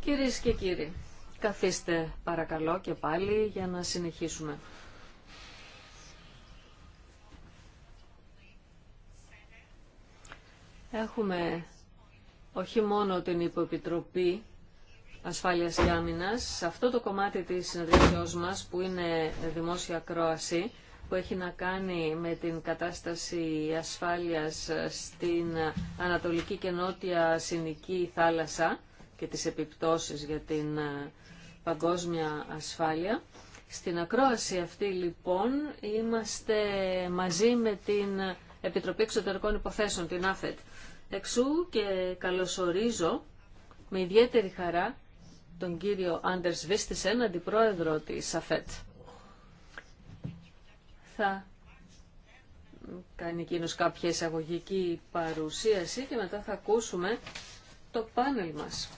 Κυρίε and και κύριοι, καθίστε παρακαλώ και πάλι για να συνεχίσουμε. Έχουμε όχι μόνο την Υποεπιτροπή ασφάλεια και σε αυτό το κομμάτι της συνεδριασιός μας που είναι δημόσια κρόαση, που έχει να κάνει με την κατάσταση ασφάλειας στην Ανατολική και Νότια Συνική θάλασσα και τις επιπτώσεις για την ε, παγκόσμια ασφάλεια. Στην ακρόαση αυτή λοιπόν είμαστε μαζί με την Επιτροπή Εξωτερικών Υποθέσεων, την ΑΦΕΤ. Εξού και καλωσορίζω με ιδιαίτερη χαρά τον κύριο Άντερς Βίστησεν, αντιπρόεδρο της ΑΦΕΤ θα κάνει εκείνο κάποια εισαγωγική παρουσίαση και μετά θα ακούσουμε το πάνελ μας.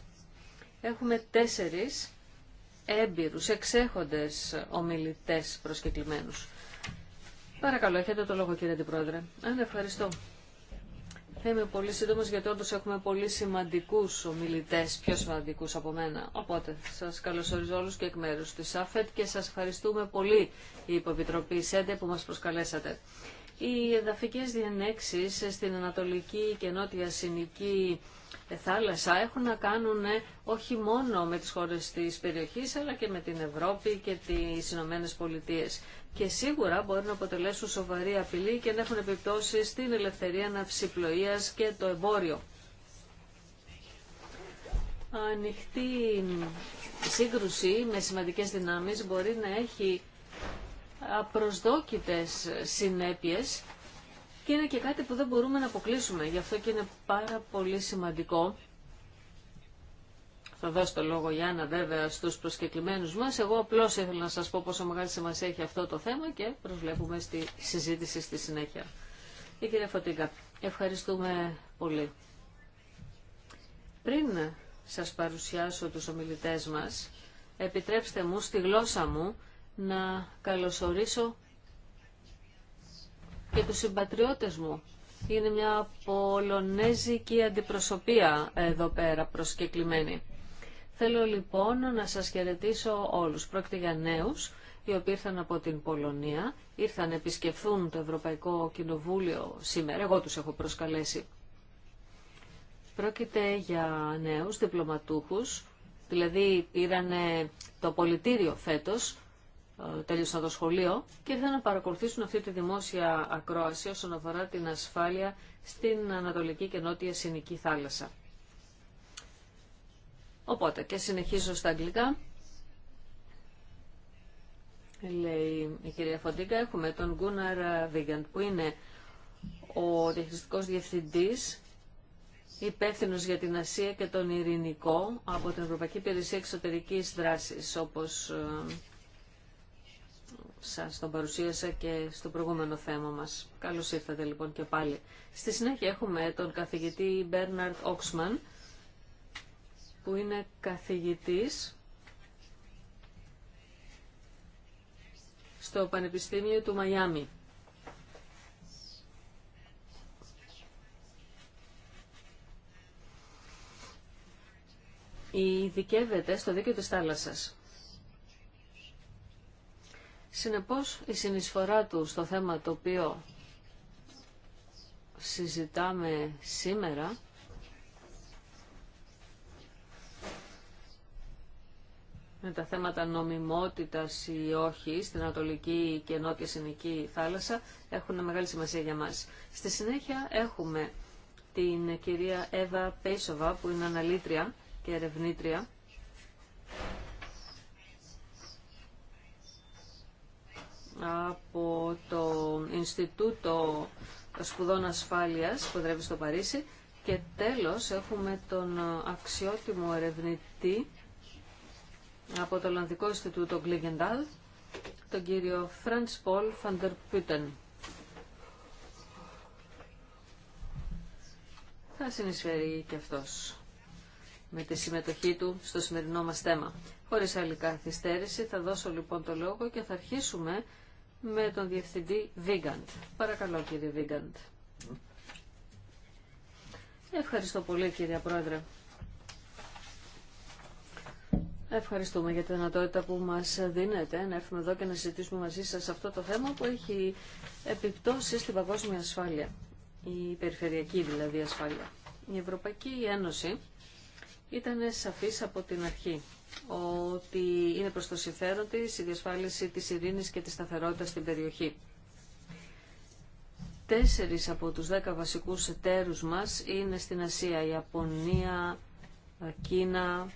Έχουμε τέσσερις έμπειρους, εξέχοντες ομιλητές προσκεκλημένους. Παρακαλώ, έχετε το λόγο κύριε Αντιπρόεδρε. ευχαριστώ. Θα είμαι πολύ σύντομο γιατί όντω έχουμε πολύ σημαντικού ομιλητέ, πιο σημαντικού από μένα. Οπότε σα καλωσορίζω όλου και εκ μέρου τη ΑΦΕΤ και σα ευχαριστούμε πολύ η Υποεπιτροπή ΣΕΝΤΕ που μα προσκαλέσατε. Οι εδαφικέ διενέξει στην Ανατολική και Νότια Συνική θάλασσα έχουν να κάνουν ε, όχι μόνο με τις χώρες της περιοχής αλλά και με την Ευρώπη και τις Ηνωμένε Πολιτείες και σίγουρα μπορεί να αποτελέσουν σοβαρή απειλή και να έχουν επιπτώσει στην ελευθερία ναυσιπλοείας και το εμπόριο. Ανοιχτή σύγκρουση με σημαντικές δυνάμεις μπορεί να έχει απροσδόκητες συνέπειες και είναι και κάτι που δεν μπορούμε να αποκλείσουμε. Γι' αυτό και είναι πάρα πολύ σημαντικό θα δώσω το λόγο Γιάννα βέβαια στου προσκεκλημένους μας. Εγώ απλώ ήθελα να σας πω πόσο μεγάλη σημασία έχει αυτό το θέμα και προσβλέπουμε στη συζήτηση στη συνέχεια. Η κυρία Φωτίνκα. ευχαριστούμε πολύ. Πριν σας παρουσιάσω τους ομιλητές μας, επιτρέψτε μου στη γλώσσα μου να καλωσορίσω και τους συμπατριώτες μου. Είναι μια πολωνέζικη αντιπροσωπεία εδώ πέρα προσκεκλημένη. Θέλω λοιπόν να σας χαιρετήσω όλους. Πρόκειται για νέους οι οποίοι ήρθαν από την Πολωνία, ήρθαν να επισκεφθούν το Ευρωπαϊκό Κοινοβούλιο σήμερα, εγώ τους έχω προσκαλέσει. Πρόκειται για νέους διπλωματούχους, δηλαδή πήραν το πολιτήριο φέτος, ε, τελείωσαν το σχολείο και ήρθαν να παρακολουθήσουν αυτή τη δημόσια ακρόαση όσον αφορά την ασφάλεια στην Ανατολική και Νότια Συνική Θάλασσα. Οπότε και συνεχίζω στα αγγλικά. Λέει η κυρία Φοντίκα, έχουμε τον Γκούναρ Βίγκαντ που είναι ο διαχειριστικός διευθυντής υπεύθυνος για την Ασία και τον Ειρηνικό από την Ευρωπαϊκή Περισσία Εξωτερικής Δράσης, όπως ε, σας τον παρουσίασα και στο προηγούμενο θέμα μας. Καλώς ήρθατε λοιπόν και πάλι. Στη συνέχεια έχουμε τον καθηγητή Μπέρναρτ Όξμαν, που είναι καθηγητής στο Πανεπιστήμιο του Μαϊάμι. ειδικεύεται στο δίκαιο της θάλασσας. Συνεπώς, η συνεισφορά του στο θέμα το οποίο συζητάμε σήμερα με τα θέματα νομιμότητας ή όχι στην Ανατολική και Νότια Συνική θάλασσα έχουν μεγάλη σημασία για μας. Στη συνέχεια έχουμε την κυρία Εύα Πέισοβα που είναι αναλύτρια και ερευνήτρια από το Ινστιτούτο Σπουδών Ασφάλειας που δρεύει στο Παρίσι και τέλος έχουμε τον αξιότιμο ερευνητή από το Ολλανδικό Ινστιτούτο Γκλίγενταλ τον κύριο Φραντς Πολ Φαντερ Πούτεν. Θα συνεισφέρει και αυτός με τη συμμετοχή του στο σημερινό μας θέμα. Χωρίς άλλη καθυστέρηση θα δώσω λοιπόν το λόγο και θα αρχίσουμε με τον Διευθυντή Βίγκαντ. Παρακαλώ κύριε Βίγκαντ. Mm. Ευχαριστώ πολύ κύριε Πρόεδρε. Ευχαριστούμε για τη δυνατότητα που μας δίνετε να έρθουμε εδώ και να συζητήσουμε μαζί σας αυτό το θέμα που έχει επιπτώσεις στην παγκόσμια ασφάλεια, η περιφερειακή δηλαδή ασφάλεια. Η Ευρωπαϊκή Ένωση ήταν σαφής από την αρχή ότι είναι προς το συμφέρον της η διασφάλιση της ειρήνης και της σταθερότητας στην περιοχή. Τέσσερις από τους δέκα βασικούς εταίρους μας είναι στην Ασία, η Ιαπωνία, Κίνα,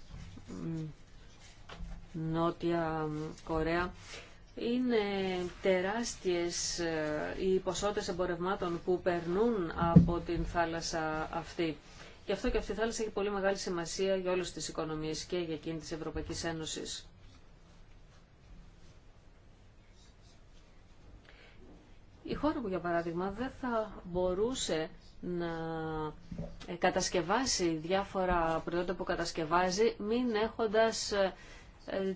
Νότια Κορέα. Είναι τεράστιες ε, οι ποσότητες εμπορευμάτων που περνούν από την θάλασσα αυτή. Γι' αυτό και αυτή η θάλασσα έχει πολύ μεγάλη σημασία για όλες τις οικονομίες και για εκείνη της Ευρωπαϊκής Ένωσης. Η χώρα που για παράδειγμα, δεν θα μπορούσε να ε, κατασκευάσει διάφορα προϊόντα που κατασκευάζει, μην έχοντας ε,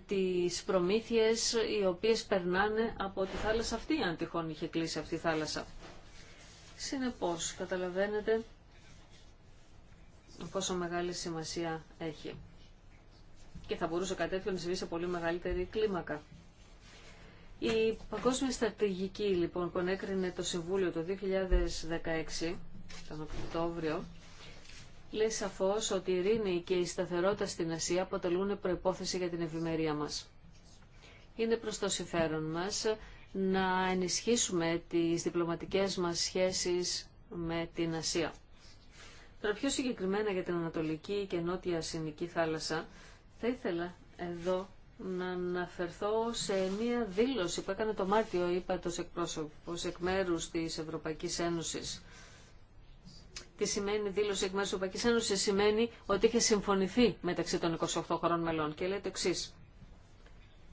τις προμήθειες οι οποίες περνάνε από τη θάλασσα αυτή, αν τυχόν είχε κλείσει αυτή η θάλασσα. Συνεπώς, καταλαβαίνετε πόσο μεγάλη σημασία έχει. Και θα μπορούσε κάτι τέτοιο να συμβεί σε πολύ μεγαλύτερη κλίμακα. Η παγκόσμια στρατηγική λοιπόν που ενέκρινε το Συμβούλιο το 2016, τον Οκτώβριο, λέει σαφώ ότι η ειρήνη και η σταθερότητα στην Ασία αποτελούν προπόθεση για την ευημερία μας. Είναι προ το συμφέρον μας να ενισχύσουμε τις διπλωματικέ μας σχέσεις με την Ασία. Τώρα πιο συγκεκριμένα για την Ανατολική και Νότια Συνική θάλασσα, θα ήθελα εδώ να αναφερθώ σε μία δήλωση που έκανε το Μάρτιο, είπα, εκπρόσωπος εκ μέρους της Ευρωπαϊκής Ένωσης τι σημαίνει δήλωση εκ μέρου τη Ευρωπαϊκή Ένωση, σημαίνει ότι είχε συμφωνηθεί μεταξύ των 28 χωρών μελών. Και λέει το εξή.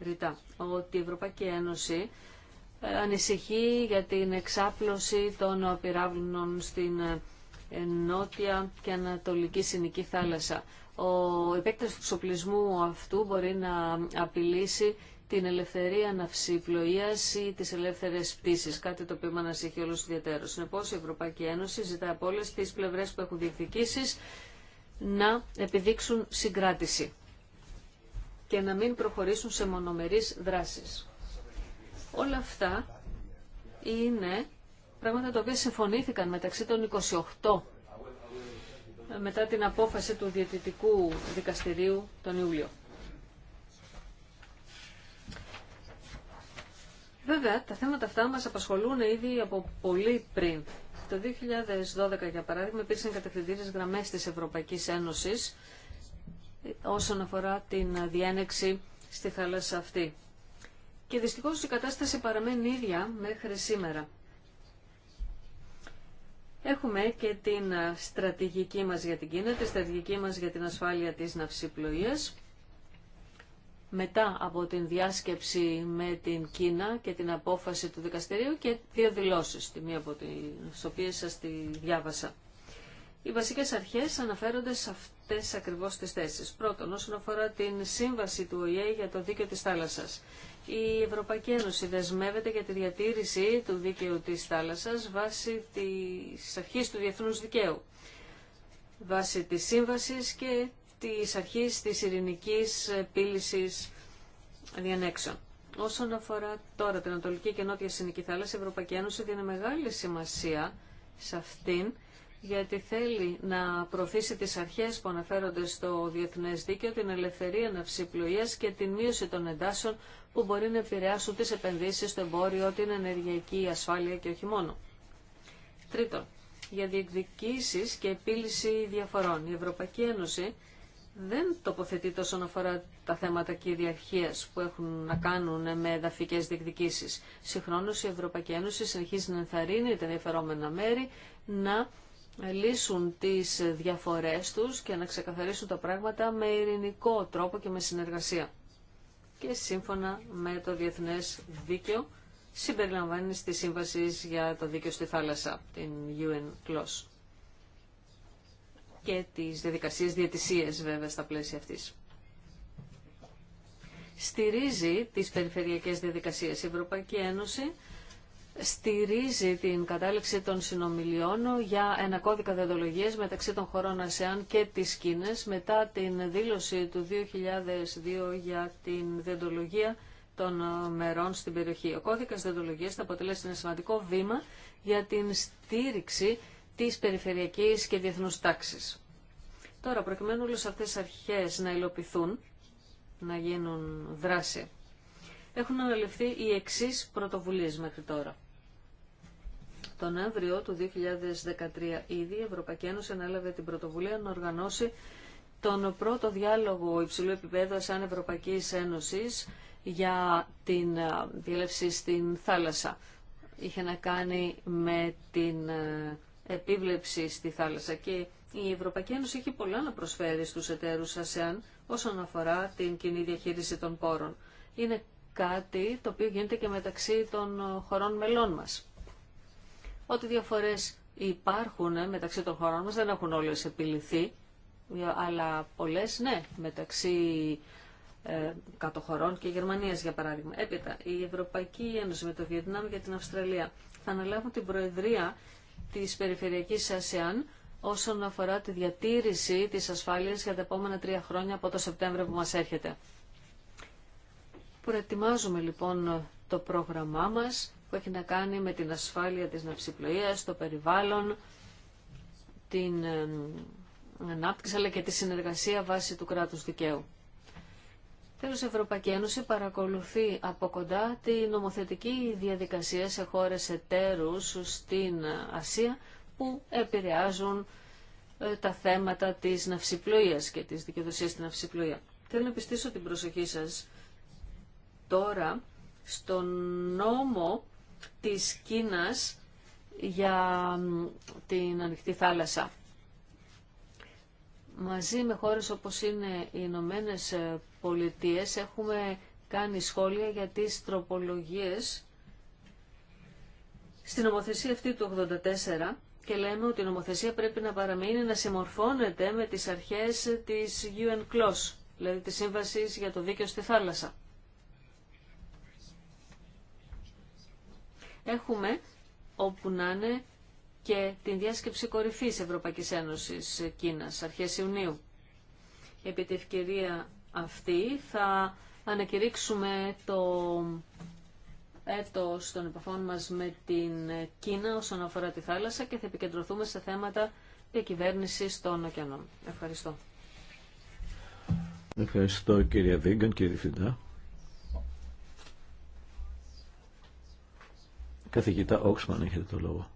Ρητά, ότι η Ευρωπαϊκή Ένωση ε, ανησυχεί για την εξάπλωση των πυράβλων στην ε, νότια και ανατολική συνική θάλασσα. Ο επέκταση του εξοπλισμού αυτού μπορεί να απειλήσει την ελευθερία αναυσιπλοείας ή τις ελεύθερες πτήσεις, κάτι το οποίο μας ανασυχεί όλους ιδιαίτερως. Συνεπώς η Ευρωπαϊκή Ένωση ζητά από όλες τις ελευθερες πτησεις κατι το οποιο μα ανασυχει ολου ιδιαιτερως συνεπως η ευρωπαικη ενωση ζητα απο ολες τις πλευρες που έχουν διεκδικήσει να επιδείξουν συγκράτηση και να μην προχωρήσουν σε μονομερείς δράσεις. Όλα αυτά είναι πράγματα τα οποία συμφωνήθηκαν μεταξύ των 28 ε, μετά την απόφαση του Διαιτητικού Δικαστηρίου τον Ιούλιο. Βέβαια, τα θέματα αυτά μας απασχολούν ήδη από πολύ πριν. Το 2012, για παράδειγμα, υπήρξαν κατευθυντήριες γραμμές της Ευρωπαϊκής Ένωσης ε, όσον αφορά την διένεξη στη θάλασσα αυτή. Και δυστυχώς η κατάσταση παραμένει ίδια μέχρι σήμερα. Έχουμε και την στρατηγική μας για την Κίνα, τη στρατηγική μας για την ασφάλεια της ναυσιπλοείας μετά από την διάσκεψη με την Κίνα και την απόφαση του δικαστηρίου και δύο δηλώσεις, τη μία από τις οποίες σας τη διάβασα. Οι βασικές αρχές αναφέρονται σε αυτές ακριβώς τις θέσεις. Πρώτον, όσον αφορά την σύμβαση του ΟΗΕ για το δίκαιο της θάλασσας. Η Ευρωπαϊκή Ένωση δεσμεύεται για τη διατήρηση του δίκαιου της θάλασσας βάσει της αρχής του διεθνούς δικαίου, βάσει της σύμβασης και της αρχής της ειρηνικής πύλησης διανέξεων. Όσον αφορά τώρα την Ανατολική και Νότια Συνική Θάλασσα, η Ευρωπαϊκή Ένωση δίνει μεγάλη σημασία σε αυτήν, γιατί θέλει να προωθήσει τις αρχές που αναφέρονται στο διεθνές δίκαιο, την ελευθερία ναυσιπλοείας και την μείωση των εντάσεων που μπορεί να επηρεάσουν τις επενδύσεις στο εμπόριο, την ενεργειακή ασφάλεια και όχι μόνο. Τρίτον, για διεκδικήσεις και επίλυση διαφορών. Η Ευρωπαϊκή Ένωση δεν τοποθετείται όσον αφορά τα θέματα κυριαρχία που έχουν να κάνουν με εδαφικέ διεκδικήσεις. Συγχρόνω, η Ευρωπαϊκή Ένωση συνεχίζει να ενθαρρύνει τα ενδιαφερόμενα μέρη να λύσουν τις διαφορές τους και να ξεκαθαρίσουν τα πράγματα με ειρηνικό τρόπο και με συνεργασία. Και σύμφωνα με το Διεθνές Δίκαιο συμπεριλαμβάνει τη Σύμβαση για το Δίκαιο στη Θάλασσα, την UN Clause και τις διαδικασίες διαιτησίες βέβαια στα πλαίσια αυτής. Στηρίζει τις περιφερειακές διαδικασίες η Ευρωπαϊκή Ένωση, στηρίζει την κατάληξη των συνομιλιών για ένα κώδικα διοντολογίας μεταξύ των χωρών ΑΣΕΑΝ και της Κίνες μετά την δήλωση του 2002 για την διαδολογία των μερών στην περιοχή. Ο κώδικας διοντολογίας θα αποτελέσει ένα σημαντικό βήμα για την στήριξη Τη περιφερειακή και διεθνούς τάξη. Τώρα, προκειμένου όλε αυτές τι αρχές να υλοποιηθούν, να γίνουν δράση, έχουν αναλυφθεί οι εξή πρωτοβουλίε μέχρι τώρα. Τον Νοέμβριο του 2013 ήδη η Ευρωπαϊκή Ένωση ανέλαβε την πρωτοβουλία να οργανώσει τον πρώτο διάλογο υψηλού επίπεδου σαν Ευρωπαϊκή Ένωση για την ε, διέλευση στην θάλασσα. Είχε να κάνει με την ε, επίβλεψη στη θάλασσα και η Ευρωπαϊκή Ένωση έχει πολλά να προσφέρει στους εταίρους ΑΣΕΑΝ όσον αφορά την κοινή διαχείριση των πόρων. Είναι κάτι το οποίο γίνεται και μεταξύ των χωρών μελών μας. Ό,τι διαφορές υπάρχουν ε, μεταξύ των χωρών μας δεν έχουν όλες επιληθεί, αλλά πολλές ναι, μεταξύ ε, κατοχωρών και Γερμανίας για παράδειγμα. Έπειτα, η Ευρωπαϊκή Ένωση με το Βιετνάμ για την Αυστραλία θα αναλάβουν την Προεδρία της περιφερειακής ΑΣΕΑΝ όσον αφορά τη διατήρηση της ασφάλειας για τα επόμενα τρία χρόνια από το Σεπτέμβριο που μας έρχεται. Προετοιμάζουμε λοιπόν το πρόγραμμά μας που έχει να κάνει με την ασφάλεια της ναυσιπλοείας, το περιβάλλον, την ανάπτυξη αλλά και τη συνεργασία βάσει του κράτους δικαίου. Τέλο η Ευρωπαϊκή Ένωση παρακολουθεί από κοντά τη νομοθετική διαδικασία σε χώρες εταίρου στην Ασία που επηρεάζουν ε, τα θέματα της ναυσιπλοεία και τη δικαιοδοσία στην ναυσιπλοεία. Θέλω να πιστήσω την προσοχή σας τώρα στον νόμο της Κίνας για την ανοιχτή θάλασσα. Μαζί με χώρες όπως είναι οι Ηνωμένε Πολιτείες έχουμε κάνει σχόλια για τις τροπολογίες στην νομοθεσία αυτή του 84 και λέμε ότι η νομοθεσία πρέπει να παραμείνει να συμμορφώνεται με τις αρχές της UN CLOS, δηλαδή της Σύμβασης για το Δίκαιο στη Θάλασσα. Έχουμε όπου να είναι και την διάσκεψη κορυφής Ευρωπαϊκής Ένωσης Κίνας, αρχές Ιουνίου. Επί τη ευκαιρία αυτή θα ανακηρύξουμε το έτος των επαφών μας με την Κίνα όσον αφορά τη θάλασσα και θα επικεντρωθούμε σε θέματα διακυβέρνηση των ωκεανών. Ευχαριστώ. Ευχαριστώ κύριε Βίγκαν, κύριε Φιντά. Καθηγητά Όξμαν έχετε το λόγο.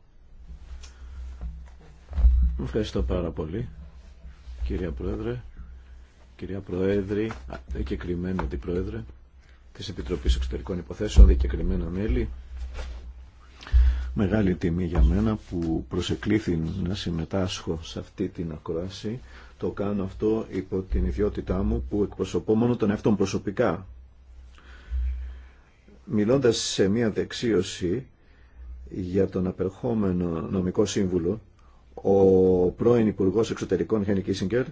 Ευχαριστώ πάρα πολύ κύριε Πρόεδρε κυρία Προέδρη, δικαιοκριμένο αντιπρόεδρε της Επιτροπής Εξωτερικών Υποθέσεων, δικαιοκριμένα μέλη. Μεγάλη τιμή για μένα που προσεκλήθη να συμμετάσχω σε αυτή την ακρόαση. Το κάνω αυτό υπό την ιδιότητά μου που εκπροσωπώ μόνο τον εαυτό προσωπικά. Μιλώντας σε μια δεξίωση για τον απερχόμενο νομικό σύμβουλο, ο πρώην Υπουργό Εξωτερικών Χένικ Κίσιγκερ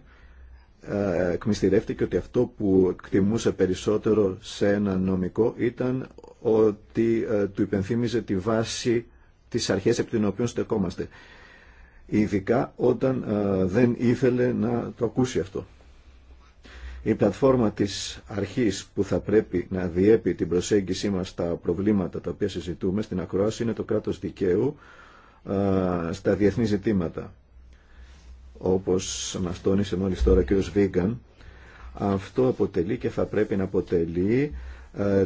εκμυστηρεύτηκε ότι αυτό που εκτιμούσε περισσότερο σε ένα νομικό ήταν ότι ε, του υπενθύμιζε τη βάση της αρχές από την οποία στεκόμαστε. Ειδικά όταν ε, δεν ήθελε να το ακούσει αυτό. Η πλατφόρμα της αρχής που θα πρέπει να διέπει την προσέγγιση μας στα προβλήματα τα οποία συζητούμε στην ακρόαση είναι το κράτος δικαίου ε, στα διεθνή ζητήματα όπως μας τόνισε μόλις τώρα και ο Σβίγκαν, αυτό αποτελεί και θα πρέπει να αποτελεί ε,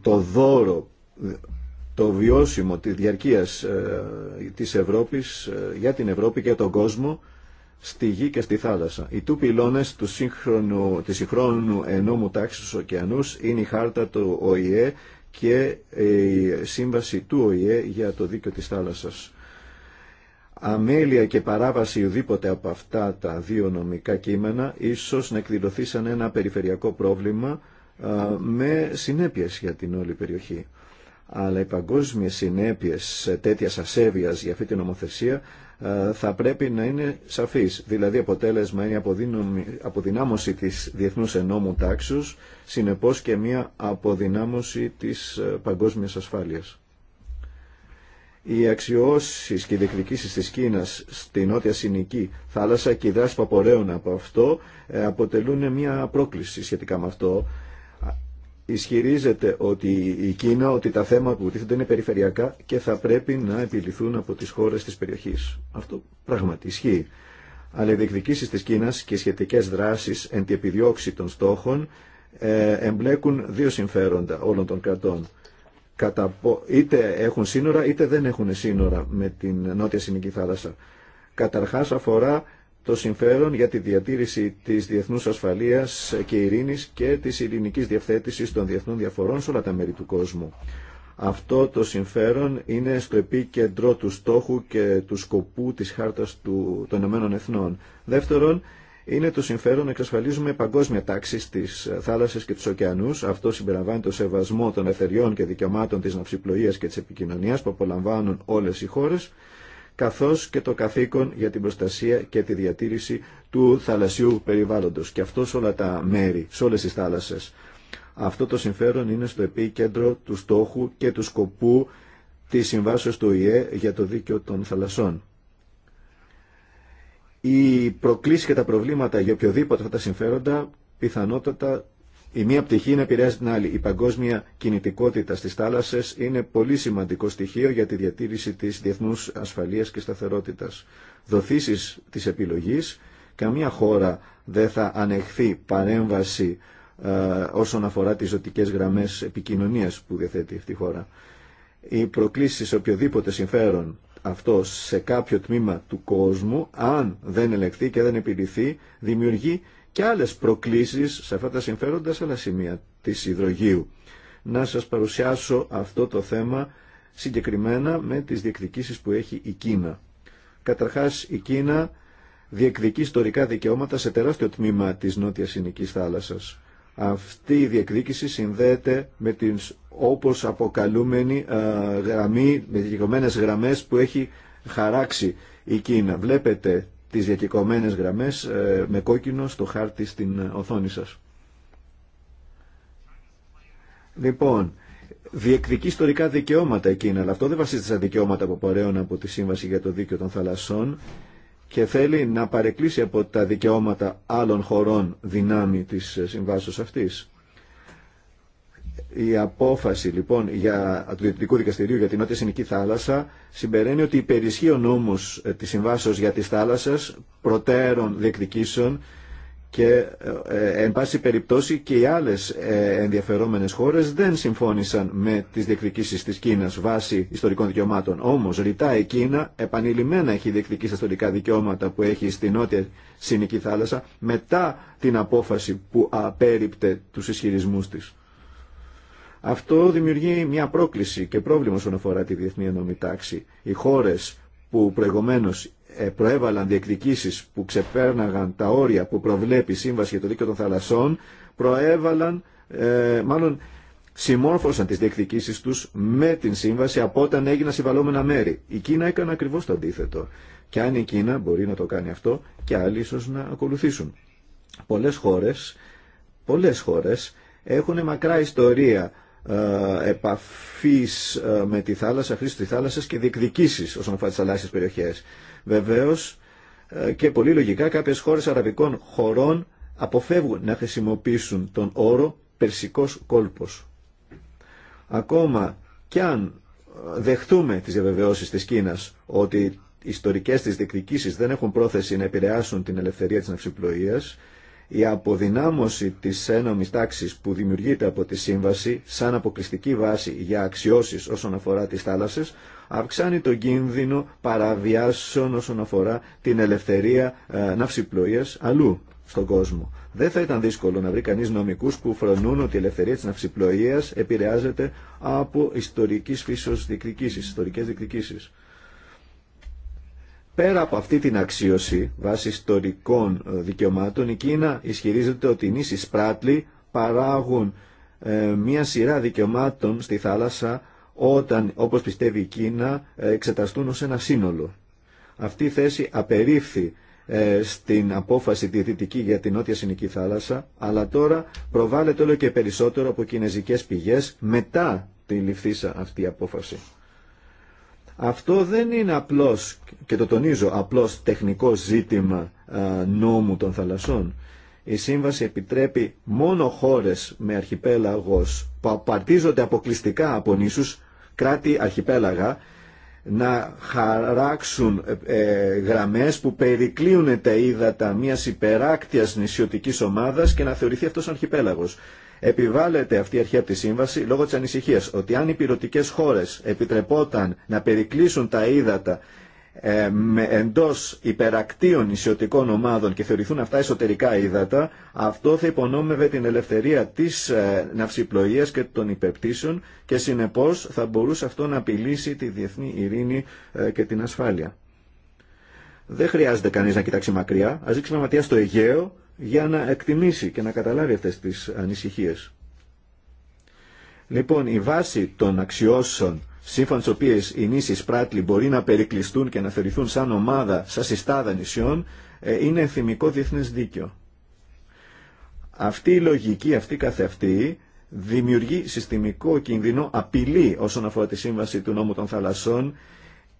το δώρο, το βιώσιμο τη διαρκείας ε, της Ευρώπης ε, για την Ευρώπη και τον κόσμο στη γη και στη θάλασσα. Οι του πυλώνες του σύγχρονου, της συγχρόνου ενόμου τάξης ωκεανούς είναι η χάρτα του ΟΗΕ και η σύμβαση του ΟΗΕ για το δίκαιο της θάλασσας αμέλεια και παράβαση ουδήποτε από αυτά τα δύο νομικά κείμενα ίσως να εκδηλωθεί σαν ένα περιφερειακό πρόβλημα με συνέπειες για την όλη περιοχή. Αλλά οι παγκόσμιες συνέπειες τέτοιας ασέβειας για αυτή την νομοθεσία θα πρέπει να είναι σαφής. Δηλαδή αποτέλεσμα είναι η αποδυνάμωση της διεθνούς ενόμου τάξους, συνεπώς και μια αποδυνάμωση της ε, παγκόσμιας ασφάλειας. Οι αξιώσεις και οι διεκδικήσεις της Κίνας στη νότια συνική θάλασσα και οι δράσεις που απορρέουν από αυτό ε, αποτελούν μια πρόκληση σχετικά με αυτό. Ισχυρίζεται ότι η Κίνα, ότι τα θέματα που τίθενται είναι περιφερειακά και θα πρέπει να επιληθούν από τις χώρες της περιοχής. Αυτό πράγματι ισχύει. Αλλά οι διεκδικήσεις της Κίνας και οι σχετικές δράσεις εν τη επιδιώξη των στόχων ε, εμπλέκουν δύο συμφέροντα όλων των κρατών είτε έχουν σύνορα είτε δεν έχουν σύνορα με την Νότια Συνική Θάλασσα. Καταρχάς αφορά το συμφέρον για τη διατήρηση της διεθνούς ασφαλείας και ειρήνης και της ειρηνικής διευθέτησης των διεθνών διαφορών σε όλα τα μέρη του κόσμου. Αυτό το συμφέρον είναι στο επίκεντρο του στόχου και του σκοπού της Χάρτας του, των Ηνωμένων Εθνών. Δεύτερον, είναι το συμφέρον να εξασφαλίζουμε παγκόσμια τάξη στι θάλασσε και του ωκεανού. Αυτό συμπεριλαμβάνει το σεβασμό των εταιριών και δικαιωμάτων τη ναυσιπλοεία και τη επικοινωνία που απολαμβάνουν όλε οι χώρε, καθώ και το καθήκον για την προστασία και τη διατήρηση του θαλασσιού περιβάλλοντο. Και αυτό σε όλα τα μέρη, σε όλε τι θάλασσε. Αυτό το συμφέρον είναι στο επίκεντρο του στόχου και του σκοπού τη συμβάσεω του ΙΕ για το δίκαιο των θαλασσών οι προκλήσει και τα προβλήματα για οποιοδήποτε αυτά τα συμφέροντα πιθανότατα η μία πτυχή είναι επηρεάζει την άλλη. Η παγκόσμια κινητικότητα στις θάλασσε είναι πολύ σημαντικό στοιχείο για τη διατήρηση της διεθνούς ασφαλείας και σταθερότητας. Δοθήσεις της επιλογής, καμία χώρα δεν θα ανεχθεί παρέμβαση ε, όσον αφορά τι ζωτικέ γραμμέ επικοινωνία που διαθέτει αυτή η χώρα. Οι προκλήσει σε οποιοδήποτε συμφέρον αυτό σε κάποιο τμήμα του κόσμου, αν δεν ελεγχθεί και δεν επιληθεί, δημιουργεί και άλλες προκλήσεις σε αυτά τα συμφέροντα σε άλλα σημεία της υδρογείου. Να σας παρουσιάσω αυτό το θέμα συγκεκριμένα με τις διεκδικήσεις που έχει η Κίνα. Καταρχάς η Κίνα διεκδικεί ιστορικά δικαιώματα σε τεράστιο τμήμα της νότιας συνικής θάλασσας. Αυτή η διεκδίκηση συνδέεται με την όπως αποκαλούμενη ε, γραμμή, με γραμμές που έχει χαράξει η Κίνα. Βλέπετε τις διακεκομένες γραμμές ε, με κόκκινο στο χάρτη στην οθόνη σας. Λοιπόν, διεκδικεί ιστορικά δικαιώματα η Κίνα, αλλά αυτό δεν βασίζεται στα δικαιώματα που απορρέουν από τη Σύμβαση για το Δίκαιο των Θαλασσών και θέλει να παρεκκλήσει από τα δικαιώματα άλλων χωρών δυνάμει της συμβάσεως αυτής. Η απόφαση λοιπόν για, του Διευθυντικού Δικαστηρίου για την Νότια Συνική Θάλασσα συμπεραίνει ότι υπερισχύει ο νόμος ε, της συμβάσεως για τις θάλασσες προτέρων διεκδικήσεων και ε, ε, εν πάση περιπτώσει και οι άλλες ε, ενδιαφερόμενες χώρες δεν συμφώνησαν με τις διεκδικήσεις της Κίνας βάσει ιστορικών δικαιωμάτων. Όμως ρητά η Κίνα επανειλημμένα έχει διεκδικήσει ιστορικά δικαιώματα που έχει στην νότια Συνική θάλασσα μετά την απόφαση που απέρριπτε τους ισχυρισμούς της. Αυτό δημιουργεί μια πρόκληση και πρόβλημα όσον αφορά τη διεθνή ενόμη τάξη. Οι χώρες που προηγουμένως ε, προέβαλαν διεκδικησει που ξεπέρναγαν τα όρια που προβλέπει η Σύμβαση για το Δίκαιο των Θαλασσών, προέβαλαν, ε, μάλλον συμμόρφωσαν τι διεκδικήσει του με την Σύμβαση από όταν έγιναν συμβαλόμενα μέρη. Η Κίνα έκανε ακριβώ το αντίθετο. Και αν η Κίνα μπορεί να το κάνει αυτό και άλλοι ίσως να ακολουθήσουν. Πολλέ χώρε, πολλές χώρες έχουν μακρά ιστορία ε, επαφής ε, με τη θάλασσα, χρήση της θάλασσας και διεκδικήσεις όσον αφορά τις θαλάσσιες Βεβαίως ε, και πολύ λογικά κάποιες χώρες αραβικών χωρών αποφεύγουν να χρησιμοποιήσουν τον όρο περσικός κόλπος. Ακόμα κι αν ε, δεχτούμε τις διαβεβαιώσει τη Κίνας ότι οι ιστορικές της διεκδικήσεις δεν έχουν πρόθεση να επηρεάσουν την ελευθερία της ναυσιπλοεία, η αποδυνάμωση της ενώμη τάξη που δημιουργείται από τη Σύμβαση σαν αποκλειστική βάση για αξιώσει όσον αφορά τι θάλασσε αυξάνει τον κίνδυνο παραβιάσεων όσον αφορά την ελευθερία ε, ναυσιπλοείας αλλού στον κόσμο. Δεν θα ήταν δύσκολο να βρει κανεί νομικού που φρονούν ότι η ελευθερία τη ναυσιπλοεία επηρεάζεται από ιστορική φύσεω διεκδικήσει, ιστορικέ διεκδικήσει. Πέρα από αυτή την αξίωση βάσει ιστορικών ε, δικαιωμάτων, η Κίνα ισχυρίζεται ότι οι νήσοι Σπράτλι παράγουν ε, μία σειρά δικαιωμάτων στη θάλασσα όταν, όπως πιστεύει η Κίνα, εξεταστούν ως ένα σύνολο. Αυτή η θέση απερίφθη ε, στην απόφαση τη δυτική για την Νότια Συνική Θάλασσα, αλλά τώρα προβάλλεται όλο και περισσότερο από κινέζικες πηγές μετά τη ληφθήσα αυτή η απόφαση. Αυτό δεν είναι απλώς, και το τονίζω, απλώς τεχνικό ζήτημα ε, νόμου των θαλασσών. Η σύμβαση επιτρέπει μόνο χώρες με αρχιπέλαγος που απαρτίζονται αποκλειστικά από νήσους κράτη αρχιπέλαγα να χαράξουν ε, ε, γραμμές που περικλείουν τα ύδατα μιας υπεράκτιας νησιωτικής ομάδας και να θεωρηθεί αυτός ο αρχιπέλαγος. Επιβάλλεται αυτή η αρχή από τη σύμβαση λόγω της ανησυχίας ότι αν οι πυρωτικές χώρες επιτρεπόταν να περικλείσουν τα ύδατα ε, με εντός υπερακτίων ισιωτικών ομάδων και θεωρηθούν αυτά εσωτερικά ύδατα, αυτό θα υπονόμευε την ελευθερία της ε, και των υπεπτήσεων και συνεπώς θα μπορούσε αυτό να απειλήσει τη διεθνή ειρήνη ε, και την ασφάλεια. Δεν χρειάζεται κανείς να κοιτάξει μακριά, ας δείξουμε ματιά στο Αιγαίο για να εκτιμήσει και να καταλάβει αυτές τις ανησυχίες. Λοιπόν, η βάση των αξιώσεων σύμφωνα τις οποίες οι νήσοι Σπράτλι μπορεί να περικλειστούν και να θεωρηθούν σαν ομάδα, σαν συστάδα νησιών, ε, είναι εθιμικό διεθνές δίκαιο. Αυτή η λογική, αυτή καθεαυτή, δημιουργεί συστημικό κινδυνό, απειλή όσον αφορά τη σύμβαση του νόμου των θαλασσών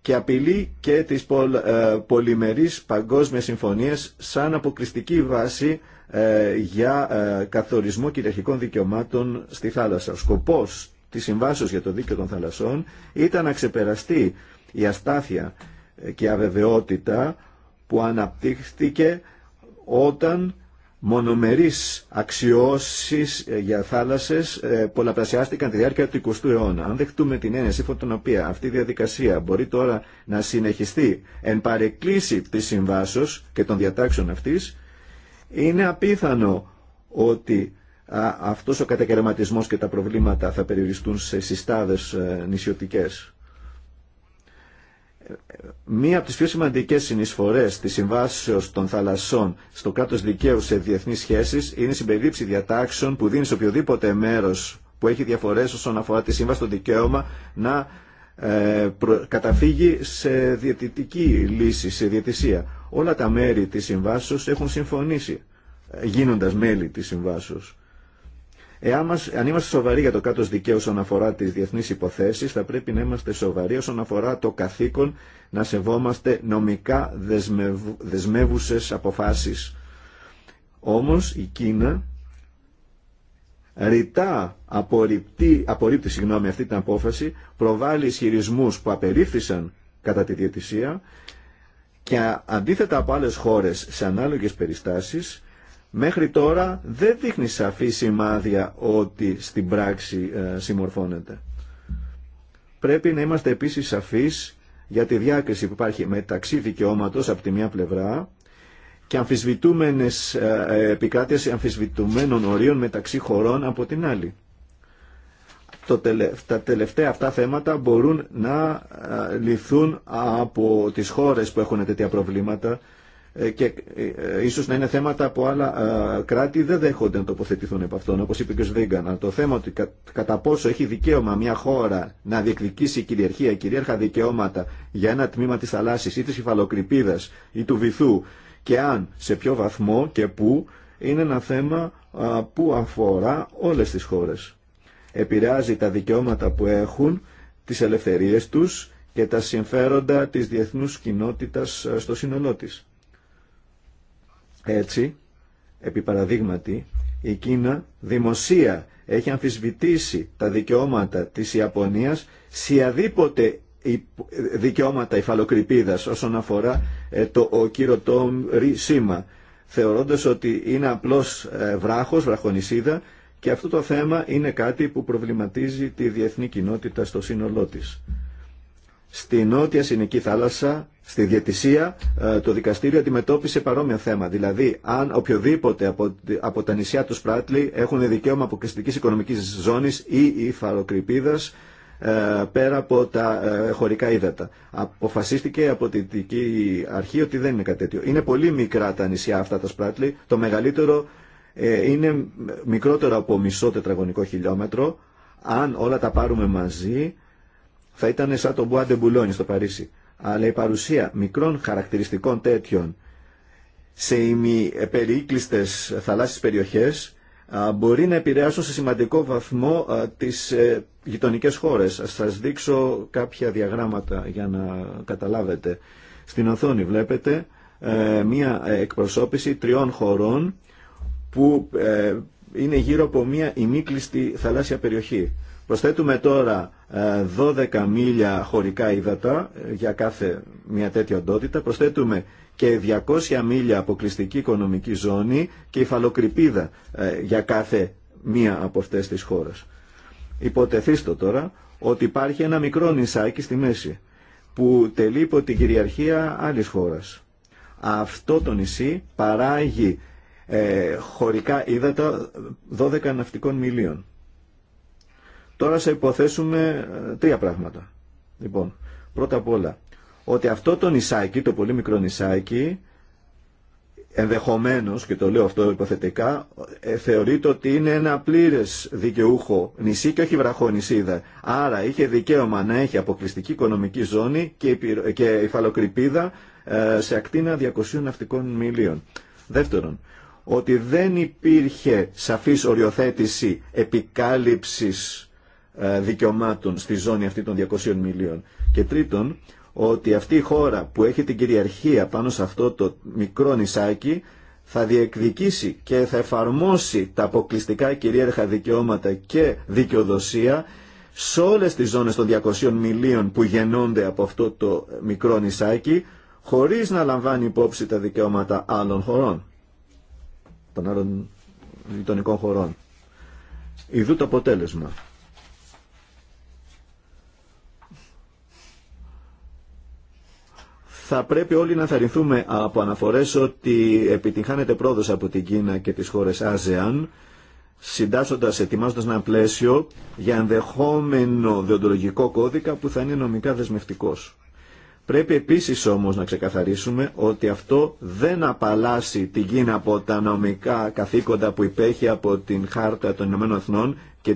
και απειλή και τις πολ, ε, πολυμερείς παγκόσμιες συμφωνίες σαν αποκριστική βάση ε, για ε, καθορισμό κυριαρχικών δικαιωμάτων στη θάλασσα. Ο σκοπός της συμβάσεως για το δίκαιο των θαλασσών ήταν να ξεπεραστεί η αστάθεια και η αβεβαιότητα που αναπτύχθηκε όταν μονομερείς αξιώσεις ε, για θάλασσες ε, πολλαπλασιάστηκαν τη διάρκεια του 20ου αιώνα. Αν δεχτούμε την έννοια σύμφωνα την οποία αυτή η διαδικασία μπορεί τώρα να συνεχιστεί εν παρεκκλήση της συμβάσεως και των διατάξεων αυτής, είναι απίθανο ότι αυτός ο κατακαιρματισμός και τα προβλήματα θα περιοριστούν σε συστάδες ε, νησιωτικές. Μία από τις πιο σημαντικές συνεισφορές της συμβάσεως των θαλασσών στο κράτος δικαίου σε διεθνείς σχέσεις είναι η συμπερίληψη διατάξεων που δίνει σε οποιοδήποτε μέρος που έχει διαφορές όσον αφορά τη σύμβαση στο δικαίωμα να ε, καταφύγει σε διαιτητική λύση, σε διαιτησία. Όλα τα μέρη της συμβάσεως έχουν συμφωνήσει ε, γίνοντας μέλη της συμβάσεως. Εάν αν είμαστε σοβαροί για το κάτω δικαίου όσον αφορά τι διεθνεί υποθέσει, θα πρέπει να είμαστε σοβαροί όσον αφορά το καθήκον να σεβόμαστε νομικά δεσμεύουσε δεσμεύουσες αποφάσεις. Όμως η Κίνα ρητά απορρίπτει, απορρίπτει συγγνώμη, αυτή την απόφαση, προβάλλει ισχυρισμού που απερίφθησαν κατά τη διαιτησία και αντίθετα από άλλε χώρε σε ανάλογε περιστάσει μέχρι τώρα δεν δείχνει σαφή σημάδια ότι στην πράξη ε, συμμορφώνεται. Πρέπει να είμαστε επίσης σαφείς για τη διάκριση που υπάρχει μεταξύ δικαιώματος από τη μία πλευρά και αμφισβητούμενες ε, επικράτειες αμφισβητουμένων ορίων μεταξύ χωρών από την άλλη. Τα τελευταία αυτά θέματα μπορούν να ε, λυθούν από τις χώρες που έχουν τέτοια προβλήματα ε, και ε, ε, ίσως να είναι θέματα που άλλα κράτη δεν δέχονται να τοποθετηθούν από αυτόν, όπως είπε και ο Σβίγκαν. Αλλά Το θέμα ότι κατά πόσο έχει δικαίωμα μια χώρα να διεκδικήσει κυριαρχία, κυρίαρχα δικαιώματα για ένα τμήμα της θαλάσσης ή της υφαλοκρηπίδας ή του βυθού και αν, σε ποιο βαθμό και πού, είναι ένα θέμα που αφορά όλες τις χώρες. Επηρεάζει τα δικαιώματα που έχουν, τις ελευθερίες τους και τα συμφέροντα της διεθνούς κοινότητας στο σύνολό της. Έτσι, επί παραδείγματι, η Κίνα δημοσία έχει αμφισβητήσει τα δικαιώματα της Ιαπωνίας σε αδίποτε δικαιώματα υφαλοκρηπίδας όσον αφορά ε, το ο κύριο Τόμ Σίμα θεωρώντας ότι είναι απλώς ε, βράχος, βραχονισίδα και αυτό το θέμα είναι κάτι που προβληματίζει τη διεθνή κοινότητα στο σύνολό της. Στη Νότια Συνική Θάλασσα, στη Διαιτησία, ε, το δικαστήριο αντιμετώπισε παρόμοιο θέμα. Δηλαδή, αν οποιοδήποτε από, από τα νησιά του Σπράτλι έχουν δικαίωμα αποκλειστική οικονομική ζώνη ή υφαροκρηπίδα, ε, πέρα από τα ε, χωρικά ύδατα. Αποφασίστηκε από τη δική αρχή ότι δεν είναι κάτι τέτοιο. Είναι πολύ μικρά τα νησιά αυτά τα Σπράτλι. Το μεγαλύτερο είναι μικρότερο από μισό τετραγωνικό χιλιόμετρο. Αν όλα τα πάρουμε μαζί, θα ήταν σαν τον Μπουάντε Μπουλόνι στο Παρίσι. Αλλά η παρουσία μικρών χαρακτηριστικών τέτοιων σε ημιπεριήκλειστες θαλάσσιες περιοχές μπορεί να επηρεάσουν σε σημαντικό βαθμό τις ε, γειτονικές χώρες. Ας σας δείξω κάποια διαγράμματα για να καταλάβετε. Στην οθόνη βλέπετε ε, μία εκπροσώπηση τριών χωρών που ε, είναι γύρω από μία ημίκλειστη θαλάσσια περιοχή. Προσθέτουμε τώρα 12 ε, μίλια χωρικά ύδατα ε, για κάθε μια τέτοια οντότητα. Προσθέτουμε και 200 μίλια αποκλειστική οικονομική ζώνη και υφαλοκρηπίδα ε, για κάθε μία από αυτές τις χώρες. Υποτεθείστε τώρα ότι υπάρχει ένα μικρό νησάκι στη μέση που τελεί υπό την κυριαρχία άλλης χώρας. Αυτό το νησί παράγει χωρικά ύδατα 12 ναυτικών μιλίων. Τώρα θα υποθέσουμε ε, τρία πράγματα. Λοιπόν, πρώτα απ' όλα, ότι αυτό το νησάκι, το πολύ μικρό νησάκι, ενδεχομένως, και το λέω αυτό υποθετικά, ε, θεωρείται ότι είναι ένα πλήρες δικαιούχο νησί και όχι βραχό νησίδα. Άρα είχε δικαίωμα να έχει αποκλειστική οικονομική ζώνη και υφαλοκρηπίδα ε, σε ακτίνα 200 ναυτικών μιλίων. Δεύτερον, ότι δεν υπήρχε σαφής οριοθέτηση επικάλυψης ε, δικαιωμάτων στη ζώνη αυτή των 200 μιλίων. Και τρίτον, ότι αυτή η χώρα που έχει την κυριαρχία πάνω σε αυτό το μικρό νησάκι θα διεκδικήσει και θα εφαρμόσει τα αποκλειστικά κυρίαρχα δικαιώματα και δικαιοδοσία σε όλες τις ζώνες των 200 μιλίων που γεννώνται από αυτό το μικρό νησάκι χωρίς να λαμβάνει υπόψη τα δικαιώματα άλλων χωρών, των άλλων γειτονικών χωρών. Ιδού το αποτέλεσμα. θα πρέπει όλοι να θαρρυνθούμε από αναφορές ότι επιτυγχάνεται πρόοδος από την Κίνα και τις χώρες ΑΖΕΑΝ συντάσσοντας, ετοιμάζοντας ένα πλαίσιο για ενδεχόμενο διοντολογικό κώδικα που θα είναι νομικά δεσμευτικός. Πρέπει επίσης όμως να ξεκαθαρίσουμε ότι αυτό δεν απαλλάσσει την Κίνα από τα νομικά καθήκοντα που υπέχει από την Χάρτα των Ηνωμένων Εθνών και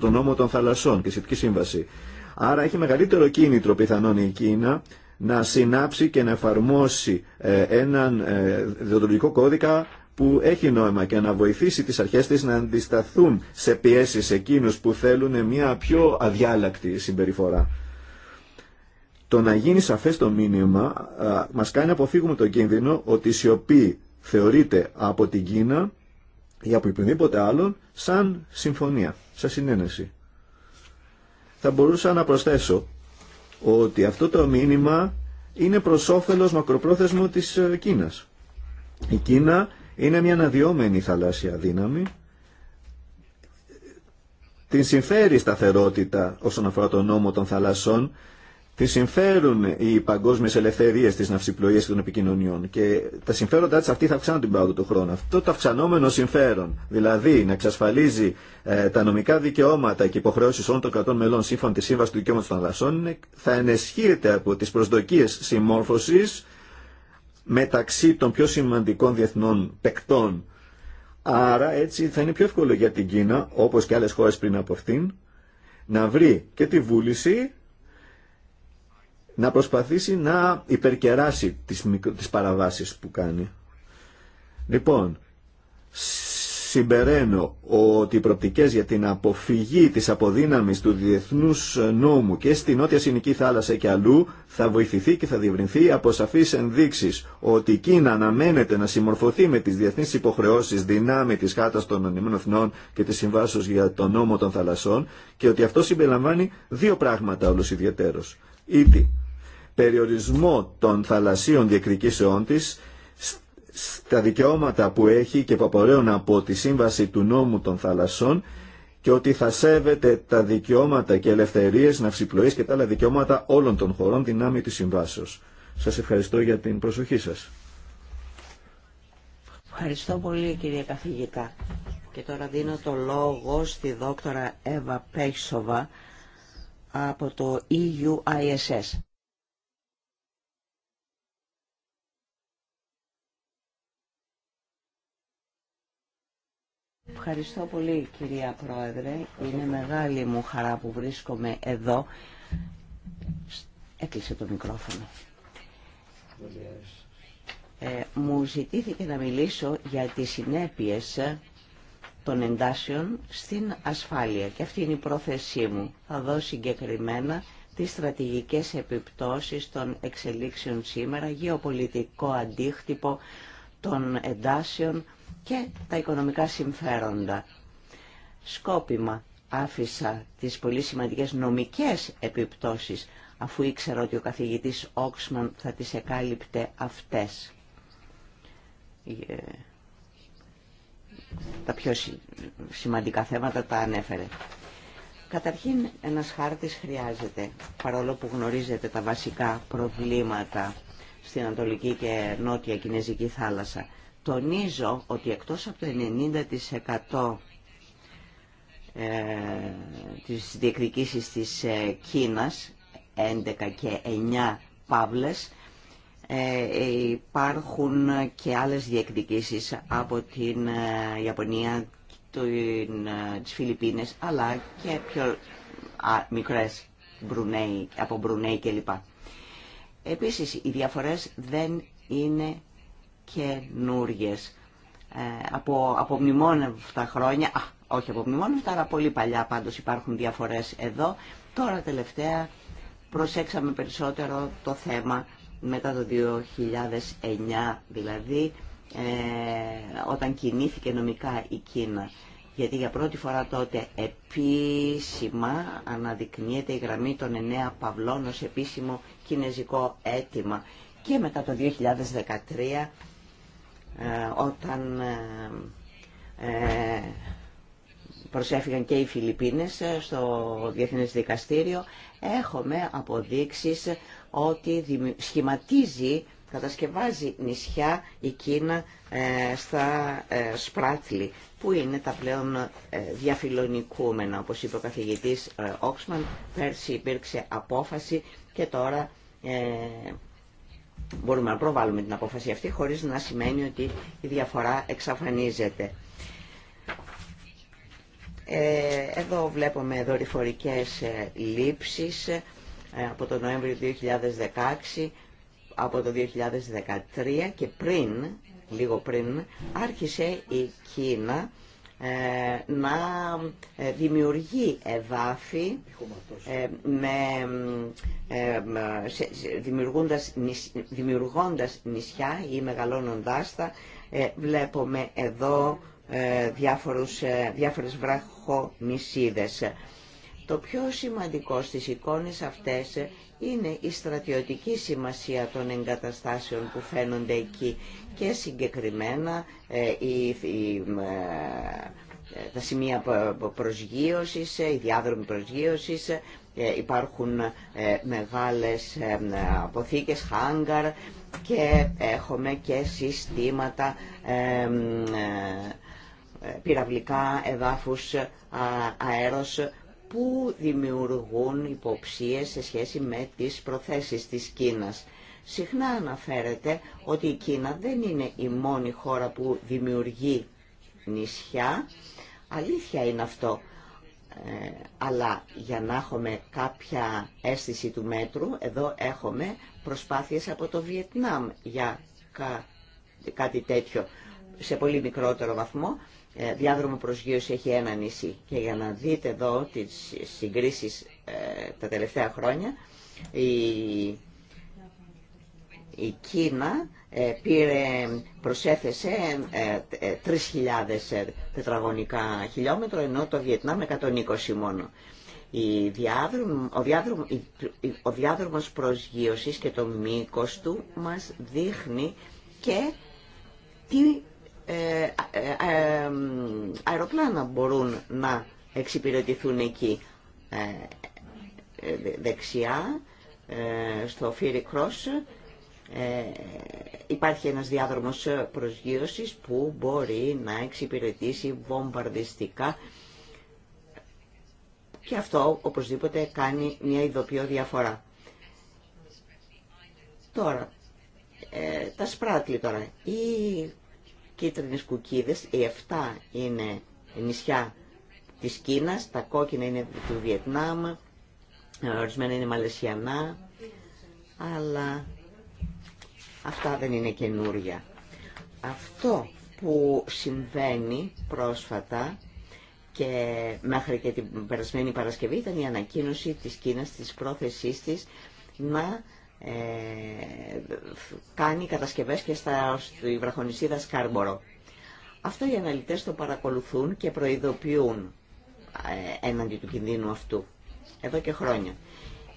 τον νόμο των θαλασσών και σχετική σύμβαση. Άρα έχει μεγαλύτερο κίνητρο πιθανόν η Κίνα να συνάψει και να εφαρμόσει ε, έναν ε, διοντολογικό κώδικα που έχει νόημα και να βοηθήσει τις αρχές της να αντισταθούν σε πιέσεις εκείνους που θέλουν μια πιο αδιάλακτη συμπεριφορά. Το να γίνει σαφές το μήνυμα μας κάνει να αποφύγουμε τον κίνδυνο ότι η σιωπή θεωρείται από την Κίνα ή από οποιοδήποτε άλλον σαν συμφωνία, σαν συνένεση. Θα μπορούσα να προσθέσω ότι αυτό το μήνυμα είναι προς όφελος μακροπρόθεσμο της ε, Κίνας. Η Κίνα είναι μια αναδυόμενη θαλάσσια δύναμη. Την συμφέρει σταθερότητα όσον αφορά τον νόμο των θαλασσών Τη συμφέρουν οι παγκόσμιε ελευθερίε τη ναυσιπλοεία και των επικοινωνιών και τα συμφέροντά τη αυτή θα αυξάνουν την πρόοδο του χρόνου. Αυτό το αυξανόμενο συμφέρον, δηλαδή να εξασφαλίζει ε, τα νομικά δικαιώματα και υποχρεώσει όλων των κρατών μελών σύμφωνα τη Σύμβαση του Δικαιώματο των Δασών, θα ενισχύεται από τι προσδοκίε συμμόρφωση μεταξύ των πιο σημαντικών διεθνών παικτών. Άρα έτσι θα είναι πιο εύκολο για την Κίνα, όπως και άλλες χώρες πριν από αυτήν, να βρει και τη βούληση να προσπαθήσει να υπερκεράσει τις, τις παραβάσεις που κάνει. Λοιπόν, συμπεραίνω ότι οι προπτικές για την αποφυγή της αποδύναμης του διεθνούς νόμου και στην Νότια Συνική Θάλασσα και αλλού θα βοηθηθεί και θα διευρυνθεί από σαφείς ενδείξεις ότι η Κίνα αναμένεται να συμμορφωθεί με τις διεθνείς υποχρεώσεις δυνάμει της Χάτας των Εθνών και της Συμβάσεως για τον νόμο των θαλασσών και ότι αυτό συμπεριλαμβάνει δύο πράγματα όλος ιδιαίτερος. Ήτι περιορισμό των θαλασσίων διεκδικήσεών της στα δικαιώματα που έχει και που απορρέουν από τη σύμβαση του νόμου των θαλασσών και ότι θα σέβεται τα δικαιώματα και ελευθερίες, ναυσιπλοή και τα άλλα δικαιώματα όλων των χωρών δυνάμει της συμβάσεως. Σας ευχαριστώ για την προσοχή σας. Ευχαριστώ πολύ κύριε καθηγητά. Και τώρα δίνω το λόγο στη δόκτωρα Εύα Πέχσοβα από το EUISS. Ευχαριστώ πολύ κυρία Πρόεδρε. Είναι μεγάλη μου χαρά που βρίσκομαι εδώ. Έκλεισε το μικρόφωνο. Ε, μου ζητήθηκε να μιλήσω για τις συνέπειες των εντάσεων στην ασφάλεια και αυτή είναι η πρόθεσή μου. Θα δω συγκεκριμένα τις στρατηγικές επιπτώσεις των εξελίξεων σήμερα, γεωπολιτικό αντίχτυπο των εντάσεων, και τα οικονομικά συμφέροντα. Σκόπιμα άφησα τις πολύ σημαντικές νομικές επιπτώσεις αφού ήξερα ότι ο καθηγητής Όξμαν θα τις εκάλυπτε αυτές. Ε, τα πιο σημαντικά θέματα τα ανέφερε. Καταρχήν ένας χάρτης χρειάζεται, παρόλο που γνωρίζετε τα βασικά προβλήματα στην Ανατολική και Νότια Κινέζικη θάλασσα τονίζω ότι εκτός από το 90% ε, της διεκδικήσεις της ε, Κίνας, 11 και 9 παύλες, ε, υπάρχουν και άλλες διεκδικήσεις από την Ιαπωνία, την, τις Φιλιππίνες, αλλά και πιο μικρές Μπρουνέι, από Μπρουνέι κλπ. Επίσης, οι διαφορές δεν είναι καινούριε ε, από, από μνημόνευτα χρόνια, α, όχι από μνημόνευτα, αλλά πολύ παλιά πάντως υπάρχουν διαφορές εδώ. Τώρα τελευταία προσέξαμε περισσότερο το θέμα μετά το 2009, δηλαδή ε, όταν κινήθηκε νομικά η Κίνα. Γιατί για πρώτη φορά τότε επίσημα αναδεικνύεται η γραμμή των 9 παυλών ως επίσημο κινέζικο αίτημα. Και μετά το 2013 ε, όταν ε, ε, προσέφηκαν και οι Φιλιππίνες στο Διεθνές Δικαστήριο, έχουμε αποδείξεις ότι σχηματίζει, κατασκευάζει νησιά η Κίνα στα Σπράτλι που είναι τα πλέον διαφιλονικούμενα. Όπως είπε ο καθηγητής Όξμαν, πέρσι υπήρξε απόφαση και τώρα μπορούμε να προβάλλουμε την απόφαση αυτή χωρίς να σημαίνει ότι η διαφορά εξαφανίζεται. Ε, εδώ βλέπουμε δορυφορικές ε, λήψεις ε, από το Νοέμβριο 2016, από το 2013 και πριν, λίγο πριν, άρχισε η Κίνα ε, να ε, δημιουργεί εδάφη ε, με, δημιουργώντας, δημιουργώντας νησιά ή μεγαλώνοντάς τα βλέπουμε εδώ διάφορους, διάφορες βραχονησίδες το πιο σημαντικό στις εικόνες αυτές είναι η στρατιωτική σημασία των εγκαταστάσεων που φαίνονται εκεί και συγκεκριμένα ε, ε, τα σημεία προσγείωσης, ε, οι διάδρομοι προσγείωσης, υπάρχουν μεγάλες αποθήκες, χάγκαρ και έχουμε και συστήματα πυραυλικά, εδάφους, αέρος που δημιουργούν υποψίες σε σχέση με τις προθέσεις της Κίνας. Συχνά αναφέρεται ότι η Κίνα δεν είναι η μόνη χώρα που δημιουργεί νησιά. Αλήθεια είναι αυτό. Ε, αλλά για να έχουμε κάποια αίσθηση του μέτρου, εδώ έχουμε προσπάθειες από το Βιετνάμ για κα, κάτι τέτοιο σε πολύ μικρότερο βαθμό ε, διάδρομο προσγείωση έχει ένα νησί. Και για να δείτε εδώ τις συγκρίσεις ε, τα τελευταία χρόνια, η, η Κίνα ε, πήρε, προσέθεσε 3.000 τετραγωνικά χιλιόμετρα ενώ το Βιετνάμ 120 μόνο. Η ο, διάδρομ, ο διάδρομος προσγείωσης και το μήκος του μας δείχνει και τι ε, ε, ε, αεροπλάνα μπορούν να εξυπηρετηθούν εκεί. Δεξιά, στο Fury Cross, υπάρχει ένας διάδρομος προσγείωσης που μπορεί να εξυπηρετήσει βομβαρδιστικά και αυτό οπωσδήποτε κάνει μια ειδοποιό διαφορά. Τώρα, τα σπράτλη τώρα. Η κίτρινες κουκίδες, οι 7 είναι νησιά της Κίνας, τα κόκκινα είναι του Βιετνάμ, ορισμένα είναι μαλαισιανά, αλλά αυτά δεν είναι καινούρια. Αυτό που συμβαίνει πρόσφατα και μέχρι και την περασμένη Παρασκευή ήταν η ανακοίνωση της Κίνας της πρόθεσής της να ε, κάνει κατασκευές και στα, στη βραχονισίδα Σκάρμπορο. Αυτό οι αναλυτές το παρακολουθούν και προειδοποιούν ε, έναντι του κινδύνου αυτού εδώ και χρόνια.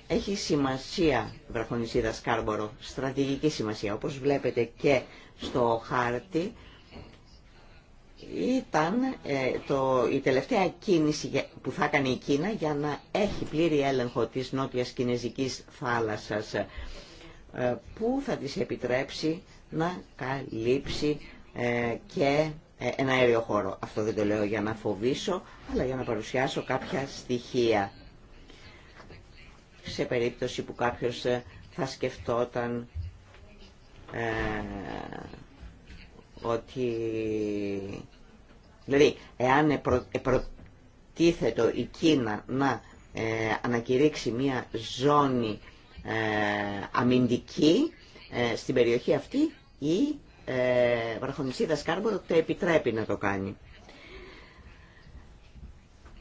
Έχει σημασία η βραχονισίδα Σκάρμπορο, στρατηγική σημασία, όπως βλέπετε και στο χάρτη ήταν ε, το, η τελευταία κίνηση που θα έκανε η Κίνα για να έχει πλήρη έλεγχο της νότιας κινέζικης θάλασσας ε, που θα της επιτρέψει να καλύψει ε, και ένα αέριο χώρο. Αυτό δεν το λέω για να φοβήσω, αλλά για να παρουσιάσω κάποια στοιχεία. Σε περίπτωση που κάποιος θα σκεφτόταν ότι... Δηλαδή, εάν προτίθετο η Κίνα να ε, ανακηρύξει μία ζώνη ε, αμυντική ε, στην περιοχή αυτή, η ε, βραχονισίδα Σκάρμπορο το επιτρέπει να το κάνει.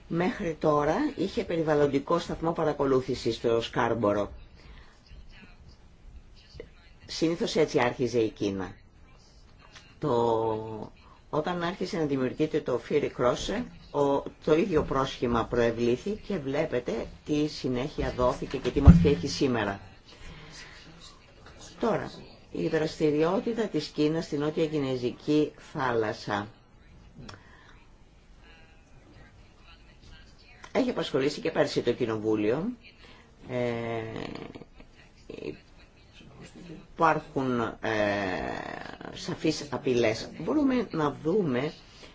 Μέχρι τώρα είχε περιβαλλοντικό σταθμό παρακολούθησης στο Σκάρμπορο. Συνήθως έτσι άρχιζε η Κίνα. Το... Όταν άρχισε να δημιουργείται το Fury Cross, το ίδιο πρόσχημα προευλήθη και βλέπετε τι συνέχεια δόθηκε και τι μορφή έχει σήμερα. Τώρα, η δραστηριότητα της Κίνας στην Νότια Κινέζικη θάλασσα. Έχει απασχολήσει και πέρσι το Κοινοβούλιο. Ε, υπάρχουν ε, σαφείς απειλές. Μπορούμε να δούμε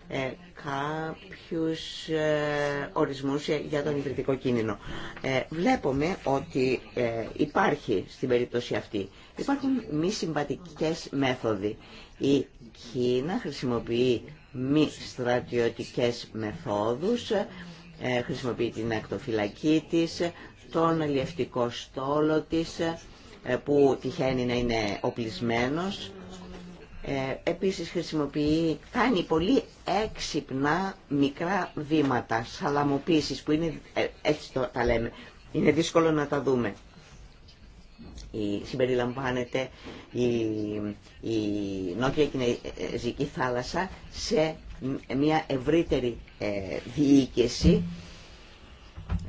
ε, κάποιους ε, ορισμούς για τον υβριδικό κίνδυνο. Ε, βλέπουμε ότι ε, υπάρχει στην περίπτωση αυτή. Υπάρχουν μη συμβατικές μέθοδοι. Η Κίνα χρησιμοποιεί μη στρατιωτικές μεθόδους, ε, χρησιμοποιεί την ακτοφυλακή της, τον αλλιευτικό στόλο της, ε, που τυχαίνει να είναι οπλισμένος. Ε, επίσης χρησιμοποιεί, κάνει πολύ έξυπνα μικρά βήματα, σαλαμοποίησης που είναι, ε, έτσι το, τα λέμε, είναι δύσκολο να τα δούμε. Η, συμπεριλαμβάνεται η, η νότια κινέζικη θάλασσα σε μια ευρύτερη ε, διοίκηση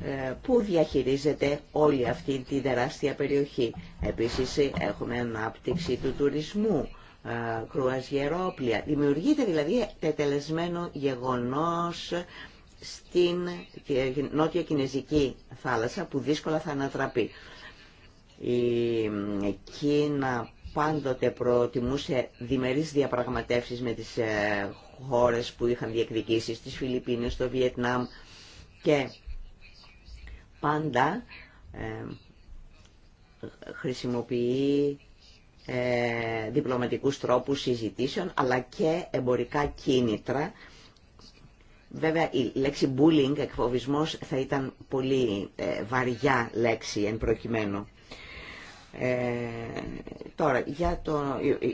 ε, που διαχειρίζεται όλη αυτή τη τεράστια περιοχή. Επίσης έχουμε ανάπτυξη του τουρισμού, ε, κρουαζιερόπλια. Δημιουργείται δηλαδή τετελεσμένο γεγονός στην νότια Κινέζικη θάλασσα που δύσκολα θα ανατραπεί. Η ε, Κίνα πάντοτε προτιμούσε διμερείς διαπραγματεύσεις με τις χώρες που είχαν διεκδικήσει στις Φιλιππίνες, στο Βιετνάμ και πάντα ε, χρησιμοποιεί ε, διπλωματικούς τρόπους συζητήσεων αλλά και εμπορικά κίνητρα. Βέβαια η λέξη bullying, εκφοβισμός, θα ήταν πολύ ε, βαριά λέξη εν προκειμένου. Ε, τώρα, για το,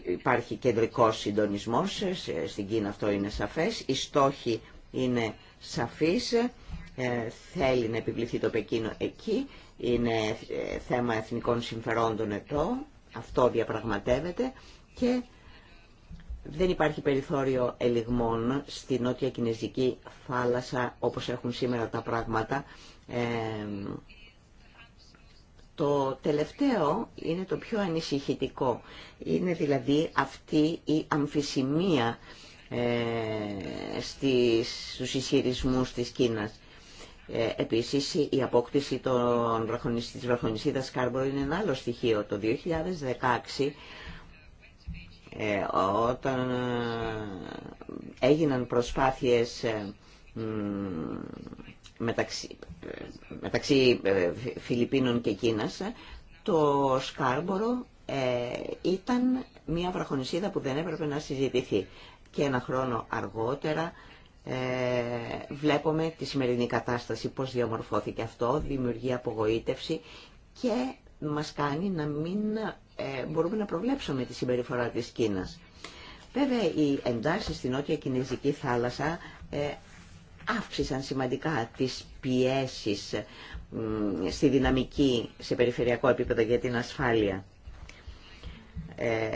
υπάρχει κεντρικός συντονισμός, στην Κίνα αυτό είναι σαφές, οι στόχοι είναι σαφείς ε, θέλει να επιβληθεί το Πεκίνο εκεί. Είναι ε, θέμα εθνικών συμφερόντων ετώ. Αυτό διαπραγματεύεται και δεν υπάρχει περιθώριο ελιγμών στη νότια κινέζικη θάλασσα όπως έχουν σήμερα τα πράγματα. Ε, το τελευταίο είναι το πιο ανησυχητικό. Είναι δηλαδή αυτή η αμφισημία ε, στις, στους ισχυρισμούς της Κίνας. Ε, Επίση, η απόκτηση των, της βραχονισίδας είναι ένα άλλο στοιχείο. Το 2016 ε, όταν έγιναν προσπάθειες ε, μεταξύ, μεταξύ Φιλιππίνων και Κίνας, το Σκάρμπορο ήταν μια βραχονισίδα που δεν έπρεπε να συζητηθεί. Και ένα χρόνο αργότερα ε, βλέπουμε τη σημερινή κατάσταση, πώς διαμορφώθηκε αυτό, δημιουργεί απογοήτευση και μας κάνει να μην ε, μπορούμε να προβλέψουμε τη συμπεριφορά της Κίνας. Βέβαια, οι εντάσεις στην Νότια Κινέζικη θάλασσα ε, αύξησαν σημαντικά τις πιέσεις ε, στη δυναμική σε περιφερειακό επίπεδο για την ασφάλεια. Ε,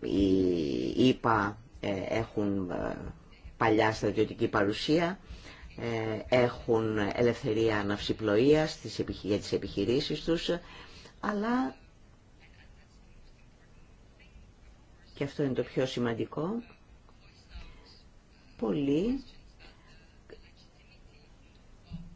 οι ΙΠΑ ε, έχουν παλιά στρατιωτική παρουσία, ε, έχουν ελευθερία αναυσιπλοείας για τις επιχειρήσεις τους, αλλά και αυτό είναι το πιο σημαντικό, πολλοί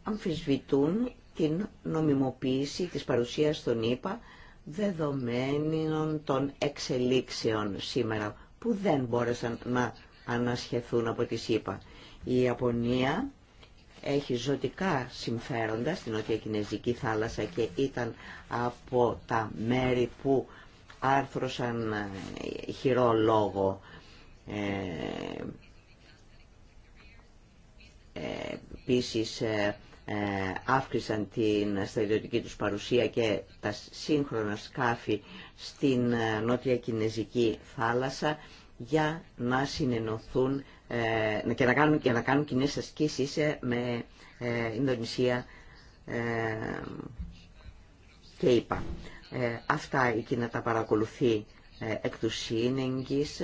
αμφισβητούν την νομιμοποίηση της παρουσίας των ΗΠΑ δεδομένων των εξελίξεων σήμερα που δεν μπόρεσαν να ανασχεθούν από τη ΣΥΠΑ. Η Ιαπωνία έχει ζωτικά συμφέροντα στην Νότια Κινέζικη θάλασσα και ήταν από τα μέρη που άρθρωσαν ε, χειρό λόγο ε, ε επίσης ε, αύξησαν την στρατιωτική τους παρουσία και τα σύγχρονα σκάφη στην Νότια Κινέζικη θάλασσα για να συνενωθούν ε, και να κάνουν, και να κάνουν κοινές ασκήσεις ε, με ε, Ινδονησία και είπα. αυτά η Κίνα τα παρακολουθεί εκ του σύνεγγης.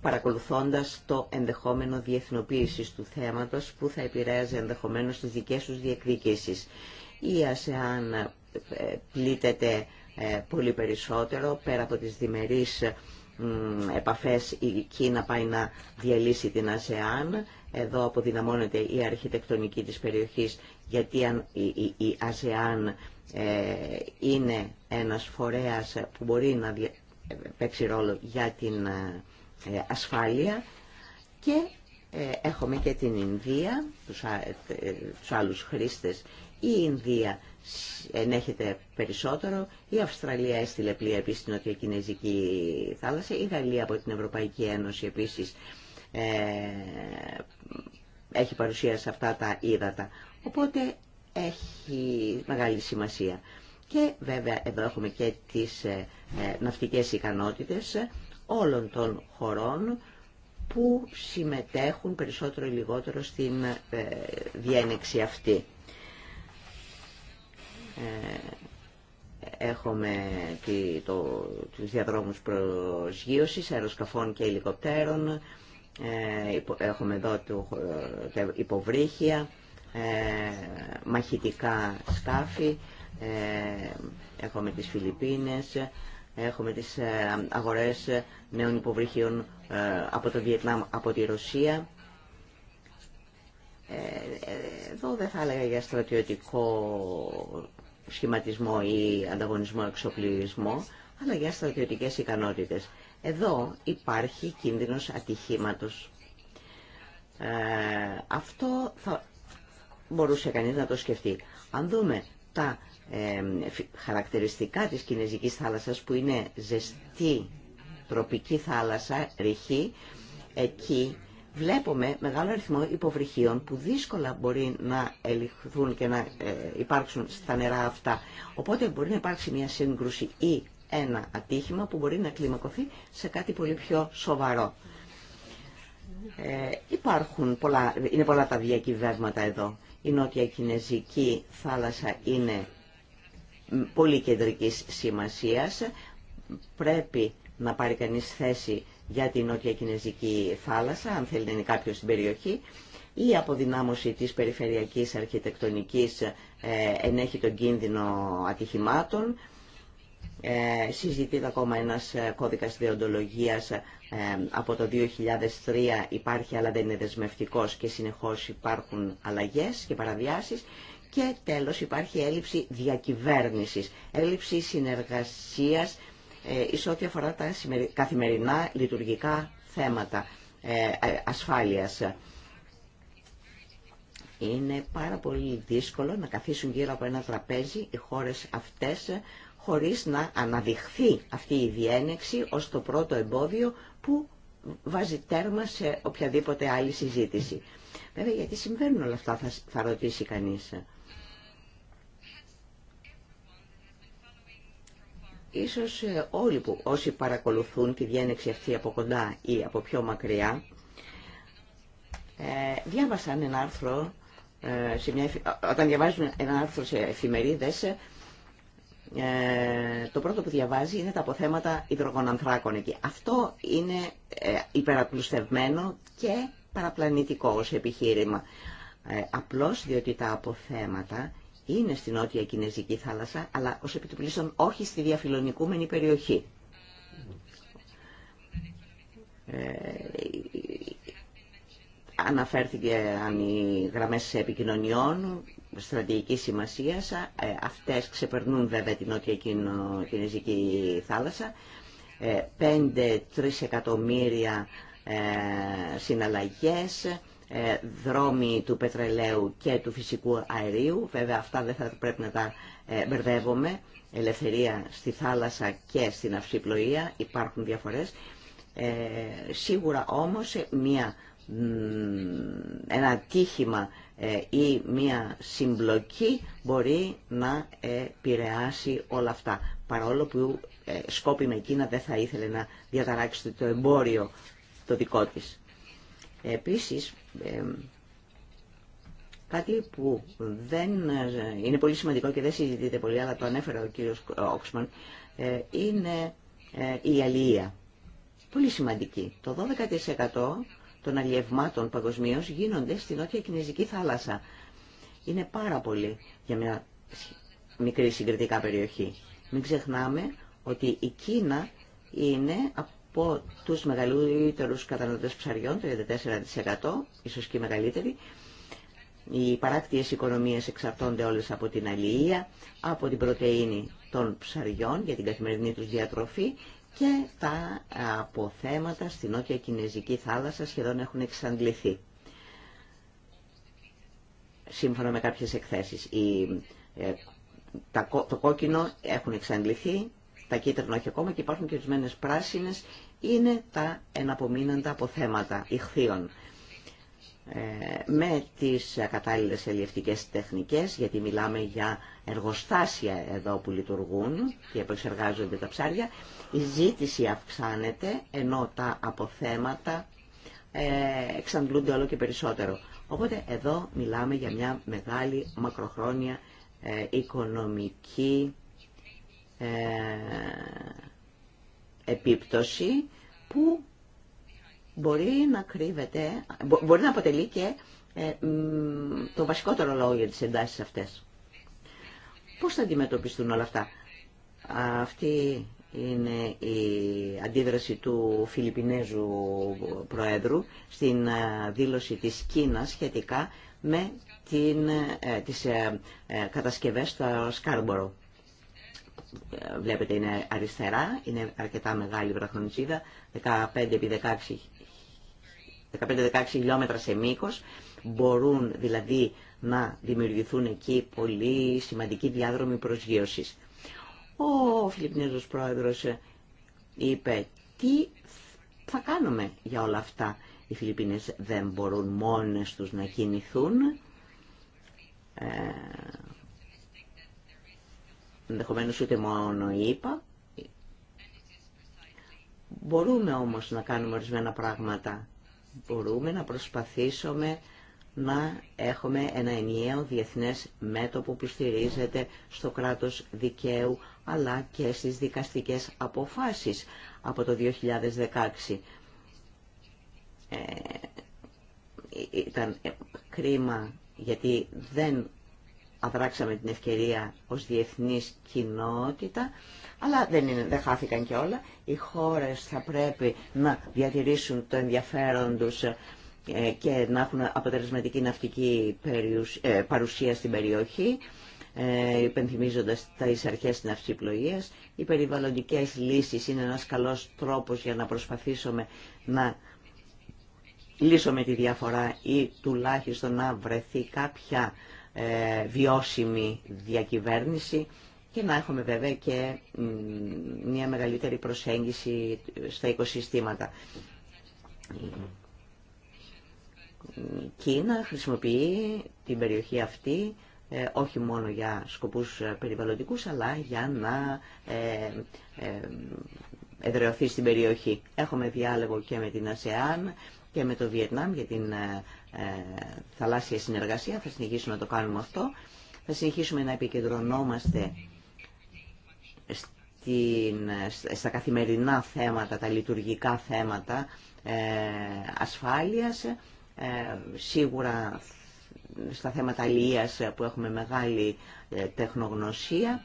παρακολουθώντας το ενδεχόμενο διεθνοποίησης του θέματος που θα επηρέαζε ενδεχομένως τις δικές τους διεκδικήσεις. Η ΑΣΕΑΝ πλήττεται ε, πολύ περισσότερο πέρα από τις διμερείς επαφές η Κίνα πάει να διαλύσει την ΑΣΕΑΝ εδώ αποδυναμώνεται η αρχιτεκτονική της περιοχής γιατί η ΑΣΕΑΝ ε, είναι ένας φορέας που μπορεί να παίξει ρόλο για την ε, ασφάλεια και έχουμε και την Ινδία τους άλλους χρήστες η Ινδία ενέχεται περισσότερο. Η Αυστραλία έστειλε πλοία επίσης στην Νοτιοκινέζικη θάλασσα. Η Γαλλία από την Ευρωπαϊκή Ένωση επίσης ε, έχει παρουσία σε αυτά τα ύδατα. Οπότε έχει μεγάλη σημασία. Και βέβαια εδώ έχουμε και τις ε, ε ναυτικές ικανότητες όλων των χωρών που συμμετέχουν περισσότερο ή λιγότερο στην ε, διένεξη αυτή. Ε, έχουμε τη, το, τους διαδρόμους προσγείωσης αεροσκαφών και ελικοπτέρων, ε, έχουμε εδώ το, υποβρύχια, ε, μαχητικά σκάφη, έχουμε τις Φιλιππίνες, έχουμε τις αγορές νέων υποβρύχιων από το Βιετνάμ, από τη Ρωσία. Εδώ δεν θα έλεγα για στρατιωτικό σχηματισμό ή ανταγωνισμό εξοπλισμό, αλλά για στρατιωτικές ικανότητες. Εδώ υπάρχει κίνδυνος ατυχήματος. Ε, αυτό θα μπορούσε κανείς να το σκεφτεί. Αν δούμε τα ε, χαρακτηριστικά της Κινέζικης θάλασσας που είναι ζεστή τροπική θάλασσα, ρηχή, εκεί βλέπουμε μεγάλο αριθμό υποβρυχίων που δύσκολα μπορεί να ελιχθούν και να ε, υπάρξουν στα νερά αυτά. Οπότε μπορεί να υπάρξει μια σύγκρουση ή ένα ατύχημα που μπορεί να κλιμακωθεί σε κάτι πολύ πιο σοβαρό. Ε, υπάρχουν πολλά, είναι πολλά τα διακυβεύματα εδώ. Η νότια κινέζικη θάλασσα είναι πολύ κεντρικής σημασίας. Πρέπει να πάρει κανείς θέση για την Νότια Κινέζικη θάλασσα, αν θέλει να είναι κάποιο στην περιοχή. Η αποδυνάμωση της περιφερειακής αρχιτεκτονικής ε, ενέχει τον κίνδυνο ατυχημάτων. Ε, συζητείται ακόμα ένας ε, κώδικας διοντολογίας ε, από το 2003 υπάρχει αλλά δεν είναι δεσμευτικός και συνεχώς υπάρχουν αλλαγές και παραδιάσεις και τέλος υπάρχει έλλειψη διακυβέρνησης, έλλειψη συνεργασίας ε, ό,τι αφορά τα καθημερινά λειτουργικά θέματα ε, ε, ασφάλειας. Είναι πάρα πολύ δύσκολο να καθίσουν γύρω από ένα τραπέζι οι χώρες αυτές χωρίς να αναδειχθεί αυτή η διένεξη ως το πρώτο εμπόδιο που βάζει τέρμα σε οποιαδήποτε άλλη συζήτηση. Βέβαια γιατί συμβαίνουν όλα αυτά θα, θα ρωτήσει κανείς. Ίσως ε, όλοι που, όσοι παρακολουθούν τη διένεξη αυτή από κοντά ή από πιο μακριά, ε, διάβασαν ένα άρθρο, ε, σε μια, όταν διαβάζουν ένα άρθρο σε εφημερίδες, το πρώτο που διαβάζει είναι τα αποθέματα υδρογονανθράκων εκεί. Αυτό είναι υπεραπλουστευμένο και παραπλανητικό ως επιχείρημα. Απλώς διότι τα αποθέματα είναι στην νότια Κινέζικη θάλασσα, αλλά ως επιτοπλίστων όχι στη διαφιλονικούμενη περιοχή. Ε, αναφέρθηκε αν οι γραμμές επικοινωνιών στρατηγική σημασία. ε, αυτές ξεπερνούν βέβαια την νότια Κινέζικη θάλασσα, ε, 5-3 εκατομμύρια ε, συναλλαγές, ε, δρόμοι του πετρελαίου και του φυσικού αερίου. Βέβαια αυτά δεν θα πρέπει να τα ε, μπερδεύομαι. Ελευθερία στη θάλασσα και στην αυσιπλοεία υπάρχουν διαφορές. Ε, σίγουρα όμως μια, ένα ατύχημα ή μια συμπλοκή μπορεί να επηρεάσει όλα αυτά. Παρόλο που σκόπιμα εκείνα δεν θα ήθελε να διαταράξει το εμπόριο το δικό της. Επίσης, κάτι που δεν ε, είναι πολύ σημαντικό και δεν συζητείται πολύ, αλλά το ανέφερα ο κύριος Όξμαν, ε, είναι ε, η αλληλεία. Πολύ σημαντική. Το 12% των αλλιευμάτων παγκοσμίω γίνονται στην Νότια Κινέζικη θάλασσα. Είναι πάρα πολύ για μια μικρή συγκριτικά περιοχή. Μην ξεχνάμε ότι η Κίνα είναι από τους μεγαλύτερους καταναλωτές ψαριών, 34%, ίσως και οι μεγαλύτεροι. Οι παράκτιες οικονομίες εξαρτώνται όλες από την αλληλεία, από την πρωτεΐνη των ψαριών για την καθημερινή τους διατροφή και τα αποθέματα στην νότια Κινέζικη θάλασσα σχεδόν έχουν εξαντληθεί. Σύμφωνα με κάποιες εκθέσεις, ε, το κόκκινο έχουν εξαντληθεί, τα κίτρινα όχι ακόμα και υπάρχουν και ορισμένε πράσινες είναι τα εναπομείνοντα αποθέματα ηχθείων ε, με τις κατάλληλες ελιευτικές τεχνικές, γιατί μιλάμε για εργοστάσια εδώ που λειτουργούν και επεξεργάζονται τα ψάρια, η ζήτηση αυξάνεται, ενώ τα αποθέματα ε, εξαντλούνται όλο και περισσότερο. Οπότε εδώ μιλάμε για μια μεγάλη μακροχρόνια ε, οικονομική επίπτωση που μπορεί να κρύβεται, μπορεί να αποτελεί και ε, το βασικότερο λόγο για τις εντάσεις αυτές. Πώς θα αντιμετωπιστούν όλα αυτά. Αυτή είναι η αντίδραση του Φιλιππινέζου Προέδρου στην ε, δήλωση της Κίνας σχετικά με την, ε, τις κατασκευές στο Σκάρμπορο βλέπετε είναι αριστερά, είναι αρκετά μεγάλη η 15 15-16 χιλιόμετρα σε μήκος, μπορούν δηλαδή να δημιουργηθούν εκεί πολύ σημαντικοί διάδρομοι προσγείωσης. Ο Φιλιππινέζος πρόεδρος είπε τι θα κάνουμε για όλα αυτά. Οι Φιλιππίνες δεν μπορούν μόνες τους να κινηθούν. Ε, ενδεχομένω ούτε μόνο είπα Μπορούμε όμως να κάνουμε ορισμένα πράγματα. Μπορούμε να προσπαθήσουμε να έχουμε ένα ενιαίο διεθνές μέτωπο που στηρίζεται στο κράτος δικαίου αλλά και στις δικαστικές αποφάσεις από το 2016. Ε, ήταν κρίμα γιατί δεν αδράξαμε την ευκαιρία ως διεθνής κοινότητα, αλλά δεν, είναι, χάθηκαν και όλα. Οι χώρες θα πρέπει να διατηρήσουν το ενδιαφέρον τους ε, και να έχουν αποτελεσματική ναυτική ε, παρουσία στην περιοχή, ε, υπενθυμίζοντας τα αρχές της ναυσιπλοείας. Οι περιβαλλοντικές λύσεις είναι ένας καλός τρόπος για να προσπαθήσουμε να λύσουμε τη διαφορά ή τουλάχιστον να βρεθεί κάποια ε, βιώσιμη διακυβέρνηση και να έχουμε βέβαια και μια μεγαλύτερη προσέγγιση στα οικοσυστήματα. Η Κίνα χρησιμοποιεί την περιοχή αυτή ε, όχι μόνο για σκοπούς ε, περιβαλλοντικούς αλλά για να εδρεωθεί στην περιοχή. Έχουμε διάλογο και με την ΑΣΕΑΝ και με το Βιετνάμ για την ε, θαλάσσια συνεργασία, θα συνεχίσουμε να το κάνουμε αυτό. Θα συνεχίσουμε να επικεντρωνόμαστε στην, στα καθημερινά θέματα, τα λειτουργικά θέματα ε, ασφάλειας, ε, σίγουρα στα θέματα αλληλείας που έχουμε μεγάλη ε, τεχνογνωσία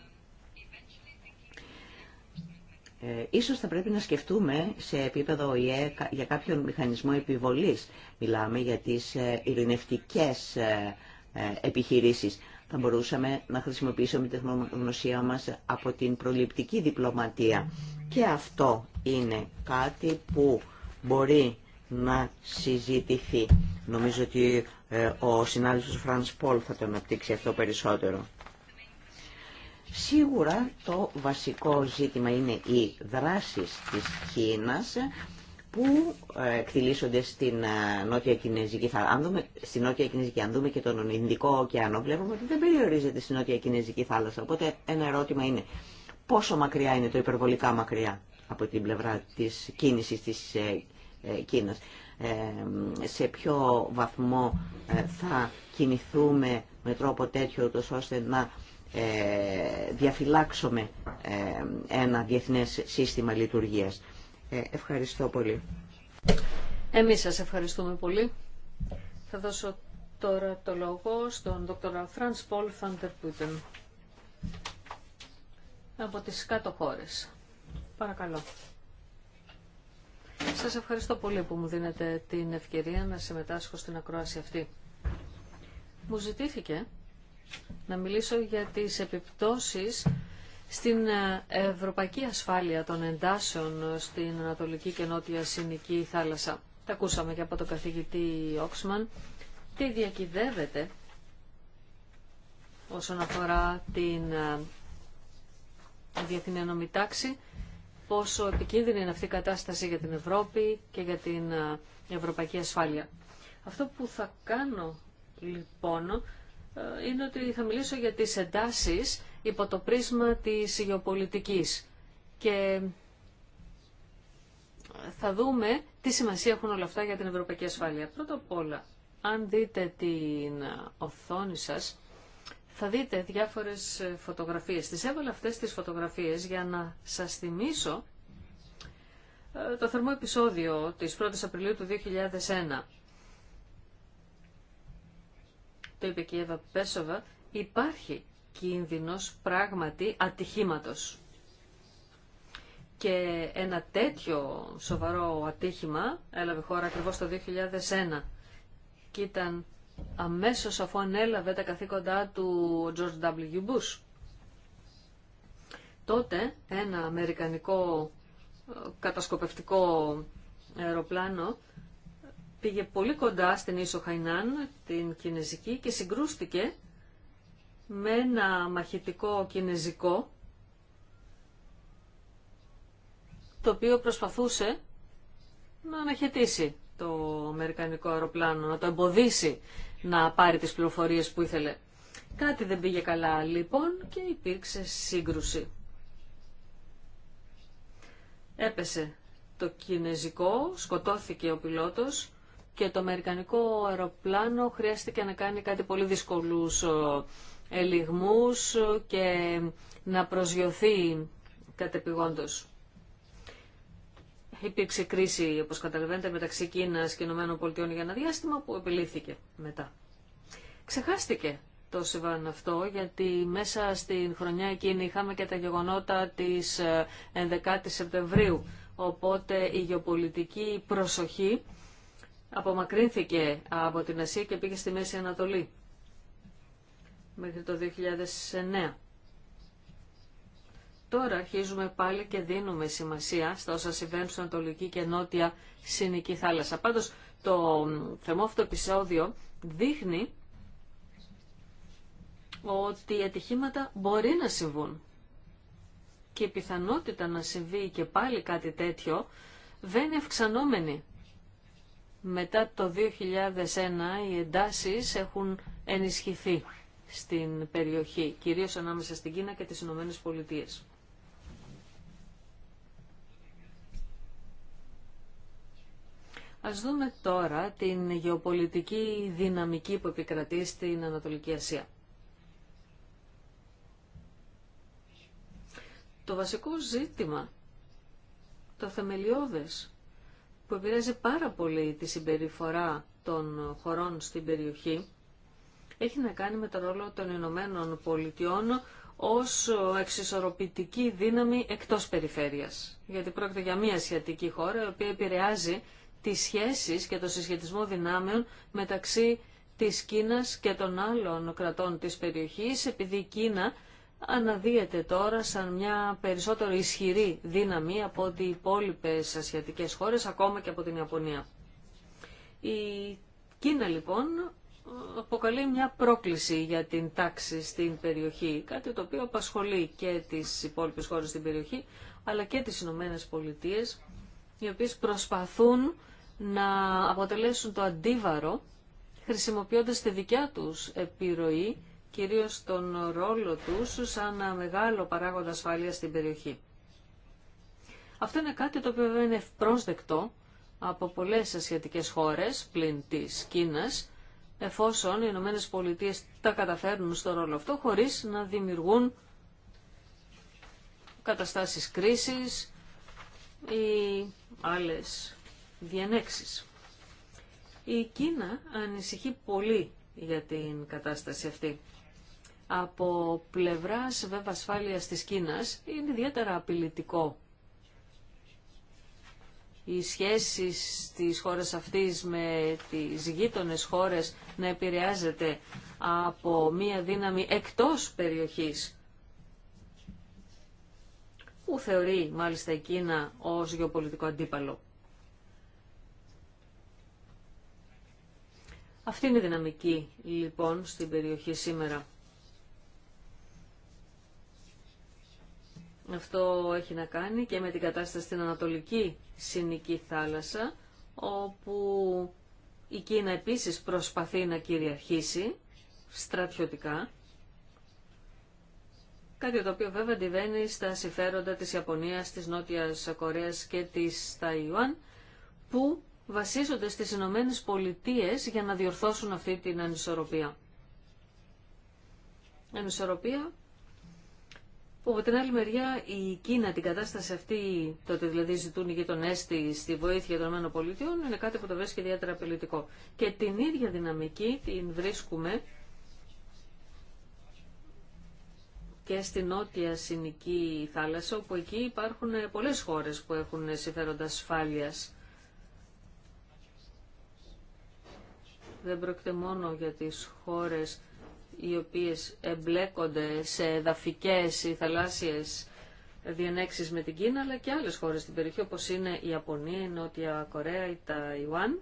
ε, ίσως θα πρέπει να σκεφτούμε σε επίπεδο ΟΗΕ για κάποιον μηχανισμό επιβολής. Μιλάμε για τις ε, ειρηνευτικές ε, ε, επιχειρήσεις. Θα μπορούσαμε να χρησιμοποιήσουμε τη τεχνογνωσία μας από την προληπτική διπλωματία. Και αυτό είναι κάτι που μπορεί να συζητηθεί. Νομίζω ότι ο συνάδελφος Φρανς Πολ θα το αναπτύξει αυτό περισσότερο. Σίγουρα το βασικό ζήτημα είναι οι δράσεις της Κίνας που ε, εκτιλήσονται στην ε, Νότια Κινέζικη αν δούμε, στην Νότια Κινέζικη, αν δούμε και τον Ινδικό ωκεανό, βλέπουμε ότι δεν περιορίζεται στην Νότια Κινέζικη θάλασσα. Οπότε ένα ερώτημα είναι πόσο μακριά είναι το υπερβολικά μακριά από την πλευρά της κίνησης της ε, Κίνας. σε ποιο βαθμό θα κινηθούμε με τρόπο τέτοιο ώστε να ε, διαφυλάξουμε ε, ένα διεθνές σύστημα λειτουργίας. Ε, ευχαριστώ πολύ. Εμείς σας ευχαριστούμε πολύ. Θα δώσω τώρα το λόγο στον Δ. Φραντς Πολ Φαντερ από τις κάτω χώρες. Παρακαλώ. Σας ευχαριστώ πολύ που μου δίνετε την ευκαιρία να συμμετάσχω στην ακρόαση αυτή. Μου ζητήθηκε να μιλήσω για τις επιπτώσεις στην ε, ευρωπαϊκή ασφάλεια των εντάσεων στην Ανατολική και Νότια Συνική θάλασσα. Τα ακούσαμε και από τον καθηγητή Όξμαν. Τι διακυδεύεται όσον αφορά την ε, διεθνή νομιτάξη, πόσο επικίνδυνη είναι αυτή η κατάσταση για την Ευρώπη και για την ε, ευρωπαϊκή ασφάλεια. Αυτό που θα κάνω λοιπόν ε, είναι ότι θα μιλήσω για τις εντάσεις υπό το πρίσμα της γεωπολιτικής και θα δούμε τι σημασία έχουν όλα αυτά για την ευρωπαϊκή ασφάλεια. Πρώτα απ' όλα, αν δείτε την οθόνη σας, θα δείτε διάφορες φωτογραφίες. Τις έβαλα αυτές τις φωτογραφίες για να σας θυμίσω ε, το θερμό επεισόδιο της 1ης Απριλίου του 2001 το είπε και η Εύα Πέσοβα, υπάρχει κίνδυνος πράγματι ατυχήματος. Και ένα τέτοιο σοβαρό ατύχημα έλαβε χώρα ακριβώς το 2001 και ήταν αμέσως αφού ανέλαβε τα καθήκοντά του George W. Bush. Τότε ένα αμερικανικό ε, κατασκοπευτικό αεροπλάνο πήγε πολύ κοντά στην Ίσο Χαϊνάν, την Κινέζικη, και συγκρούστηκε με ένα μαχητικό Κινέζικο, το οποίο προσπαθούσε να αναχαιτήσει το Αμερικανικό αεροπλάνο, να το εμποδίσει να πάρει τις πληροφορίες που ήθελε. Κάτι δεν πήγε καλά λοιπόν και υπήρξε σύγκρουση. Έπεσε το κινέζικο, σκοτώθηκε ο πιλότος και το αμερικανικό αεροπλάνο χρειάστηκε να κάνει κάτι πολύ δύσκολους ε, ελιγμούς και να προσγειωθεί κατεπηγόντως. Υπήρξε κρίση, όπως καταλαβαίνετε, μεταξύ Κίνας και Ηνωμένων Πολιτειών για ένα διάστημα που επιλήθηκε μετά. Ξεχάστηκε το συμβάν αυτό, γιατί μέσα στην χρονιά εκείνη είχαμε και τα γεγονότα της 11 ε, η Σεπτεμβρίου, οπότε η γεωπολιτική προσοχή απομακρύνθηκε από την Ασία και πήγε στη Μέση Ανατολή μέχρι το 2009. Τώρα αρχίζουμε πάλι και δίνουμε σημασία στα όσα συμβαίνουν στην Ανατολική και Νότια Συνική Θάλασσα. Πάντως το θερμό αυτό επεισόδιο δείχνει ότι οι ατυχήματα μπορεί να συμβούν. Και η πιθανότητα να συμβεί και πάλι κάτι τέτοιο δεν είναι αυξανόμενη. Μετά το 2001 οι εντάσεις έχουν ενισχυθεί στην περιοχή, κυρίως ανάμεσα στην Κίνα και τις Ηνωμένες Πολιτείες. Ας δούμε τώρα την γεωπολιτική δυναμική που επικρατεί στην Ανατολική Ασία. Το βασικό ζήτημα, το θεμελιώδες, που επηρεάζει πάρα πολύ τη συμπεριφορά των χωρών στην περιοχή έχει να κάνει με τον ρόλο των Ηνωμένων Πολιτειών ως εξισορροπητική δύναμη εκτός περιφέρειας. Γιατί πρόκειται για μια ασιατική χώρα η οποία επηρεάζει τις σχέσεις και το συσχετισμό δυνάμεων μεταξύ της Κίνας και των άλλων κρατών της περιοχής επειδή η Κίνα αναδύεται τώρα σαν μια περισσότερο ισχυρή δύναμη από ότι οι υπόλοιπε ασιατικέ χώρες, ακόμα και από την Ιαπωνία. Η Κίνα λοιπόν αποκαλεί μια πρόκληση για την τάξη στην περιοχή, κάτι το οποίο απασχολεί και τις υπόλοιπες χώρες στην περιοχή, αλλά και τις Ηνωμένε Πολιτείε, οι οποίες προσπαθούν να αποτελέσουν το αντίβαρο, χρησιμοποιώντας τη δικιά τους επιρροή κυρίως τον ρόλο τους σαν μεγάλο παράγοντα ασφαλείας στην περιοχή. Αυτό είναι κάτι το οποίο είναι ευπρόσδεκτο από πολλές ασιατικές χώρες πλην της Κίνας, εφόσον οι Ηνωμένες Πολιτείες τα καταφέρνουν στο ρόλο αυτό χωρίς να δημιουργούν καταστάσεις κρίσης ή άλλες διανέξεις. Η Κίνα ανησυχεί πολύ για την κατάσταση αυτή από πλευράς βέβαια ασφάλειας της Κίνας είναι ιδιαίτερα απειλητικό. Οι σχέσεις της χώρας αυτής με τις γείτονες χώρες να επηρεάζεται από μία δύναμη εκτός περιοχής που θεωρεί μάλιστα η Κίνα ως γεωπολιτικό αντίπαλο. Αυτή είναι η δυναμική λοιπόν στην περιοχή σήμερα. Αυτό έχει να κάνει και με την κατάσταση στην Ανατολική Συνική θάλασσα, όπου η Κίνα επίσης προσπαθεί να κυριαρχήσει στρατιωτικά, κάτι το οποίο βέβαια αντιβαίνει στα συμφέροντα της Ιαπωνίας, της Νότιας Κορέας και της Ταϊουάν, που βασίζονται στις Ηνωμένε Πολιτείες για να διορθώσουν αυτή την ανισορροπία. Ανισορροπία που από την άλλη μεριά η Κίνα την κατάσταση αυτή, το ότι δηλαδή ζητούν οι γειτονέ τη στη βοήθεια των ΗΠΑ, είναι κάτι που το βρίσκει ιδιαίτερα απειλητικό. Και την ίδια δυναμική την βρίσκουμε και στην νότια συνική θάλασσα, όπου εκεί υπάρχουν πολλές χώρες που έχουν συμφέροντα ασφάλειας. Δεν πρόκειται μόνο για τις χώρες οι οποίες εμπλέκονται σε εδαφικές ή θαλάσσιες διενέξεις με την Κίνα, αλλά και άλλες χώρες στην περιοχή, όπως είναι η Ιαπωνία, η Νότια Κορέα ή τα Ιουάν,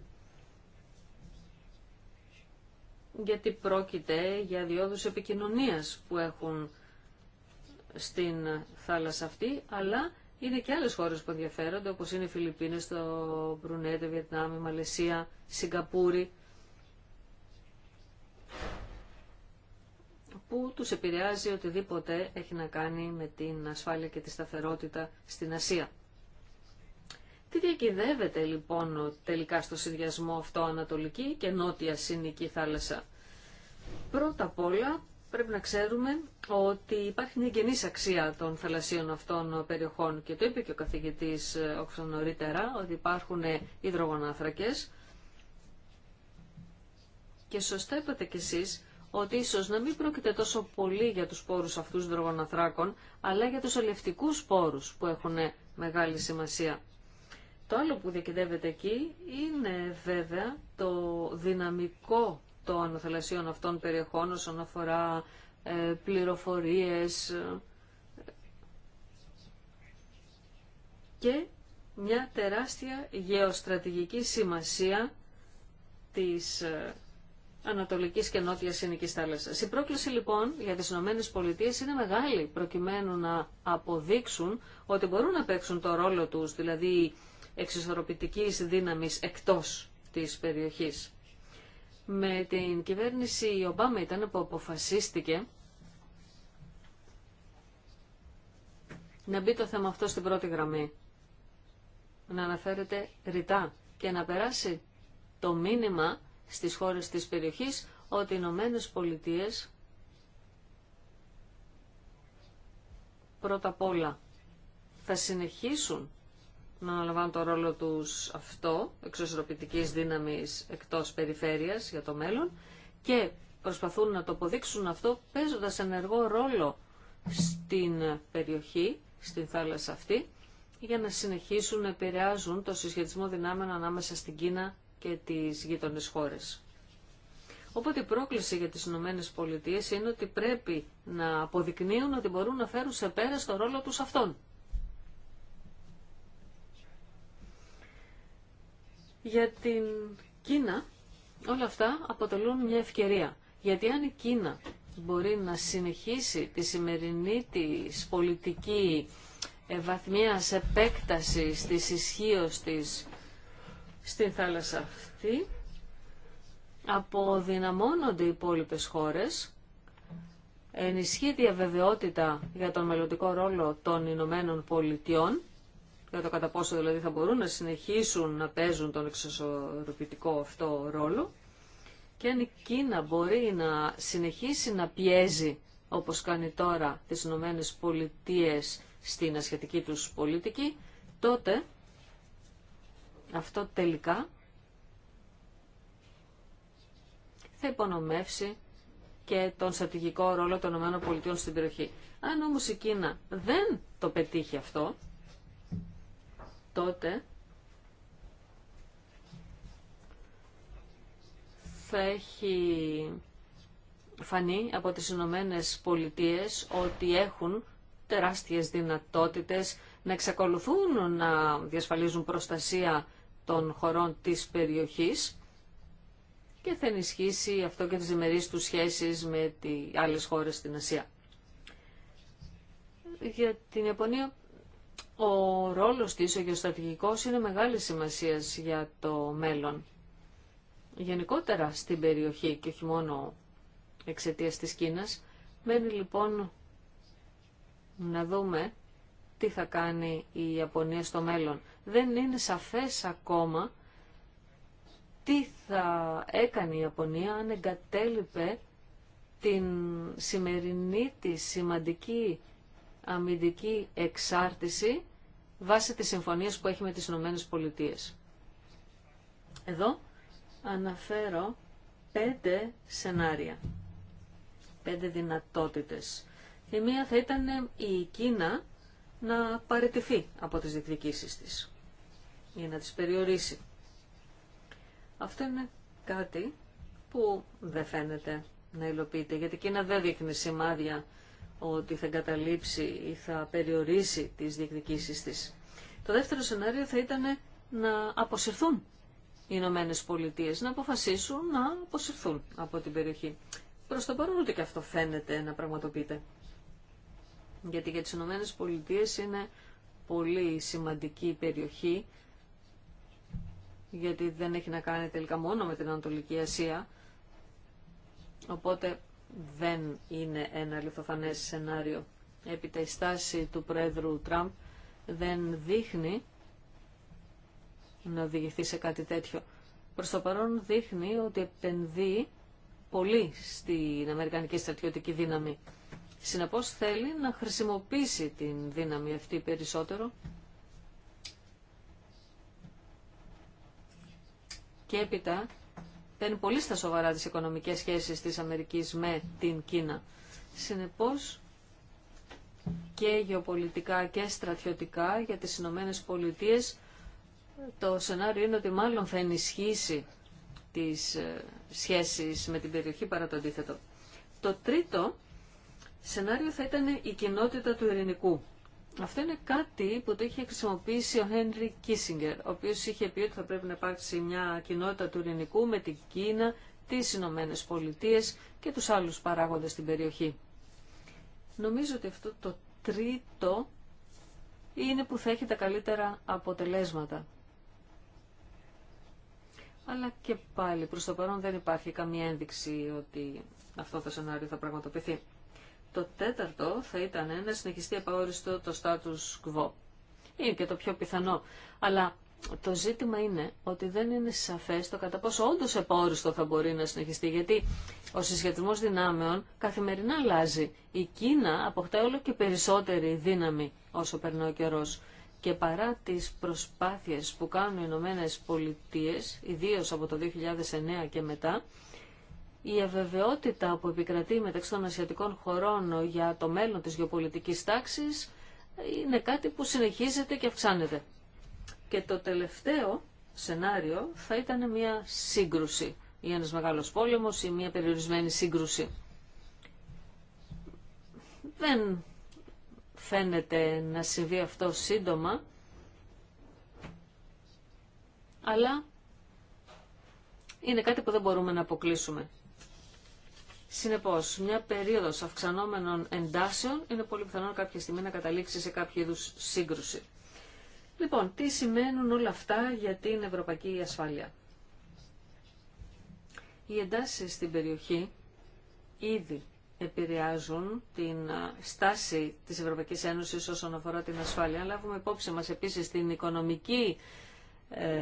γιατί πρόκειται για διόδους επικοινωνίας που έχουν στην θάλασσα αυτή, αλλά είναι και άλλες χώρες που ενδιαφέρονται, όπως είναι οι Φιλιππίνες, το Μπρουνέτε, Βιετνάμ, η τα γιατι προκειται για διοδους επικοινωνιας που εχουν στην θαλασσα αυτη αλλα ειναι και Σιγκαπούρη, που τους επηρεάζει οτιδήποτε έχει να κάνει με την ασφάλεια και τη σταθερότητα στην Ασία. Τι διακυδεύεται λοιπόν τελικά στο συνδυασμό αυτό Ανατολική και Νότια Συνική θάλασσα. Πρώτα απ' όλα πρέπει να ξέρουμε ότι υπάρχει μια γενής αξία των θαλασσίων αυτών περιοχών και το είπε και ο καθηγητής ε, οξω νωρίτερα ότι υπάρχουν υδρογονάθρακες και σωστά είπατε κι εσείς ότι ίσως να μην πρόκειται τόσο πολύ για τους σπόρους αυτούς δρογοναθράκων, αλλά για τους ελευτικούς σπόρους που έχουν μεγάλη σημασία. Το άλλο που διακυδεύεται εκεί είναι βέβαια το δυναμικό των θαλασσιών αυτών περιεχών όσον αφορά ε, πληροφορίες και μια τεράστια γεωστρατηγική σημασία της ε, Ανατολική και Νότια Ινικής Θάλασσα. Η πρόκληση λοιπόν για τις ΗΠΑ Πολιτείες είναι μεγάλη προκειμένου να αποδείξουν ότι μπορούν να παίξουν το ρόλο τους, δηλαδή εξισορροπητική δύναμη εκτός της περιοχής. Με την κυβέρνηση Ομπάμα ήταν που αποφασίστηκε να μπει το θέμα αυτό στην πρώτη γραμμή. Να αναφέρεται ρητά και να περάσει το μήνυμα στις χώρες της περιοχής ότι οι Ηνωμένε Πολιτείε πρώτα απ' όλα θα συνεχίσουν να αναλαμβάνουν το ρόλο τους αυτό, εξωσορροπητικής δύναμης εκτός περιφέρειας για το μέλλον και προσπαθούν να το αποδείξουν αυτό παίζοντας ενεργό ρόλο στην περιοχή, στην θάλασσα αυτή, για να συνεχίσουν να επηρεάζουν το συσχετισμό δυνάμεων ανάμεσα στην Κίνα και τις γείτονες χώρες. Οπότε η πρόκληση για τις Ηνωμένε Πολιτείες είναι ότι πρέπει να αποδεικνύουν ότι μπορούν να φέρουν σε πέρα στο ρόλο τους αυτών. Για την Κίνα όλα αυτά αποτελούν μια ευκαιρία. Γιατί αν η Κίνα μπορεί να συνεχίσει τη σημερινή της πολιτική ε, βαθμιάς επέκτασης της ισχύω της στην θάλασσα αυτή αποδυναμώνονται οι υπόλοιπε χώρες, ενισχύει η για τον μελλοντικό ρόλο των Ηνωμένων Πολιτειών, για το κατά πόσο δηλαδή θα μπορούν να συνεχίσουν να παίζουν τον εξωσορροπητικό αυτό ρόλο και αν η Κίνα μπορεί να συνεχίσει να πιέζει όπως κάνει τώρα τις Ηνωμένε Πολιτείες στην ασιατική τους πολιτική, τότε αυτό τελικά θα υπονομεύσει και τον στρατηγικό ρόλο των ΗΠΑ στην περιοχή. Αν όμως η Κίνα δεν το πετύχει αυτό, τότε θα έχει φανεί από τις Ηνωμένε Πολιτείε ότι έχουν τεράστιες δυνατότητες να εξακολουθούν να διασφαλίζουν προστασία των χωρών της περιοχής και θα ενισχύσει αυτό και τις διμερείς του σχέσεις με τι άλλες χώρες στην Ασία. Για την Ιαπωνία, ο ρόλος της, ο γεωστρατηγικός, είναι μεγάλη σημασία για το μέλλον. Γενικότερα στην περιοχή και όχι μόνο εξαιτίας της Κίνας, μένει λοιπόν να δούμε τι θα κάνει η Ιαπωνία στο μέλλον. Δεν είναι σαφές ακόμα τι θα έκανε η Ιαπωνία αν εγκατέλειπε την σημερινή τη σημαντική αμυντική εξάρτηση βάσει της συμφωνίας που έχει με τις Ηνωμένες Πολιτείες. Εδώ αναφέρω πέντε σενάρια, πέντε δυνατότητες. Η μία θα ήταν η Κίνα να παραιτηθεί από τις διεκδικήσεις της ή να τις περιορίσει. Αυτό είναι κάτι που δεν φαίνεται να υλοποιείται, γιατί να δεν δείχνει σημάδια ότι θα εγκαταλείψει ή θα περιορίσει τις διεκδικήσεις της. Το δεύτερο σενάριο θα ήταν να αποσυρθούν οι Ηνωμένε Πολιτείε, να αποφασίσουν να αποσυρθούν από την περιοχή. Προς το παρόν και αυτό φαίνεται να πραγματοποιείται γιατί για τις Ηνωμένες Πολιτείες είναι πολύ σημαντική περιοχή, γιατί δεν έχει να κάνει τελικά μόνο με την Ανατολική Ασία, οπότε δεν είναι ένα λιθοφανές σενάριο. Έπειτα η στάση του Πρόεδρου Τραμπ δεν δείχνει να οδηγηθεί σε κάτι τέτοιο. Προς το παρόν δείχνει ότι επενδύει πολύ στην Αμερικανική στρατιωτική δύναμη. Συνεπώς θέλει να χρησιμοποιήσει την δύναμη αυτή περισσότερο και έπειτα παίρνει πολύ στα σοβαρά τις οικονομικές σχέσεις της Αμερικής με την Κίνα. Συνεπώς και γεωπολιτικά και στρατιωτικά για τις Ηνωμένε Πολιτείε το σενάριο είναι ότι μάλλον θα ενισχύσει τις ε, σχέσεις με την περιοχή παρά το αντίθετο. Το τρίτο σενάριο θα ήταν η κοινότητα του ειρηνικού. Αυτό είναι κάτι που το είχε χρησιμοποιήσει ο Χένρι Κίσιγκερ, ο οποίο είχε πει ότι θα πρέπει να υπάρξει μια κοινότητα του ειρηνικού με την Κίνα, τι Ηνωμένε Πολιτείε και του άλλου παράγοντε στην περιοχή. Νομίζω ότι αυτό το τρίτο είναι που θα έχει τα καλύτερα αποτελέσματα. Αλλά και πάλι προς το παρόν δεν υπάρχει καμία ένδειξη ότι αυτό το σενάριο θα πραγματοποιηθεί. Το τέταρτο θα ήταν να συνεχιστεί απαόριστο το status quo. Είναι και το πιο πιθανό. Αλλά το ζήτημα είναι ότι δεν είναι σαφές το κατά πόσο όντω επαόριστο θα μπορεί να συνεχιστεί, γιατί ο συσχετισμός δυνάμεων καθημερινά αλλάζει. Η Κίνα αποκτά όλο και περισσότερη δύναμη όσο περνά ο καιρό Και παρά τι προσπάθειες που κάνουν οι Ηνωμένε Πολιτείε, ιδίως από το 2009 και μετά, η αβεβαιότητα που επικρατεί μεταξύ των ασιατικών χωρών για το μέλλον της γεωπολιτικής τάξης είναι κάτι που συνεχίζεται και αυξάνεται. Και το τελευταίο σενάριο θα ήταν μια σύγκρουση ή ένας μεγάλος πόλεμος ή μια περιορισμένη σύγκρουση. Δεν φαίνεται να συμβεί αυτό σύντομα, αλλά είναι κάτι που δεν μπορούμε να αποκλείσουμε. Συνεπώς, μια περίοδος αυξανόμενων εντάσεων είναι πολύ πιθανό κάποια στιγμή να καταλήξει σε κάποιο είδου σύγκρουση. Λοιπόν, τι σημαίνουν όλα αυτά για την ευρωπαϊκή ασφάλεια. Οι εντάσει στην περιοχή ήδη επηρεάζουν την στάση της Ευρωπαϊκής Ένωσης όσον αφορά την ασφάλεια. Λάβουμε υπόψη μας επίσης την οικονομική ε,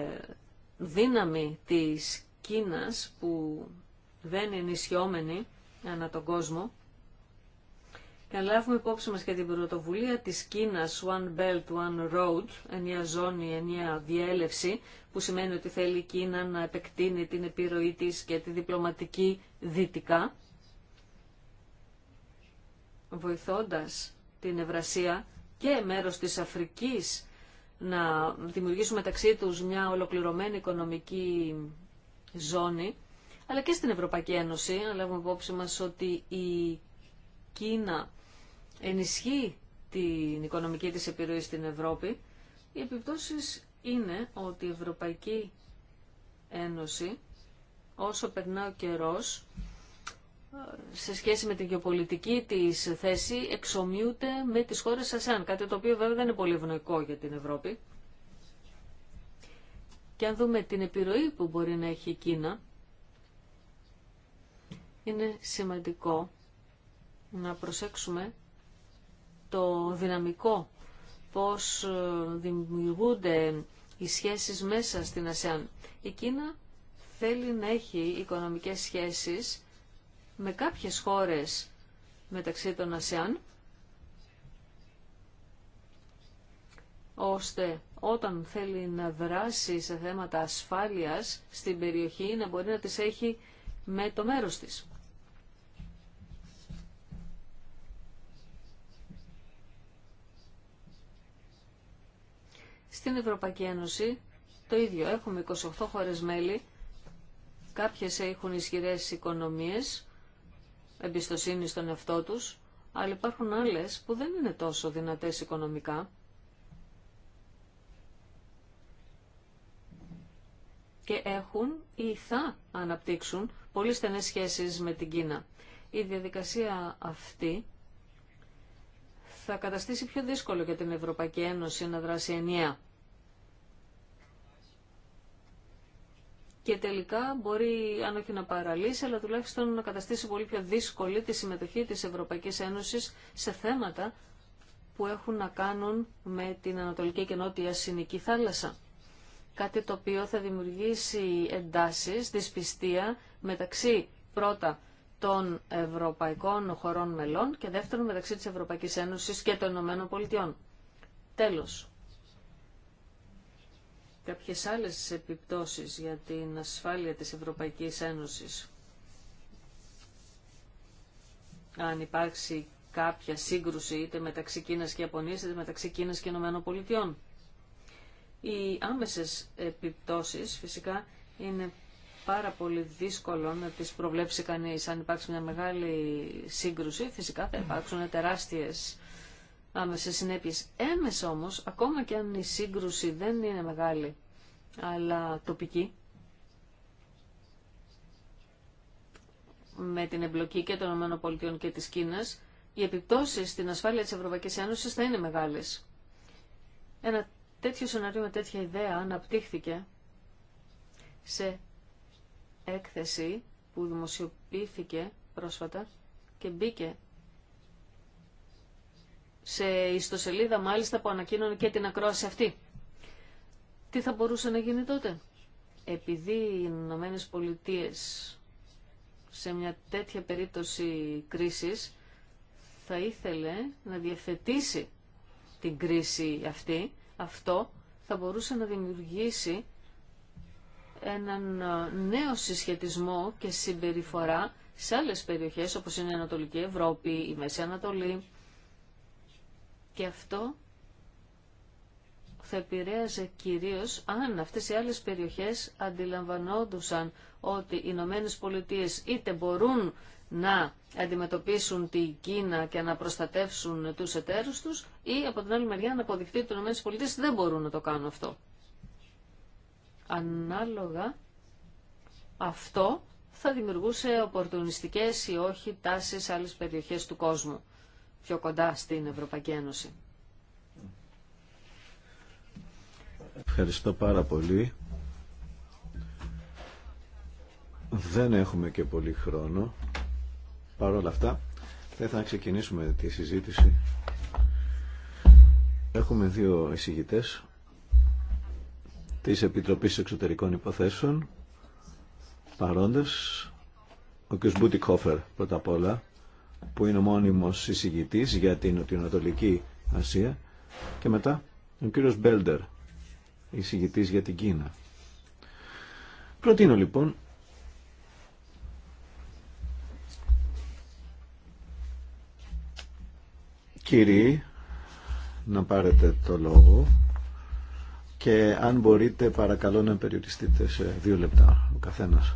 δύναμη της Κίνας που δεν είναι ενισχυόμενη ανά τον κόσμο. Και αν λάβουμε υπόψη μας και την πρωτοβουλία της Κίνας One Belt, One Road, ενιαία ζώνη, ενιαία διέλευση, που σημαίνει ότι θέλει η Κίνα να επεκτείνει την επιρροή της και τη διπλωματική δυτικά, βοηθώντας την Ευρασία και μέρος της Αφρικής να δημιουργήσουν μεταξύ τους μια ολοκληρωμένη οικονομική ζώνη, αλλά και στην Ευρωπαϊκή Ένωση. Να λάβουμε υπόψη μας ότι η Κίνα ενισχύει την οικονομική της επιρροή στην Ευρώπη. Οι επιπτώσεις είναι ότι η Ευρωπαϊκή Ένωση όσο περνά ο καιρός σε σχέση με την γεωπολιτική της θέση εξομοιούται με τις χώρες ΑΣΑΝ, κάτι το οποίο βέβαια δεν είναι πολύ ευνοϊκό για την Ευρώπη. Και αν δούμε την επιρροή που μπορεί να έχει η Κίνα είναι σημαντικό να προσέξουμε το δυναμικό, πώς ε, δημιουργούνται οι σχέσεις μέσα στην ΑΣΕΑΝ. Η Κίνα θέλει να έχει οικονομικές σχέσεις με κάποιες χώρες μεταξύ των ΑΣΕΑΝ, ώστε όταν θέλει να δράσει σε θέματα ασφάλειας στην περιοχή να μπορεί να τις έχει με το μέρος της. Στην Ευρωπαϊκή Ένωση το ίδιο. Έχουμε 28 χώρες μέλη. Κάποιες έχουν ισχυρές οικονομίες, εμπιστοσύνη στον εαυτό τους, αλλά υπάρχουν άλλες που δεν είναι τόσο δυνατές οικονομικά. και έχουν ή θα αναπτύξουν πολύ στενές σχέσεις με την Κίνα. Η διαδικασία αυτή θα καταστήσει πιο δύσκολο για την Ευρωπαϊκή Ένωση να δράσει ενιαία. και τελικά μπορεί, αν όχι να παραλύσει, αλλά τουλάχιστον να καταστήσει πολύ πιο δύσκολη τη συμμετοχή της Ευρωπαϊκής Ένωσης σε θέματα που έχουν να κάνουν με την Ανατολική και Νότια Συνική Θάλασσα. Κάτι το οποίο θα δημιουργήσει εντάσεις, δυσπιστία μεταξύ πρώτα των ευρωπαϊκών χωρών μελών και δεύτερον μεταξύ της Ευρωπαϊκής Ένωσης και των Ηνωμένων Πολιτειών. Τέλος, κάποιες άλλες επιπτώσεις για την ασφάλεια της Ευρωπαϊκής Ένωσης. Αν υπάρξει κάποια σύγκρουση είτε μεταξύ Κίνας και Ιαπωνίας είτε μεταξύ Κίνας και Ηνωμένων Πολιτειών. Οι άμεσες επιπτώσεις φυσικά είναι πάρα πολύ δύσκολο να τις προβλέψει κανείς. Αν υπάρξει μια μεγάλη σύγκρουση φυσικά θα υπάρξουν τεράστιες σε συνέπειες. Έμεσα όμως, ακόμα και αν η σύγκρουση δεν είναι μεγάλη, αλλά τοπική, με την εμπλοκή και των ΗΠΑ και της Κίνας, οι επιπτώσεις στην ασφάλεια της Ευρωπαϊκής Ένωσης θα είναι μεγάλες. Ένα τέτοιο σενάριο με τέτοια ιδέα αναπτύχθηκε σε έκθεση που δημοσιοποιήθηκε πρόσφατα και μπήκε σε ιστοσελίδα μάλιστα που ανακοίνωνε και την ακρόαση αυτή. Τι θα μπορούσε να γίνει τότε. Επειδή οι Ηνωμένε Πολιτείε σε μια τέτοια περίπτωση κρίσης θα ήθελε να διευθετήσει την κρίση αυτή, αυτό θα μπορούσε να δημιουργήσει έναν νέο συσχετισμό και συμπεριφορά σε άλλες περιοχές όπως είναι η Ανατολική Ευρώπη, η Μέση Ανατολή και αυτό θα επηρέαζε κυρίως αν αυτές οι άλλες περιοχές αντιλαμβανόντουσαν ότι οι Ηνωμένε Πολιτείε είτε μπορούν να αντιμετωπίσουν την Κίνα και να προστατεύσουν τους εταίρους τους ή από την άλλη μεριά να αποδειχτεί ότι οι Ηνωμένες Πολιτείες δεν μπορούν να το κάνουν αυτό. Ανάλογα αυτό θα δημιουργούσε οπορτουνιστικές ή όχι τάσεις σε άλλες περιοχές του κόσμου πιο κοντά στην Ευρωπαϊκή Ένωση. Ευχαριστώ πάρα πολύ. Δεν έχουμε και πολύ χρόνο. Παρ' όλα αυτά, θα ήθελα να ξεκινήσουμε τη συζήτηση. Έχουμε δύο εισηγητές της Επιτροπής Εξωτερικών Υποθέσεων παρόντες. Ο κ. Κόφερ πρώτα απ' όλα που είναι ο μόνιμος εισηγητής για την Νοτιοανατολική Ασία και μετά ο κύριος Μπέλντερ, εισηγητής για την Κίνα. Προτείνω λοιπόν Κύριοι, να πάρετε το λόγο και αν μπορείτε παρακαλώ να περιοριστείτε σε δύο λεπτά ο καθένας.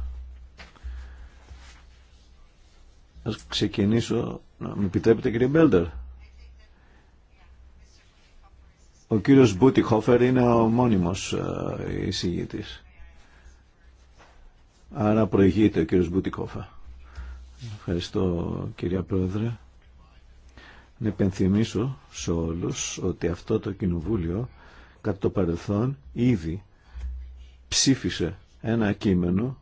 Ας ξεκινήσω, να μου επιτρέπετε κύριε Μπέλτερ. Ο κύριος Μπούτι Χόφερ είναι ο μόνιμος ε, εισηγητής. Άρα προηγείται ο κύριος Μπούτι Χόφερ. Ευχαριστώ κυρία Πρόεδρε. Να επενθυμίσω σε όλους ότι αυτό το κοινοβούλιο κατά το παρελθόν ήδη ψήφισε ένα κείμενο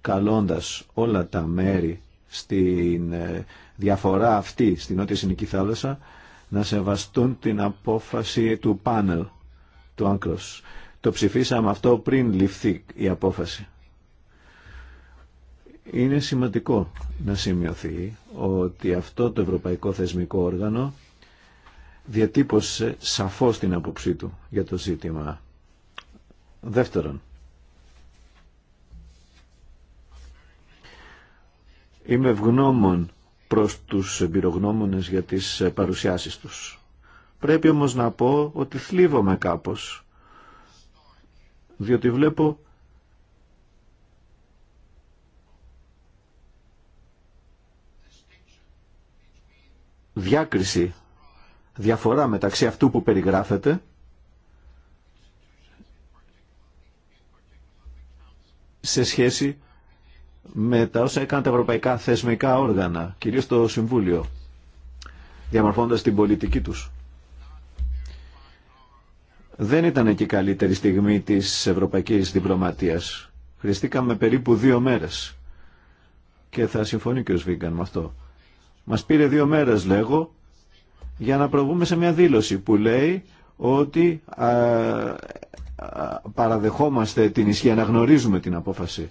καλώντας όλα τα μέρη στην ε, διαφορά αυτή στην Νότια Συνική Θάλασσα να σεβαστούν την απόφαση του πάνελ του Άγκρος. Το ψηφίσαμε αυτό πριν ληφθεί η απόφαση. Είναι σημαντικό να σημειωθεί ότι αυτό το Ευρωπαϊκό Θεσμικό Όργανο διατύπωσε σαφώς την άποψή του για το ζήτημα. Δεύτερον, Είμαι ευγνώμων προς τους εμπειρογνώμονες για τις ε, παρουσιάσεις τους. Πρέπει όμως να πω ότι θλίβομαι κάπως, διότι βλέπω διάκριση, διαφορά μεταξύ αυτού που περιγράφεται σε σχέση με τα όσα έκαναν τα ευρωπαϊκά θεσμικά όργανα, κυρίως το Συμβούλιο, διαμορφώντα την πολιτική τους. Δεν ήταν εκεί η καλύτερη στιγμή της ευρωπαϊκής διπλωματίας. Χρειαστήκαμε περίπου δύο μέρες. Και θα συμφωνεί και ο Σβίγκαν με αυτό. Μας πήρε δύο μέρες, λέγω, για να προβούμε σε μια δήλωση που λέει ότι παραδεχόμαστε την ισχύ, αναγνωρίζουμε την απόφαση.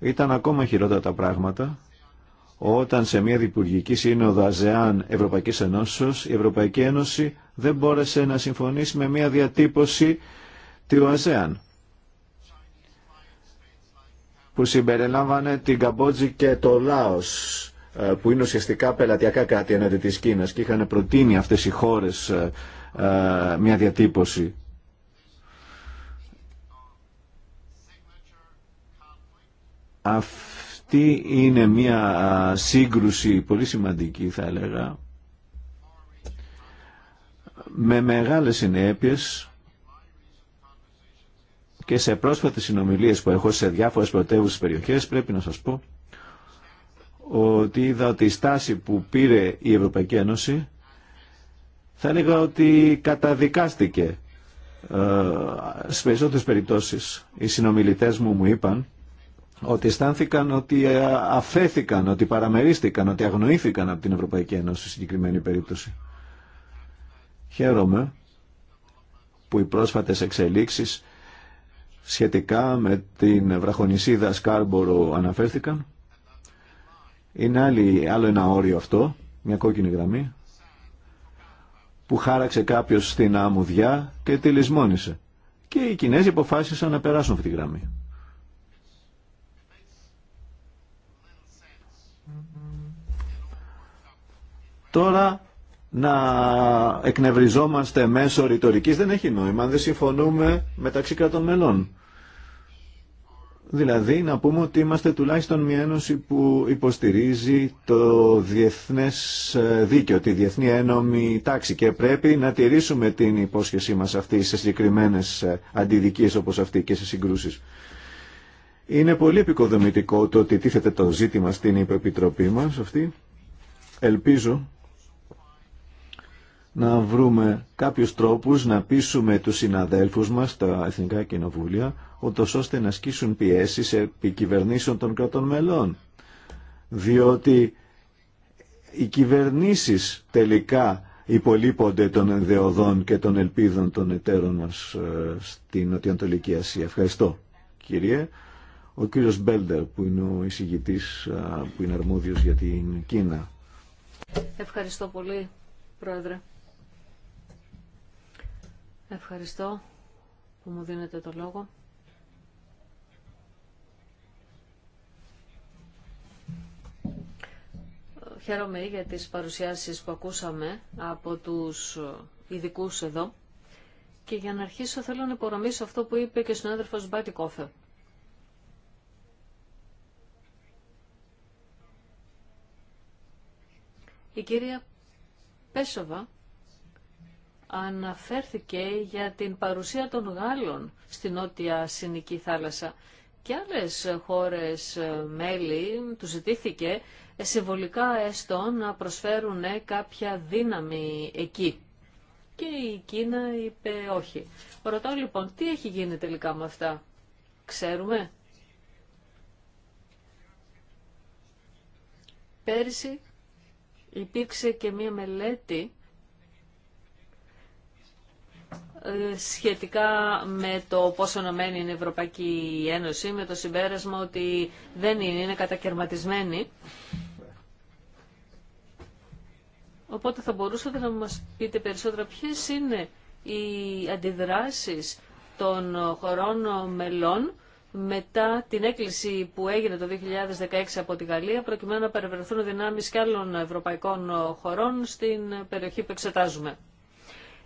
Ήταν ακόμα χειρότερα τα πράγματα όταν σε μια διπουργική σύνοδο ΑΖΕΑΝ Ευρωπαϊκής Ενώσεως η Ευρωπαϊκή Ένωση δεν μπόρεσε να συμφωνήσει με μια διατύπωση του ΑΖΕΑΝ που συμπεριλάμβανε την Καμπότζη και το Λάος ε, που είναι ουσιαστικά πελατειακά κάτι ενάντια της Κίνας και είχαν προτείνει αυτές οι χώρες ε, ε, μια διατύπωση Αυτή είναι μια σύγκρουση πολύ σημαντική θα έλεγα με μεγάλες συνέπειες και σε πρόσφατες συνομιλίες που έχω σε διάφορες πρωτεύουσες περιοχές πρέπει να σας πω ότι είδα ότι η στάση που πήρε η Ευρωπαϊκή Ένωση θα έλεγα ότι καταδικάστηκε ε, σε περισσότερες περιπτώσεις. Οι συνομιλητές μου μου είπαν ότι αισθάνθηκαν ότι ε, αφέθηκαν, ότι παραμερίστηκαν, ότι αγνοήθηκαν από την Ευρωπαϊκή Ένωση στη συγκεκριμένη περίπτωση. Χαίρομαι που οι πρόσφατες εξελίξεις σχετικά με την βραχονισίδα Σκάρμπορο αναφέρθηκαν. Είναι άλλη, άλλο ένα όριο αυτό, μια κόκκινη γραμμή, που χάραξε κάποιος στην αμμουδιά και τη λησμόνησε. Και οι Κινέζοι αποφάσισαν να περάσουν αυτή τη γραμμή. Τώρα να εκνευριζόμαστε μέσω ρητορική δεν έχει νόημα αν δεν συμφωνούμε μεταξύ κρατών μελών. Δηλαδή να πούμε ότι είμαστε τουλάχιστον μια ένωση που υποστηρίζει το διεθνές ε, δίκαιο, τη διεθνή ένωμη τάξη και πρέπει να τηρήσουμε την υπόσχεσή μας αυτή σε συγκεκριμένε ε, αντιδικίες όπως αυτή και σε συγκρούσεις. Είναι πολύ επικοδομητικό το ότι τίθεται το ζήτημα στην Υπεπιτροπή μας αυτή. Ελπίζω να βρούμε κάποιους τρόπους να πείσουμε τους συναδέλφους μας, τα Εθνικά Κοινοβούλια, ούτως ώστε να ασκήσουν πιέσεις επί κυβερνήσεων των κρατών μελών. Διότι οι κυβερνήσεις τελικά υπολείπονται των ενδεωδών και των ελπίδων των εταίρων μας ε, στην Νοτιοανατολική Ασία. Ευχαριστώ, κύριε. Ο κύριος Μπέλντερ, που είναι ο εισηγητής ε, που είναι αρμόδιος για την Κίνα. Ευχαριστώ πολύ, Πρόεδρε. Ευχαριστώ που μου δίνετε το λόγο. Χαίρομαι για τις παρουσιάσεις που ακούσαμε από τους ειδικού εδώ. Και για να αρχίσω θέλω να υπορρομήσω αυτό που είπε και ο συνάδελφος Μπάτι Κόφε. Η κυρία Πέσοβα αναφέρθηκε για την παρουσία των Γάλλων στην νότια Συνική θάλασσα. Και άλλες χώρες ε, μέλη του ζητήθηκε ε, συμβολικά έστω να προσφέρουν ε, κάποια δύναμη εκεί. Και η Κίνα είπε όχι. Ρωτάω λοιπόν τι έχει γίνει τελικά με αυτά. Ξέρουμε. Πέρσι υπήρξε και μία μελέτη ε, σχετικά με το πόσο ενωμένη είναι η Ευρωπαϊκή Ένωση, με το συμπέρασμα ότι δεν είναι, είναι κατακαιρματισμένη. Οπότε θα μπορούσατε να μας πείτε περισσότερα ποιες είναι οι αντιδράσεις των χωρών μελών μετά την έκκληση που έγινε το 2016 από τη Γαλλία προκειμένου να παρευρεθούν δυνάμεις και άλλων ευρωπαϊκών χωρών στην περιοχή που εξετάζουμε.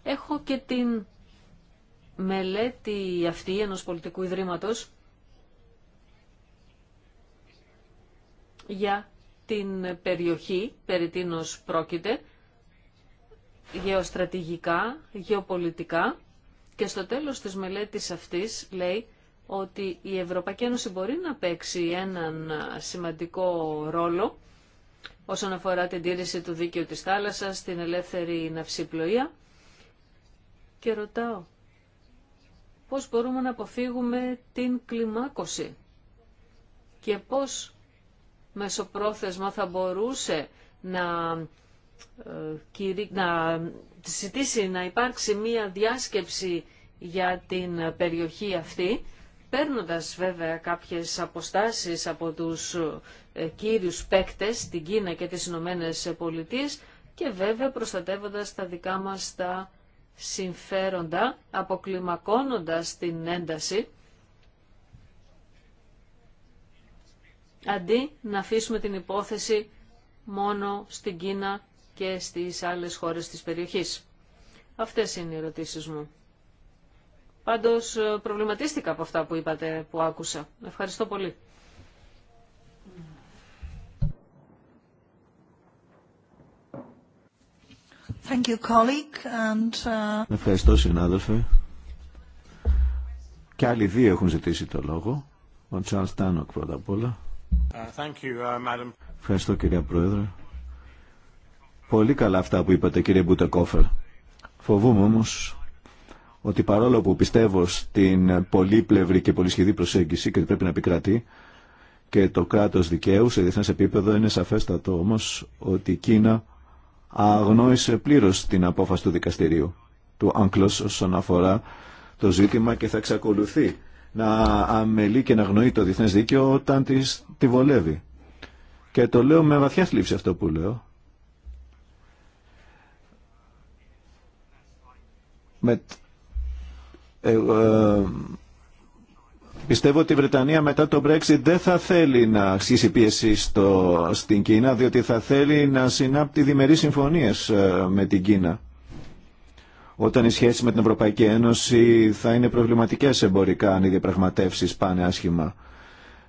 Έχω και την μελέτη αυτή ενός πολιτικού ιδρύματος για την περιοχή περί τίνος πρόκειται, γεωστρατηγικά, γεωπολιτικά και στο τέλος της μελέτης αυτής λέει ότι η Ευρωπαϊκή Ένωση μπορεί να παίξει έναν σημαντικό ρόλο όσον αφορά την τήρηση του δίκαιου της θάλασσας, την ελεύθερη ναυσιπλοεία και ρωτάω πώς μπορούμε να αποφύγουμε την κλιμάκωση και πώς μεσοπρόθεσμα θα μπορούσε να, ε, να ζητήσει να υπάρξει μία διάσκεψη για την περιοχή αυτή, παίρνοντας βέβαια κάποιες αποστάσεις από τους ε, κύριους παίκτες, την Κίνα και τις Ηνωμένε Πολιτείες και βέβαια προστατεύοντας τα δικά μας τα συμφέροντα, αποκλιμακώνοντας την ένταση, αντί να αφήσουμε την υπόθεση μόνο στην Κίνα και στις άλλες χώρες της περιοχής. Αυτές είναι οι ερωτήσεις μου. Πάντως ε, προβληματίστηκα από αυτά που είπατε, που άκουσα. Ευχαριστώ πολύ. Thank you, colleague. And, uh, Ευχαριστώ συνάδελφε. Και άλλοι δύο έχουν ζητήσει το λόγο. Ο Τσάρλς Τάνοκ πρώτα απ' όλα. Uh, thank you, uh, Ευχαριστώ κυρία Πρόεδρε. Πολύ καλά αυτά που είπατε κύριε Μπουτεκόφερ. Φοβούμαι όμως ότι παρόλο που πιστεύω στην πολύπλευρη και πολυσχεδή προσέγγιση και πρέπει να επικρατεί και το κράτος δικαίου σε διεθνές επίπεδο είναι σαφέστατο όμως ότι η Κίνα αγνόησε πλήρως την απόφαση του δικαστηρίου του Άγκλος όσον αφορά το ζήτημα και θα εξακολουθεί να αμελεί και να αγνοεί το διεθνέ δίκαιο όταν της, τη βολεύει. Και το λέω με βαθιά θλίψη αυτό που λέω. Με, ε, ε, Πιστεύω ότι η Βρετανία μετά το Brexit δεν θα θέλει να ασκήσει πίεση στην Κίνα, διότι θα θέλει να συνάπτει διμερείς συμφωνίες ε, με την Κίνα. Όταν οι σχέσεις με την Ευρωπαϊκή Ένωση θα είναι προβληματικές εμπορικά αν οι διαπραγματεύσεις πάνε άσχημα.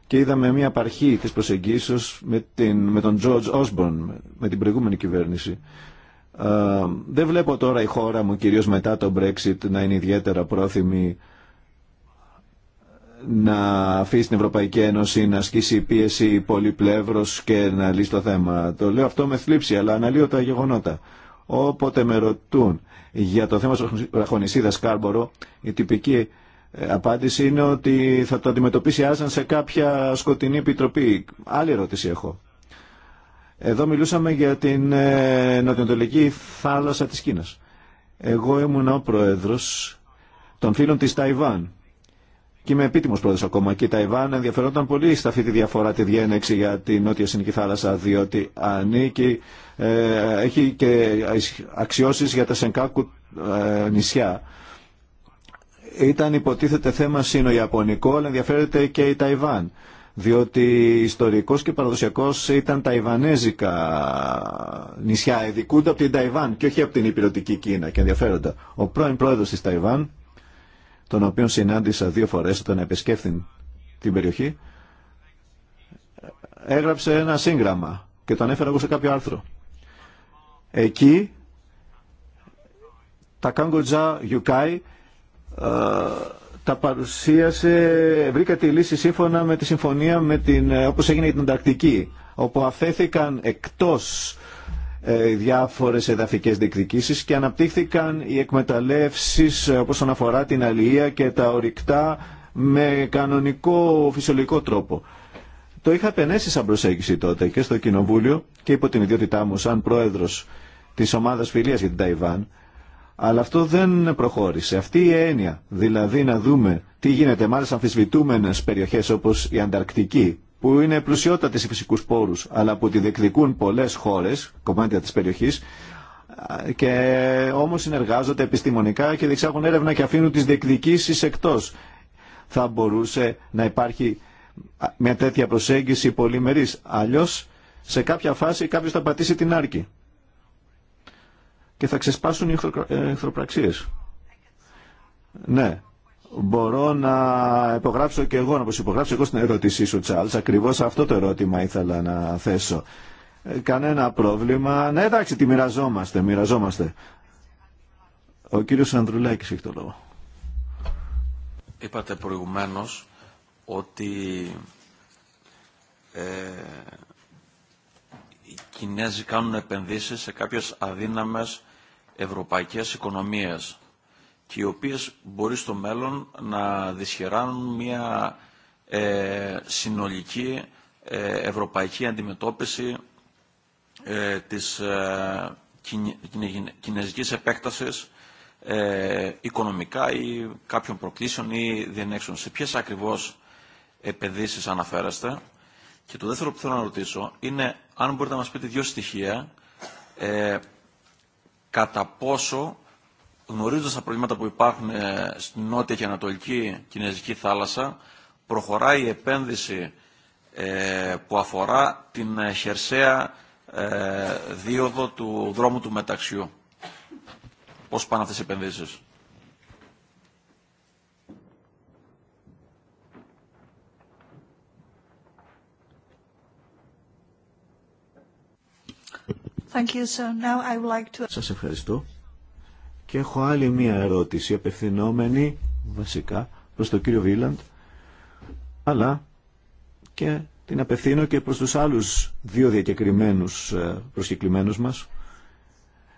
Και είδαμε μια απαρχή της προσεγγίσεως με, με τον George Osborne, με την προηγούμενη κυβέρνηση. Ε, δεν βλέπω τώρα η χώρα μου, κυρίως μετά το Brexit, να είναι ιδιαίτερα πρόθυμη να αφήσει την Ευρωπαϊκή Ένωση να ασκήσει πίεση πολυπλεύρος και να λύσει το θέμα. Το λέω αυτό με θλίψη, αλλά αναλύω τα γεγονότα. Όποτε με ρωτούν για το θέμα της ραχονισίδας Κάρμπορο, η τυπική ε, απάντηση είναι ότι θα το αντιμετωπίσει Άζαν σε κάποια σκοτεινή επιτροπή. Άλλη ερώτηση έχω. Εδώ μιλούσαμε για την ε, νοτιοτολική θάλασσα της Κίνας. Εγώ ήμουν ο πρόεδρος των φίλων της Ταϊβάν και είμαι επίτιμο πρόεδρο ακόμα. Και η Ταϊβάν ενδιαφερόταν πολύ σε αυτή τη διαφορά, τη διένεξη για τη Νότια Συνική Θάλασσα, διότι ανήκει, ε, έχει και αξιώσει για τα Σενκάκου ε, νησιά. Ήταν υποτίθεται θέμα σύνοϊαπωνικό, αλλά ενδιαφέρεται και η Ταϊβάν. Διότι ιστορικός και παραδοσιακός ήταν ταϊβανέζικα νησιά, ειδικούνται από την Ταϊβάν και όχι από την υπηρετική Κίνα και ενδιαφέροντα. Ο πρώην πρόεδρο τη Ταϊβάν, τον οποίο συνάντησα δύο φορές όταν επισκέφθη την περιοχή, έγραψε ένα σύγγραμμα και το ανέφερα εγώ σε κάποιο άρθρο. Εκεί τα Κάγκοτζα Γιουκάι ε, τα παρουσίασε, βρήκα τη λύση σύμφωνα με τη συμφωνία με την, ε, όπως έγινε για την Ανταρκτική, όπου αφέθηκαν εκτός ε, διάφορες εδαφικές διεκδικήσεις και αναπτύχθηκαν οι εκμεταλλεύσεις ε, όπως αφορά την αλληλεία και τα ορυκτά με κανονικό φυσιολογικό τρόπο. Το είχα πενέσει σαν προσέγγιση τότε και στο Κοινοβούλιο και υπό την ιδιότητά μου σαν πρόεδρος της ομάδας φιλίας για την Ταϊβάν αλλά αυτό δεν προχώρησε. Αυτή η έννοια, δηλαδή να δούμε τι γίνεται με άλλες αμφισβητούμενες περιοχές όπως η Ανταρκτική που είναι πλουσιότατες σε φυσικούς πόρους, αλλά που τη διεκδικούν πολλές χώρες, κομμάτια της περιοχής, και όμως συνεργάζονται επιστημονικά και διεξάγουν έρευνα και αφήνουν τις διεκδικήσεις εκτός. Θα μπορούσε να υπάρχει μια τέτοια προσέγγιση πολυμερής. Αλλιώς, σε κάποια φάση κάποιος θα πατήσει την άρκη και θα ξεσπάσουν οι ε, εχθροπραξίες. Ναι, μπορώ να υπογράψω και εγώ, να προσυπογράψω εγώ στην ερώτησή σου, Τσάλς. Ακριβώς αυτό το ερώτημα ήθελα να θέσω. Ε, κανένα πρόβλημα. Ναι, εντάξει, τι μοιραζόμαστε, μοιραζόμαστε. Ο κύριος Ανδρουλάκης έχει το λόγο. Είπατε προηγουμένως ότι ε, οι Κινέζοι κάνουν επενδύσεις σε κάποιες αδύναμες ευρωπαϊκές οικονομίες και οι οποίες μπορεί στο μέλλον να δυσχεράνουν μια ε, συνολική ε, ευρωπαϊκή αντιμετώπιση ε, της ε, κινέζικης επέκτασης οικονομικά ή κάποιων προκλήσεων ή διενέξεων. Σε ποιες ακριβώς επενδύσεις αναφέρεστε. Και το δεύτερο που θέλω να ρωτήσω είναι αν μπορείτε να μας πείτε δύο στοιχεία κατά πόσο γνωρίζοντα τα προβλήματα που υπάρχουν ε, στην νότια και ανατολική Κινέζικη θάλασσα, προχωράει η επένδυση ε, που αφορά την ε, χερσαία δίωδο του δρόμου του μεταξιού. Πώς πάνε αυτές οι επενδύσεις. Thank Σας ευχαριστώ. Και έχω άλλη μία ερώτηση απευθυνόμενη βασικά προς τον κύριο Βίλαντ αλλά και την απευθύνω και προς τους άλλους δύο διακεκριμένους ε, προσκεκλημένους μας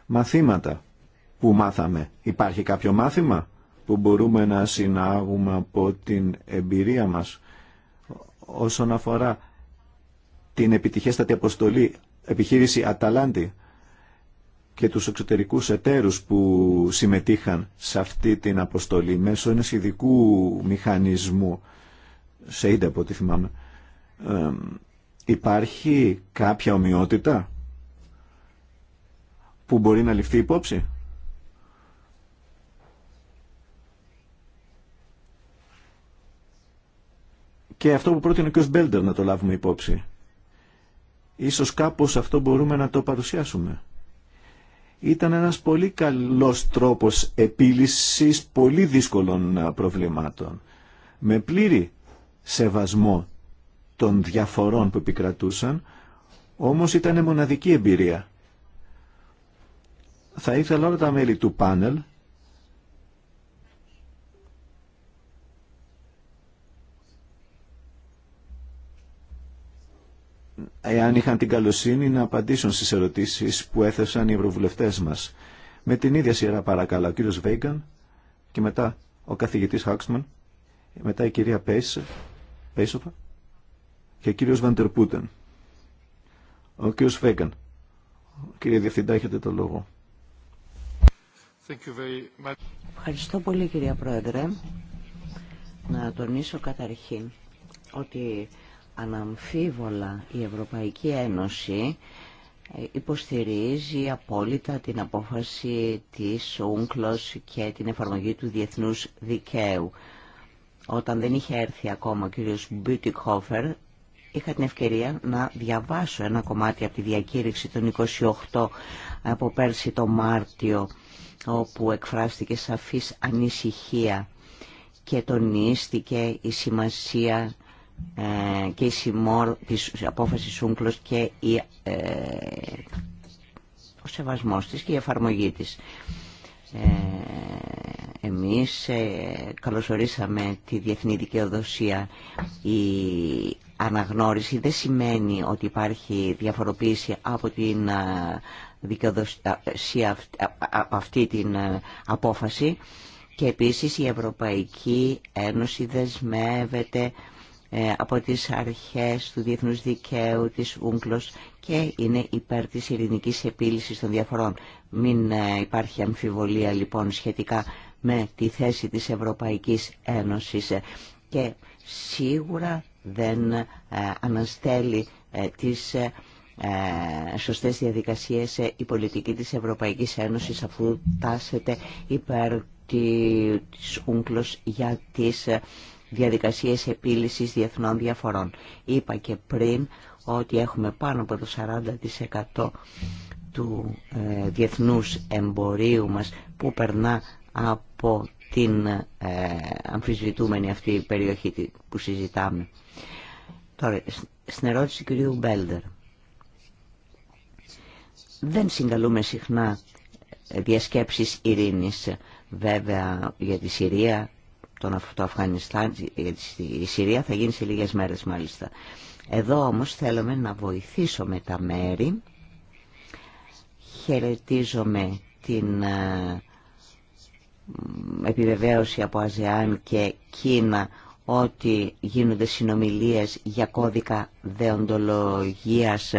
μαθήματα που μάθαμε. Υπάρχει κάποιο μάθημα που μπορούμε να συνάγουμε από την εμπειρία μας όσον αφορά την επιτυχέστατη αποστολή επιχείρηση Αταλάντη και τους εξωτερικούς εταίρους που συμμετείχαν σε αυτή την αποστολή μέσω ενός ειδικού μηχανισμού σε είδε από ό,τι θυμάμαι υπάρχει κάποια ομοιότητα που μπορεί να ληφθεί υπόψη και αυτό που πρότεινε και ο Μπέλντερ να το λάβουμε υπόψη ίσως κάπως αυτό μπορούμε να το παρουσιάσουμε ήταν ένας πολύ καλός τρόπος επίλυσης πολύ δύσκολων προβλημάτων. Με πλήρη σεβασμό των διαφορών που επικρατούσαν, όμως ήταν μοναδική εμπειρία. Θα ήθελα όλα τα μέλη του πάνελ εάν είχαν την καλοσύνη να απαντήσουν στις ερωτήσεις που έθεσαν οι ευρωβουλευτές μας. Με την ίδια σειρά παρακαλώ, ο κύριος Βέγκαν και μετά ο καθηγητής Χάξμαν, μετά η κυρία Πέισοφα και ο κύριος Βαντερπούτεν. Ο κύριος Βέγκαν. Κύριε Διευθυντά, έχετε το λόγο. Ευχαριστώ πολύ κυρία Πρόεδρε. Να τονίσω καταρχήν ότι Αναμφίβολα η Ευρωπαϊκή Ένωση ε, υποστηρίζει απόλυτα την απόφαση της ΟΥΝΚΛΟΣ και την εφαρμογή του διεθνούς δικαίου. Όταν δεν είχε έρθει ακόμα ο κ. Μπιουτικόφερ, είχα την ευκαιρία να διαβάσω ένα κομμάτι από τη διακήρυξη των 28 από πέρσι το Μάρτιο, όπου εκφράστηκε σαφής ανησυχία και τονίστηκε η σημασία ε, και η, Σιμόρ, της απόφαση Σούγκλος και η, ε, ο σεβασμός της και η εφαρμογή της. Ε, εμείς ε, καλωσορίσαμε τη διεθνή δικαιοδοσία. Η αναγνώριση δεν σημαίνει ότι υπάρχει διαφοροποίηση από την ε, δικαιοδοσία από αυτή την απόφαση και επίσης η Ευρωπαϊκή Ένωση δεσμεύεται ε, από τις αρχές του διεθνούς δικαίου της Ούγκλος και είναι υπέρ της ειρηνικής επίλυσης των διαφορών. Μην ε, υπάρχει αμφιβολία λοιπόν σχετικά με τη θέση της Ευρωπαϊκής Ένωσης ε, και σίγουρα δεν αναστέλει τις σωστές διαδικασίες η πολιτική της Ευρωπαϊκής Ένωσης αφού τάσεται υπέρ της Ούγκλος για τις διαδικασίες επίλυσης διεθνών διαφορών. Είπα και πριν ότι έχουμε πάνω από το 40% του ε, διεθνούς εμπορίου μας που περνά από την ε, αμφισβητούμενη αυτή περιοχή που συζητάμε. Τώρα, στην ερώτηση του κυρίου Μπέλτερ. Δεν συγκαλούμε συχνά ε, διασκέψεις ειρήνης, βέβαια για τη Συρία, το Αφγανιστάν, η Συρία θα γίνει σε λίγες μέρες μάλιστα. Εδώ όμως θέλουμε να βοηθήσουμε τα μέρη. Χαιρετίζομαι την ε, επιβεβαίωση από ΑΖΕΑΝ και Κίνα ότι γίνονται συνομιλίες για κώδικα δεοντολογίας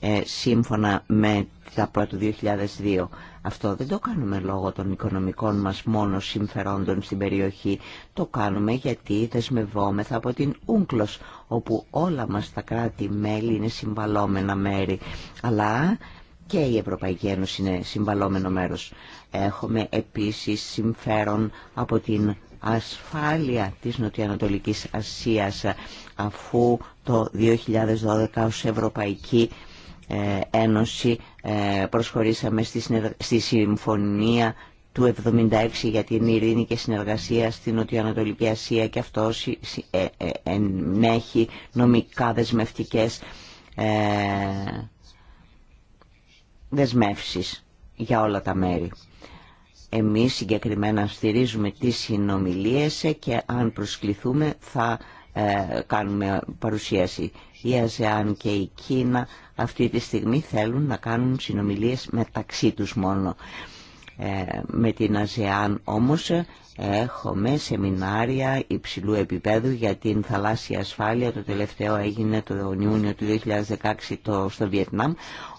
ε, σύμφωνα με τα πρώτα του 2002. Αυτό δεν το κάνουμε λόγω των οικονομικών μας μόνο συμφερόντων στην περιοχή. Το κάνουμε γιατί δεσμευόμεθα από την Ούγκλος, όπου όλα μας τα κράτη-μέλη είναι συμβαλόμενα μέρη. Αλλά και η Ευρωπαϊκή Ένωση είναι συμβαλόμενο μέρος. Έχουμε επίσης συμφέρον από την ασφάλεια της Νοτιοανατολικής Ασίας αφού το 2012 ως Ευρωπαϊκή ε, ένωση ε, προσχωρήσαμε στη συμφωνία του 76 για την ειρήνη και συνεργασία στην Νοτιοανατολική Ασία και αυτό ε, ενέχει νομικά δεσμευτικές δεσμεύσεις για όλα τα μέρη. Εμείς συγκεκριμένα στηρίζουμε τις συνομιλίες και αν προσκληθούμε θα κάνουμε παρουσίαση. Η ΑΖΕΑΝ και η Κίνα αυτή τη στιγμή θέλουν να κάνουν συνομιλίες μεταξύ τους μόνο. Ε, με την ΑΖΕΑΝ όμως ε, έχουμε σεμινάρια υψηλού επίπεδου για την θαλάσσια ασφάλεια. Το τελευταίο έγινε το Ιούνιο του 2016 το, στο Βιετνάμ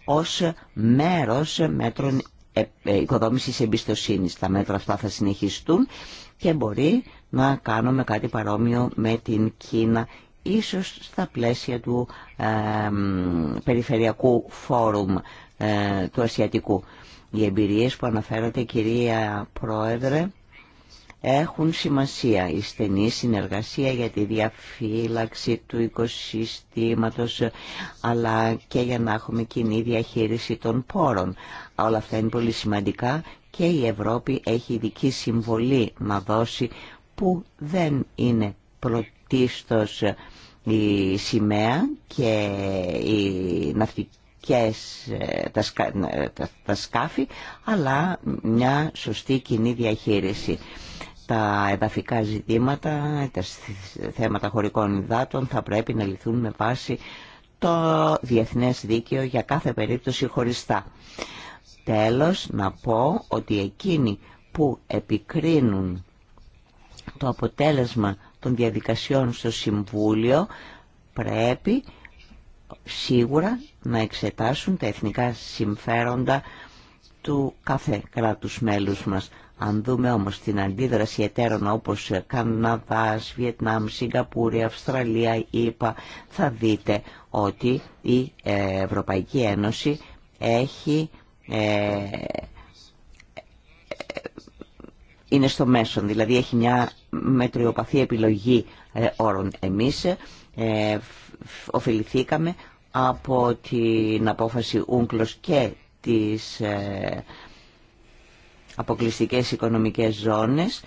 ως μέρος μέτρων ε, οικοδόμησης εμπιστοσύνης. Τα μέτρα αυτά θα συνεχιστούν και μπορεί να κάνουμε κάτι παρόμοιο με την Κίνα ίσως στα πλαίσια του Περιφερειακού Φόρουμ ε, του Ασιατικού. Οι εμπειρίες που αναφέρατε κυρία Πρόεδρε έχουν σημασία η στενή συνεργασία για τη διαφύλαξη του οικοσυστήματος αλλά και για να έχουμε κοινή διαχείριση των πόρων. Όλα αυτά είναι πολύ σημαντικά και η Ευρώπη έχει ειδική συμβολή να δώσει που δεν είναι πρωτίστως η σημαία και οι ναυτικές τα, σκα, τα, τα σκάφη αλλά μια σωστή κοινή διαχείριση. Τα εδαφικά ζητήματα, τα θέματα χωρικών υδάτων θα πρέπει να λυθούν με βάση το διεθνές δίκαιο για κάθε περίπτωση χωριστά. Τέλος, να πω ότι εκείνοι που επικρίνουν το αποτέλεσμα των διαδικασιών στο Συμβούλιο πρέπει σίγουρα να εξετάσουν τα εθνικά συμφέροντα του κάθε κράτους μέλους μας. Αν δούμε όμως την αντίδραση εταίρων όπως Καναδάς, Βιετνάμ, Σιγκαπούρη, Αυστραλία, ΗΠΑ, θα δείτε ότι η ε, Ευρωπαϊκή Ένωση έχει ε, είναι στο μέσον, δηλαδή έχει μια μετριοπαθή επιλογή ε, όρων. Εμείς ε, ωφεληθήκαμε από την απόφαση Ούγκλος και τις ε, αποκλειστικές οικονομικές ζώνες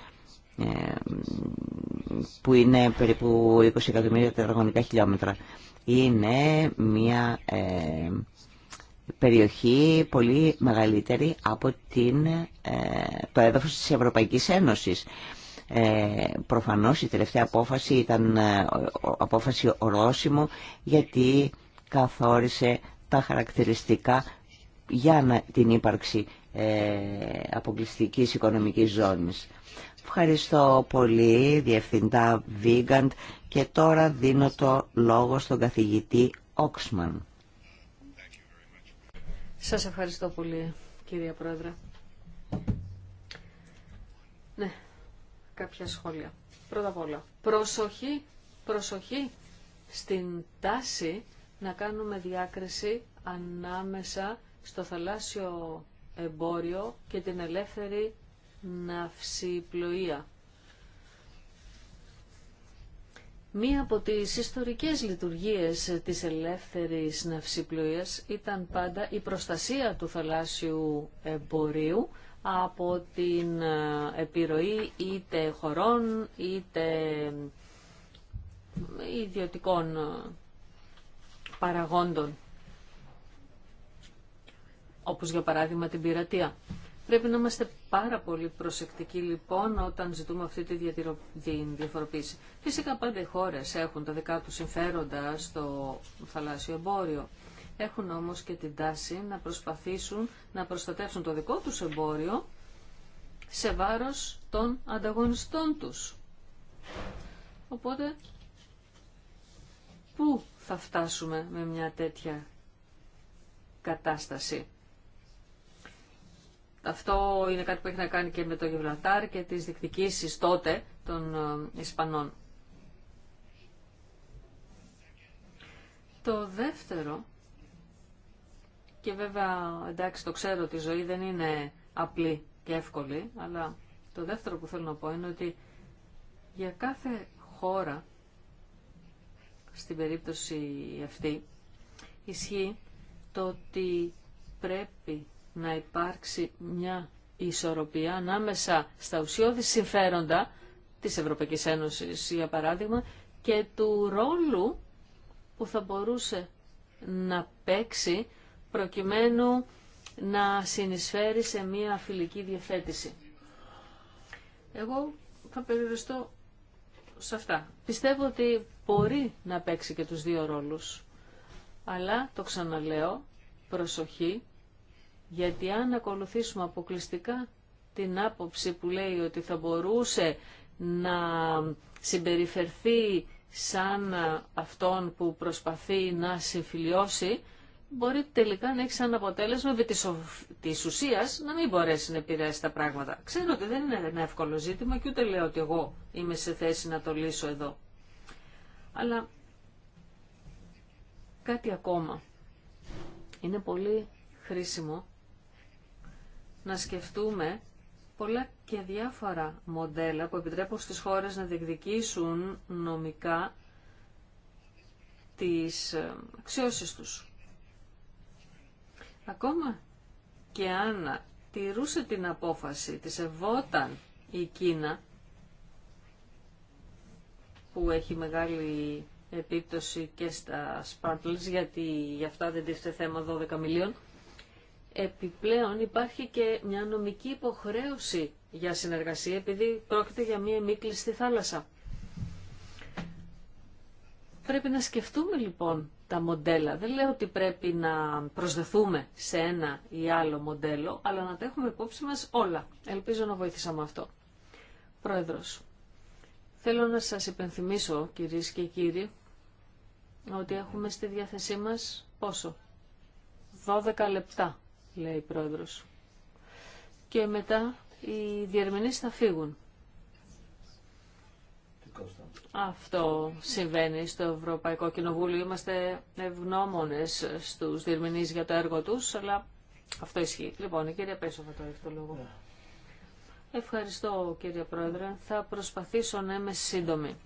που είναι περίπου 20 εκατομμύρια τετραγωνικά χιλιόμετρα. Είναι μια περιοχή πολύ μεγαλύτερη από την, ε, το έδαφος της Ευρωπαϊκής Ένωσης. Ε, προφανώς η τελευταία απόφαση ήταν ε, απόφαση ορόσημο γιατί καθόρισε τα χαρακτηριστικά για την ύπαρξη ε, αποκλειστικής οικονομικής ζώνης. Ευχαριστώ πολύ, Διευθυντά Βίγκαντ, και τώρα δίνω το λόγο στον καθηγητή Όξμαν. Σας ευχαριστώ πολύ, κυρία Πρόεδρε. Ναι, κάποια σχόλια. Πρώτα απ' όλα, προσοχή, προσοχή στην τάση να κάνουμε διάκριση ανάμεσα στο θαλάσσιο εμπόριο και την ελεύθερη ναυσιπλοεία. Μία από τις ιστορικές λειτουργίες της ελεύθερης ναυσιπλοείας ήταν πάντα η προστασία του θαλάσσιου εμπορίου από την ε, επιρροή είτε χωρών είτε ε, ιδιωτικών ε, παραγόντων όπως για παράδειγμα την πειρατεία. Πρέπει να είμαστε πάρα πολύ προσεκτικοί λοιπόν όταν ζητούμε αυτή τη διαφοροποίηση. Φυσικά πάντα οι χώρες έχουν τα δικά τους συμφέροντα στο θαλάσσιο εμπόριο. Έχουν όμως και την τάση να προσπαθήσουν να προστατεύσουν το δικό τους εμπόριο σε βάρος των ανταγωνιστών τους. Οπότε, πού θα φτάσουμε με μια τέτοια κατάσταση. Αυτό είναι κάτι που έχει να κάνει και με το Γιβραλτάρ και τις διεκδικήσεις τότε των ε, Ισπανών. Το δεύτερο, και βέβαια εντάξει το ξέρω ότι η ζωή δεν είναι απλή και εύκολη, αλλά το δεύτερο που θέλω να πω είναι ότι για κάθε χώρα στην περίπτωση αυτή ισχύει το ότι πρέπει να υπάρξει μια ισορροπία ανάμεσα στα ουσιώδη συμφέροντα της Ευρωπαϊκής Ένωσης, για παράδειγμα, και του ρόλου που θα μπορούσε να παίξει προκειμένου να συνεισφέρει σε μια φιλική διαθέτηση. Εγώ θα περιοριστώ σε αυτά. Πιστεύω ότι μπορεί να παίξει και τους δύο ρόλους. Αλλά, το ξαναλέω, προσοχή γιατί αν ακολουθήσουμε αποκλειστικά την άποψη που λέει ότι θα μπορούσε να συμπεριφερθεί σαν αυτόν που προσπαθεί να συμφιλιώσει, μπορεί τελικά να έχει σαν αποτέλεσμα επί της ουσίας να μην μπορέσει να επηρεάσει τα πράγματα. Ξέρω ότι δεν είναι ένα εύκολο ζήτημα και ούτε λέω ότι εγώ είμαι σε θέση να το λύσω εδώ. Αλλά κάτι ακόμα. Είναι πολύ χρήσιμο να σκεφτούμε πολλά και διάφορα μοντέλα που επιτρέπουν στις χώρες να διεκδικήσουν νομικά τις ε, αξιώσεις τους. Ακόμα και αν τηρούσε την απόφαση, τη ευόταν η Κίνα, που έχει μεγάλη επίπτωση και στα Spartles, γιατί γι' αυτά δεν τίθεται θέμα 12 μιλίων, Επιπλέον υπάρχει και μια νομική υποχρέωση για συνεργασία επειδή πρόκειται για μια μη στη θάλασσα. Πρέπει να σκεφτούμε λοιπόν τα μοντέλα. Δεν λέω ότι πρέπει να προσδεθούμε σε ένα ή άλλο μοντέλο, αλλά να τα έχουμε υπόψη μας όλα. Ελπίζω να βοήθησαμε αυτό. Πρόεδρος, θέλω να σας υπενθυμίσω κυρίες και κύριοι ότι έχουμε στη διάθεσή μας πόσο. 12 λεπτά λέει η πρόεδρος. Και μετά οι διερμηνείς θα φύγουν. Αυτό συμβαίνει στο Ευρωπαϊκό Κοινοβούλιο. Είμαστε ευγνώμονες στους διερμηνείς για το έργο τους, αλλά αυτό ισχύει. Λοιπόν, η κυρία Πέσοβα τώρα έχει το λόγο. Ευχαριστώ κύριε Πρόεδρε. Θα προσπαθήσω να είμαι σύντομη.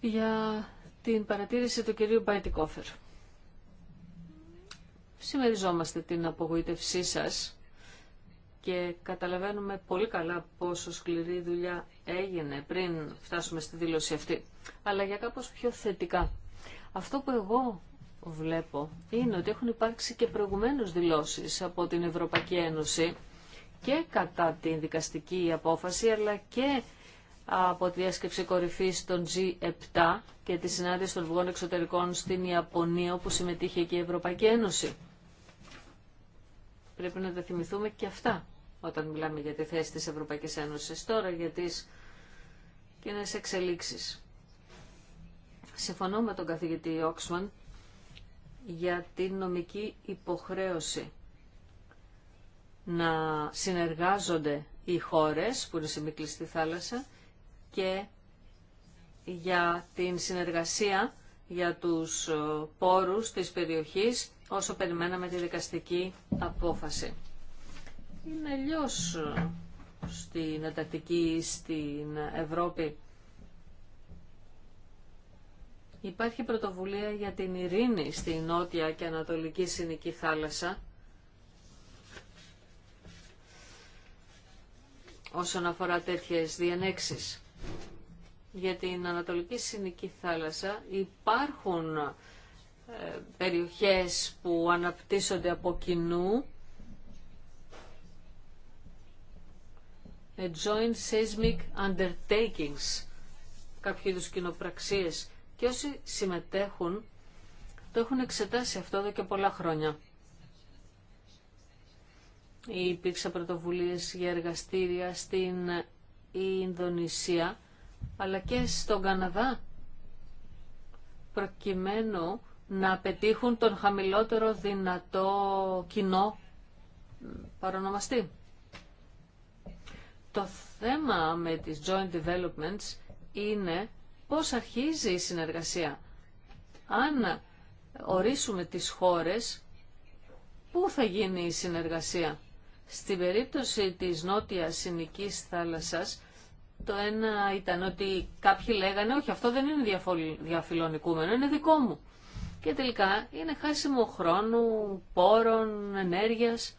Για την παρατήρηση του κυρίου Μπαϊτικόφερ συμμεριζόμαστε την απογοήτευσή σας και καταλαβαίνουμε πολύ καλά πόσο σκληρή δουλειά έγινε πριν φτάσουμε στη δήλωση αυτή. Αλλά για κάπως πιο θετικά. Αυτό που εγώ βλέπω είναι ότι έχουν υπάρξει και προηγουμένως δηλώσεις από την Ευρωπαϊκή Ένωση και κατά την δικαστική απόφαση αλλά και από τη διάσκεψη κορυφής των G7 και τη συνάντηση των Υπουργών Εξωτερικών στην Ιαπωνία, όπου συμμετείχε και η Ευρωπαϊκή Ένωση. Πρέπει να τα θυμηθούμε και αυτά όταν μιλάμε για τη θέση της Ευρωπαϊκής Ένωσης τώρα για τις κοινές εξελίξεις. Συμφωνώ με τον καθηγητή Όξμαν για την νομική υποχρέωση να συνεργάζονται οι χώρες που είναι σε στη θάλασσα και για την συνεργασία για τους ε, πόρους της περιοχής όσο περιμέναμε τη δικαστική απόφαση. Είναι αλλιώ ε, στην Αντακτική στην Ευρώπη. Υπάρχει πρωτοβουλία για την ειρήνη στη Νότια και Ανατολική Συνική Θάλασσα. όσον αφορά τέτοιες διενέξεις για την Ανατολική Συνική Θάλασσα υπάρχουν ε, περιοχές που αναπτύσσονται από κοινού ε, joint seismic undertakings κάποιοι είδους κοινοπραξίες και όσοι συμμετέχουν το έχουν εξετάσει αυτό εδώ και πολλά χρόνια. Υπήρξαν πρωτοβουλίες για εργαστήρια στην Ινδονησία αλλά και στον Καναδά προκειμένου να πετύχουν τον χαμηλότερο δυνατό κοινό παρονομαστή. Το θέμα με τις joint developments είναι πώς αρχίζει η συνεργασία. Αν ορίσουμε τις χώρες, πού θα γίνει η συνεργασία. Στην περίπτωση της νότιας συνικής θάλασσας, το ένα ήταν ότι κάποιοι λέγανε όχι αυτό δεν είναι διαφιλονικούμενο, είναι δικό μου. Και τελικά είναι χάσιμο χρόνου, πόρων, ενέργειας.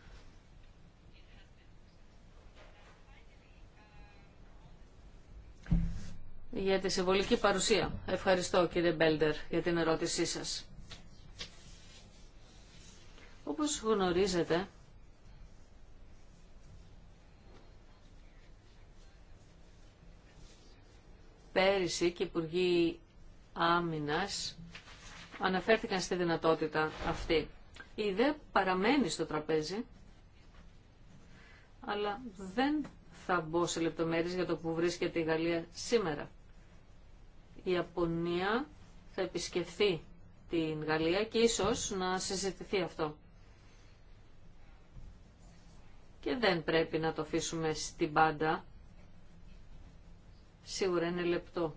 για τη συμβολική παρουσία. Ευχαριστώ κύριε Μπέλντερ για την ερώτησή σας. Όπως γνωρίζετε, πέρυσι και οι Υπουργοί Άμυνας αναφέρθηκαν στη δυνατότητα αυτή. Η ιδέα παραμένει στο τραπέζι, αλλά δεν θα μπω σε λεπτομέρειες για το που βρίσκεται η Γαλλία σήμερα. Η Ιαπωνία θα επισκεφθεί την Γαλλία και ίσως να συζητηθεί αυτό. Και δεν πρέπει να το αφήσουμε στην πάντα Σίγουρα είναι λεπτό.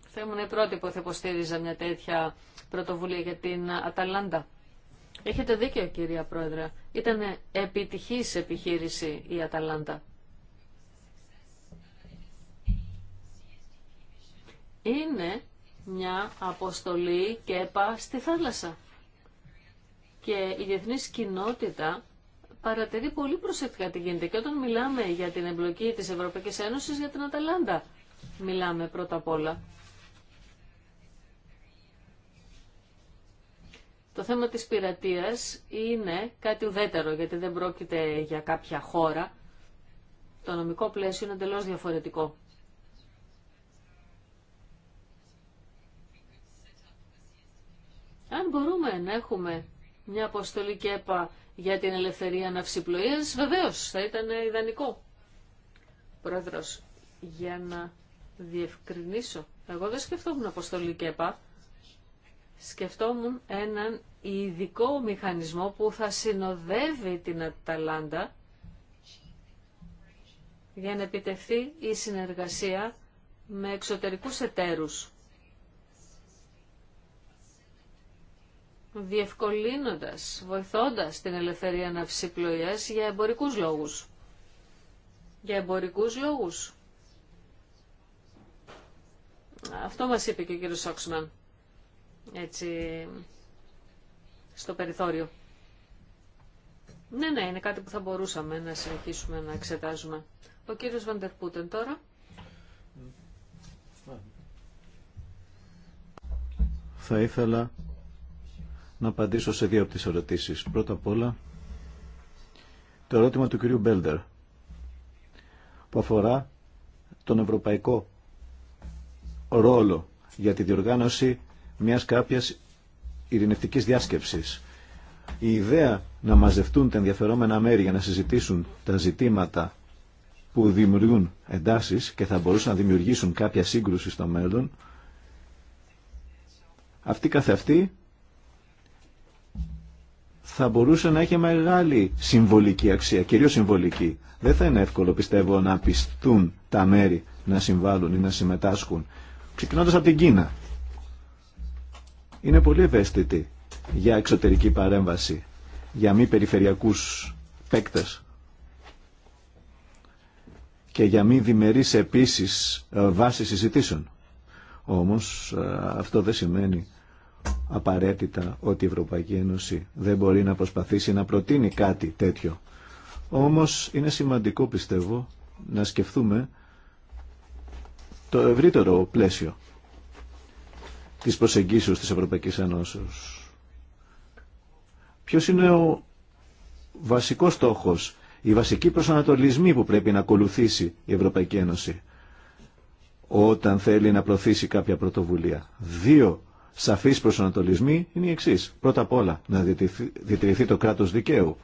Θα ήμουν η πρώτη που θα υποστήριζα μια τέτοια πρωτοβουλία για την Αταλάντα. Έχετε δίκιο κυρία Πρόεδρε. Ήταν επιτυχής επιχείρηση η Αταλάντα. Είναι μια αποστολή και έπα στη θάλασσα. Και η διεθνής κοινότητα παρατηρεί πολύ προσεκτικά τι γίνεται. Και όταν μιλάμε για την εμπλοκή τη Ευρωπαϊκή Ένωση για την Αταλάντα, μιλάμε πρώτα απ' όλα. Το θέμα της πειρατείας είναι κάτι ουδέτερο, γιατί δεν πρόκειται για κάποια χώρα. Το νομικό πλαίσιο είναι εντελώς διαφορετικό. Αν μπορούμε να έχουμε μια αποστολή ΚΕΠΑ για την ελευθερία ναυσιπλοείας, βεβαίως θα ήταν ιδανικό. Πρόεδρος, για να διευκρινίσω, εγώ δεν σκεφτόμουν αποστολή ΚΕΠΑ, σκεφτόμουν έναν ειδικό μηχανισμό που θα συνοδεύει την Αταλάντα για να επιτευχθεί η συνεργασία με εξωτερικούς εταίρους διευκολύνοντας, βοηθώντας την ελευθερία αναψυπλοίας για εμπορικούς λόγους. Για εμπορικούς λόγους. Αυτό μας είπε και ο κύριος Σόξμαν. Έτσι, στο περιθώριο. Ναι, ναι, είναι κάτι που θα μπορούσαμε να συνεχίσουμε να εξετάζουμε. Ο κύριος Βαντερπούτεν τώρα. Θα ήθελα να απαντήσω σε δύο από τις ερωτήσεις. Πρώτα απ' όλα, το ερώτημα του κυρίου Μπέλντερ, που αφορά τον ευρωπαϊκό ρόλο για τη διοργάνωση μιας κάποιας ειρηνευτικής διάσκεψης. Η ιδέα να μαζευτούν τα ενδιαφερόμενα μέρη για να συζητήσουν τα ζητήματα που δημιουργούν εντάσεις και θα μπορούσαν να δημιουργήσουν κάποια σύγκρουση στο μέλλον, αυτή καθεαυτή θα μπορούσε να έχει μεγάλη συμβολική αξία, κυρίως συμβολική. Δεν θα είναι εύκολο, πιστεύω, να πιστούν τα μέρη να συμβάλλουν ή να συμμετάσχουν. Ξεκινώντας από την Κίνα. Είναι πολύ ευαίσθητη για εξωτερική παρέμβαση, για μη περιφερειακούς παίκτες και για μη διμερείς επίσης ε, βάση συζητήσεων. Όμως ε, αυτό δεν σημαίνει απαραίτητα ότι η Ευρωπαϊκή Ένωση δεν μπορεί να προσπαθήσει να προτείνει κάτι τέτοιο. Όμως είναι σημαντικό πιστεύω να σκεφτούμε το ευρύτερο πλαίσιο της προσεγγίσεως της Ευρωπαϊκής Ένωσης. Ποιος είναι ο βασικός στόχος, η βασική προσανατολισμή που πρέπει να ακολουθήσει η Ευρωπαϊκή Ένωση όταν θέλει να προωθήσει κάποια πρωτοβουλία. Δύο σαφείς προσανατολισμοί είναι οι εξή. Πρώτα απ' όλα να διατηρηθεί το κράτος δικαίου.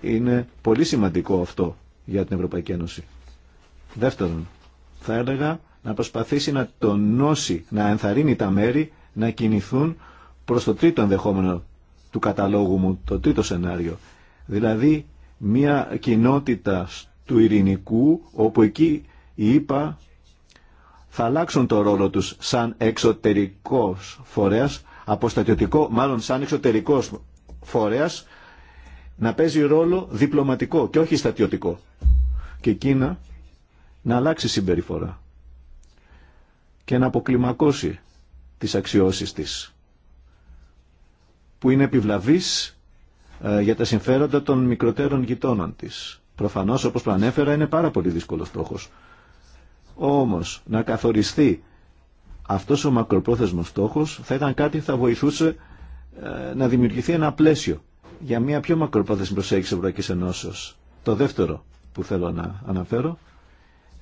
Είναι πολύ σημαντικό αυτό για την Ευρωπαϊκή Ένωση. Δεύτερον, θα έλεγα να προσπαθήσει να τονώσει, να ενθαρρύνει τα μέρη να κινηθούν προς το τρίτο ενδεχόμενο του καταλόγου μου, το τρίτο σενάριο. Δηλαδή μια κοινότητα του ειρηνικού όπου εκεί η θα αλλάξουν το ρόλο τους σαν εξωτερικός φορέας, αποστατιωτικό, μάλλον σαν εξωτερικός φορέας, να παίζει ρόλο διπλωματικό και όχι στατιωτικό. Και Κίνα να αλλάξει συμπεριφορά και να αποκλιμακώσει τις αξιώσεις της, που είναι επιβλαβής ε, για τα συμφέροντα των μικροτέρων γειτόνων της. Προφανώς, όπως προανέφερα, είναι πάρα πολύ δύσκολος στόχος. Όμως να καθοριστεί αυτός ο μακροπρόθεσμος στόχος θα ήταν κάτι που θα βοηθούσε ε, να δημιουργηθεί ένα πλαίσιο για μια πιο μακροπρόθεσμη προσέγγιση Ευρωπαϊκής Ενώσεως. Το δεύτερο που θέλω να αναφέρω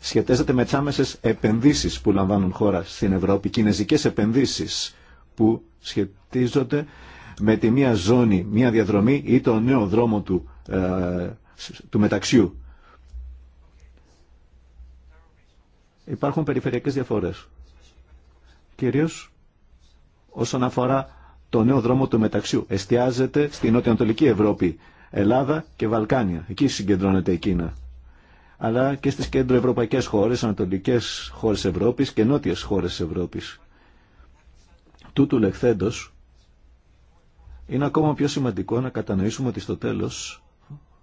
σχετίζεται με τι άμεσε επενδύσεις που λαμβάνουν χώρα στην Ευρώπη, κινέζικες επενδύσεις που σχετίζονται με τη μία ζώνη, μία διαδρομή ή το νέο δρόμο του, ε, του μεταξιού. υπάρχουν περιφερειακές διαφορές. Κυρίως όσον αφορά το νέο δρόμο του μεταξύ, Εστιάζεται στην νοτιοανατολική Ευρώπη, Ελλάδα και Βαλκάνια. Εκεί συγκεντρώνεται η Κίνα. Αλλά και στις κέντροευρωπαϊκές χώρες, ανατολικές χώρες Ευρώπης και νότιες χώρες Ευρώπης. Τούτου λεχθέντος, είναι ακόμα πιο σημαντικό να κατανοήσουμε ότι στο τέλος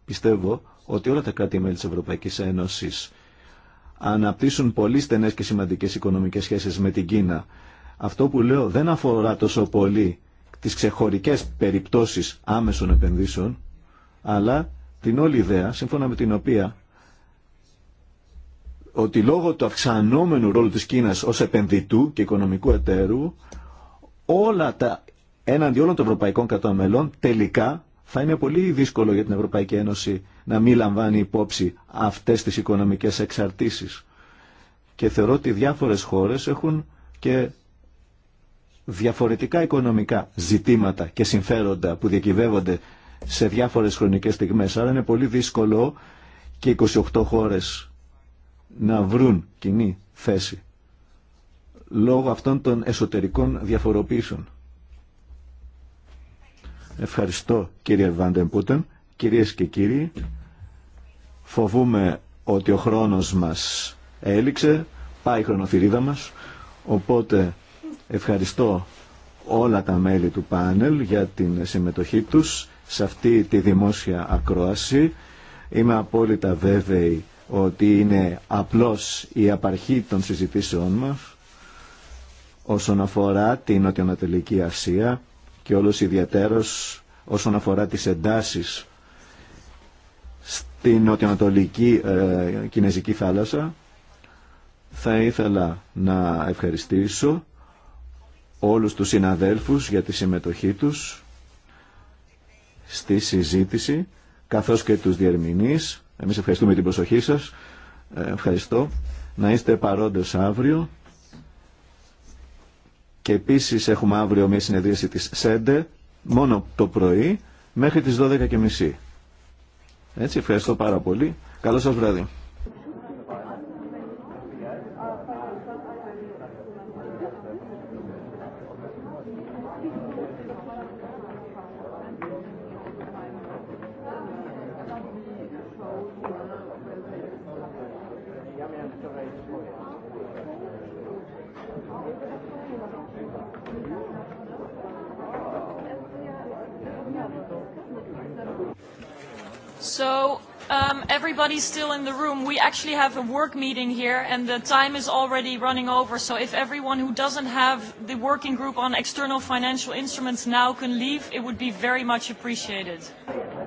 πιστεύω ότι όλα τα κράτη-μέλη της Ευρωπαϊκής Ένωσης αναπτύσσουν πολύ στενές και σημαντικές οικονομικές σχέσεις με την Κίνα. Αυτό που λέω δεν αφορά τόσο πολύ τις ξεχωρικές περιπτώσεις άμεσων επενδύσεων, αλλά την όλη ιδέα, σύμφωνα με την οποία ότι λόγω του αυξανόμενου ρόλου της Κίνας ως επενδυτού και οικονομικού εταίρου, όλα τα, έναντι όλων των ευρωπαϊκών καταμελών, τελικά θα είναι πολύ δύσκολο για την Ευρωπαϊκή Ένωση να μην λαμβάνει υπόψη αυτές τις οικονομικές εξαρτήσεις. Και θεωρώ ότι διάφορες χώρες έχουν και διαφορετικά οικονομικά ζητήματα και συμφέροντα που διακυβεύονται σε διάφορες χρονικές στιγμές. Άρα είναι πολύ δύσκολο και 28 χώρες να βρουν κοινή θέση λόγω αυτών των εσωτερικών διαφοροποίησεων. Ευχαριστώ κύριε Βάντεμπούτεν. Κυρίες και κύριοι, φοβούμε ότι ο χρόνος μας έληξε, πάει η χρονοθυρίδα μας, οπότε ευχαριστώ όλα τα μέλη του πάνελ για την συμμετοχή τους σε αυτή τη δημόσια ακρόαση. Είμαι απόλυτα βέβαιη ότι είναι απλώς η απαρχή των συζητήσεών μας όσον αφορά την Νοτιοανατολική Ασία και όλος ιδιαίτερος όσον αφορά τις εντάσεις στην νοτιοανατολική ε, Κινέζικη θάλασσα. Θα ήθελα να ευχαριστήσω όλους τους συναδέλφους για τη συμμετοχή τους στη συζήτηση, καθώς και τους διερμηνείς. Εμείς ευχαριστούμε την προσοχή σας. Ε, ευχαριστώ. Να είστε παρόντες αύριο. Και επίσης έχουμε αύριο μια συνεδρίαση της ΣΕΝΤΕ, μόνο το πρωί, μέχρι τις 12.30. Έτσι, ευχαριστώ πάρα πολύ. Καλό σας βράδυ. everybody still in the room, we actually have a work meeting here and the time is already running over. So if everyone who doesn't have the working group on external financial instruments now can leave, it would be very much appreciated.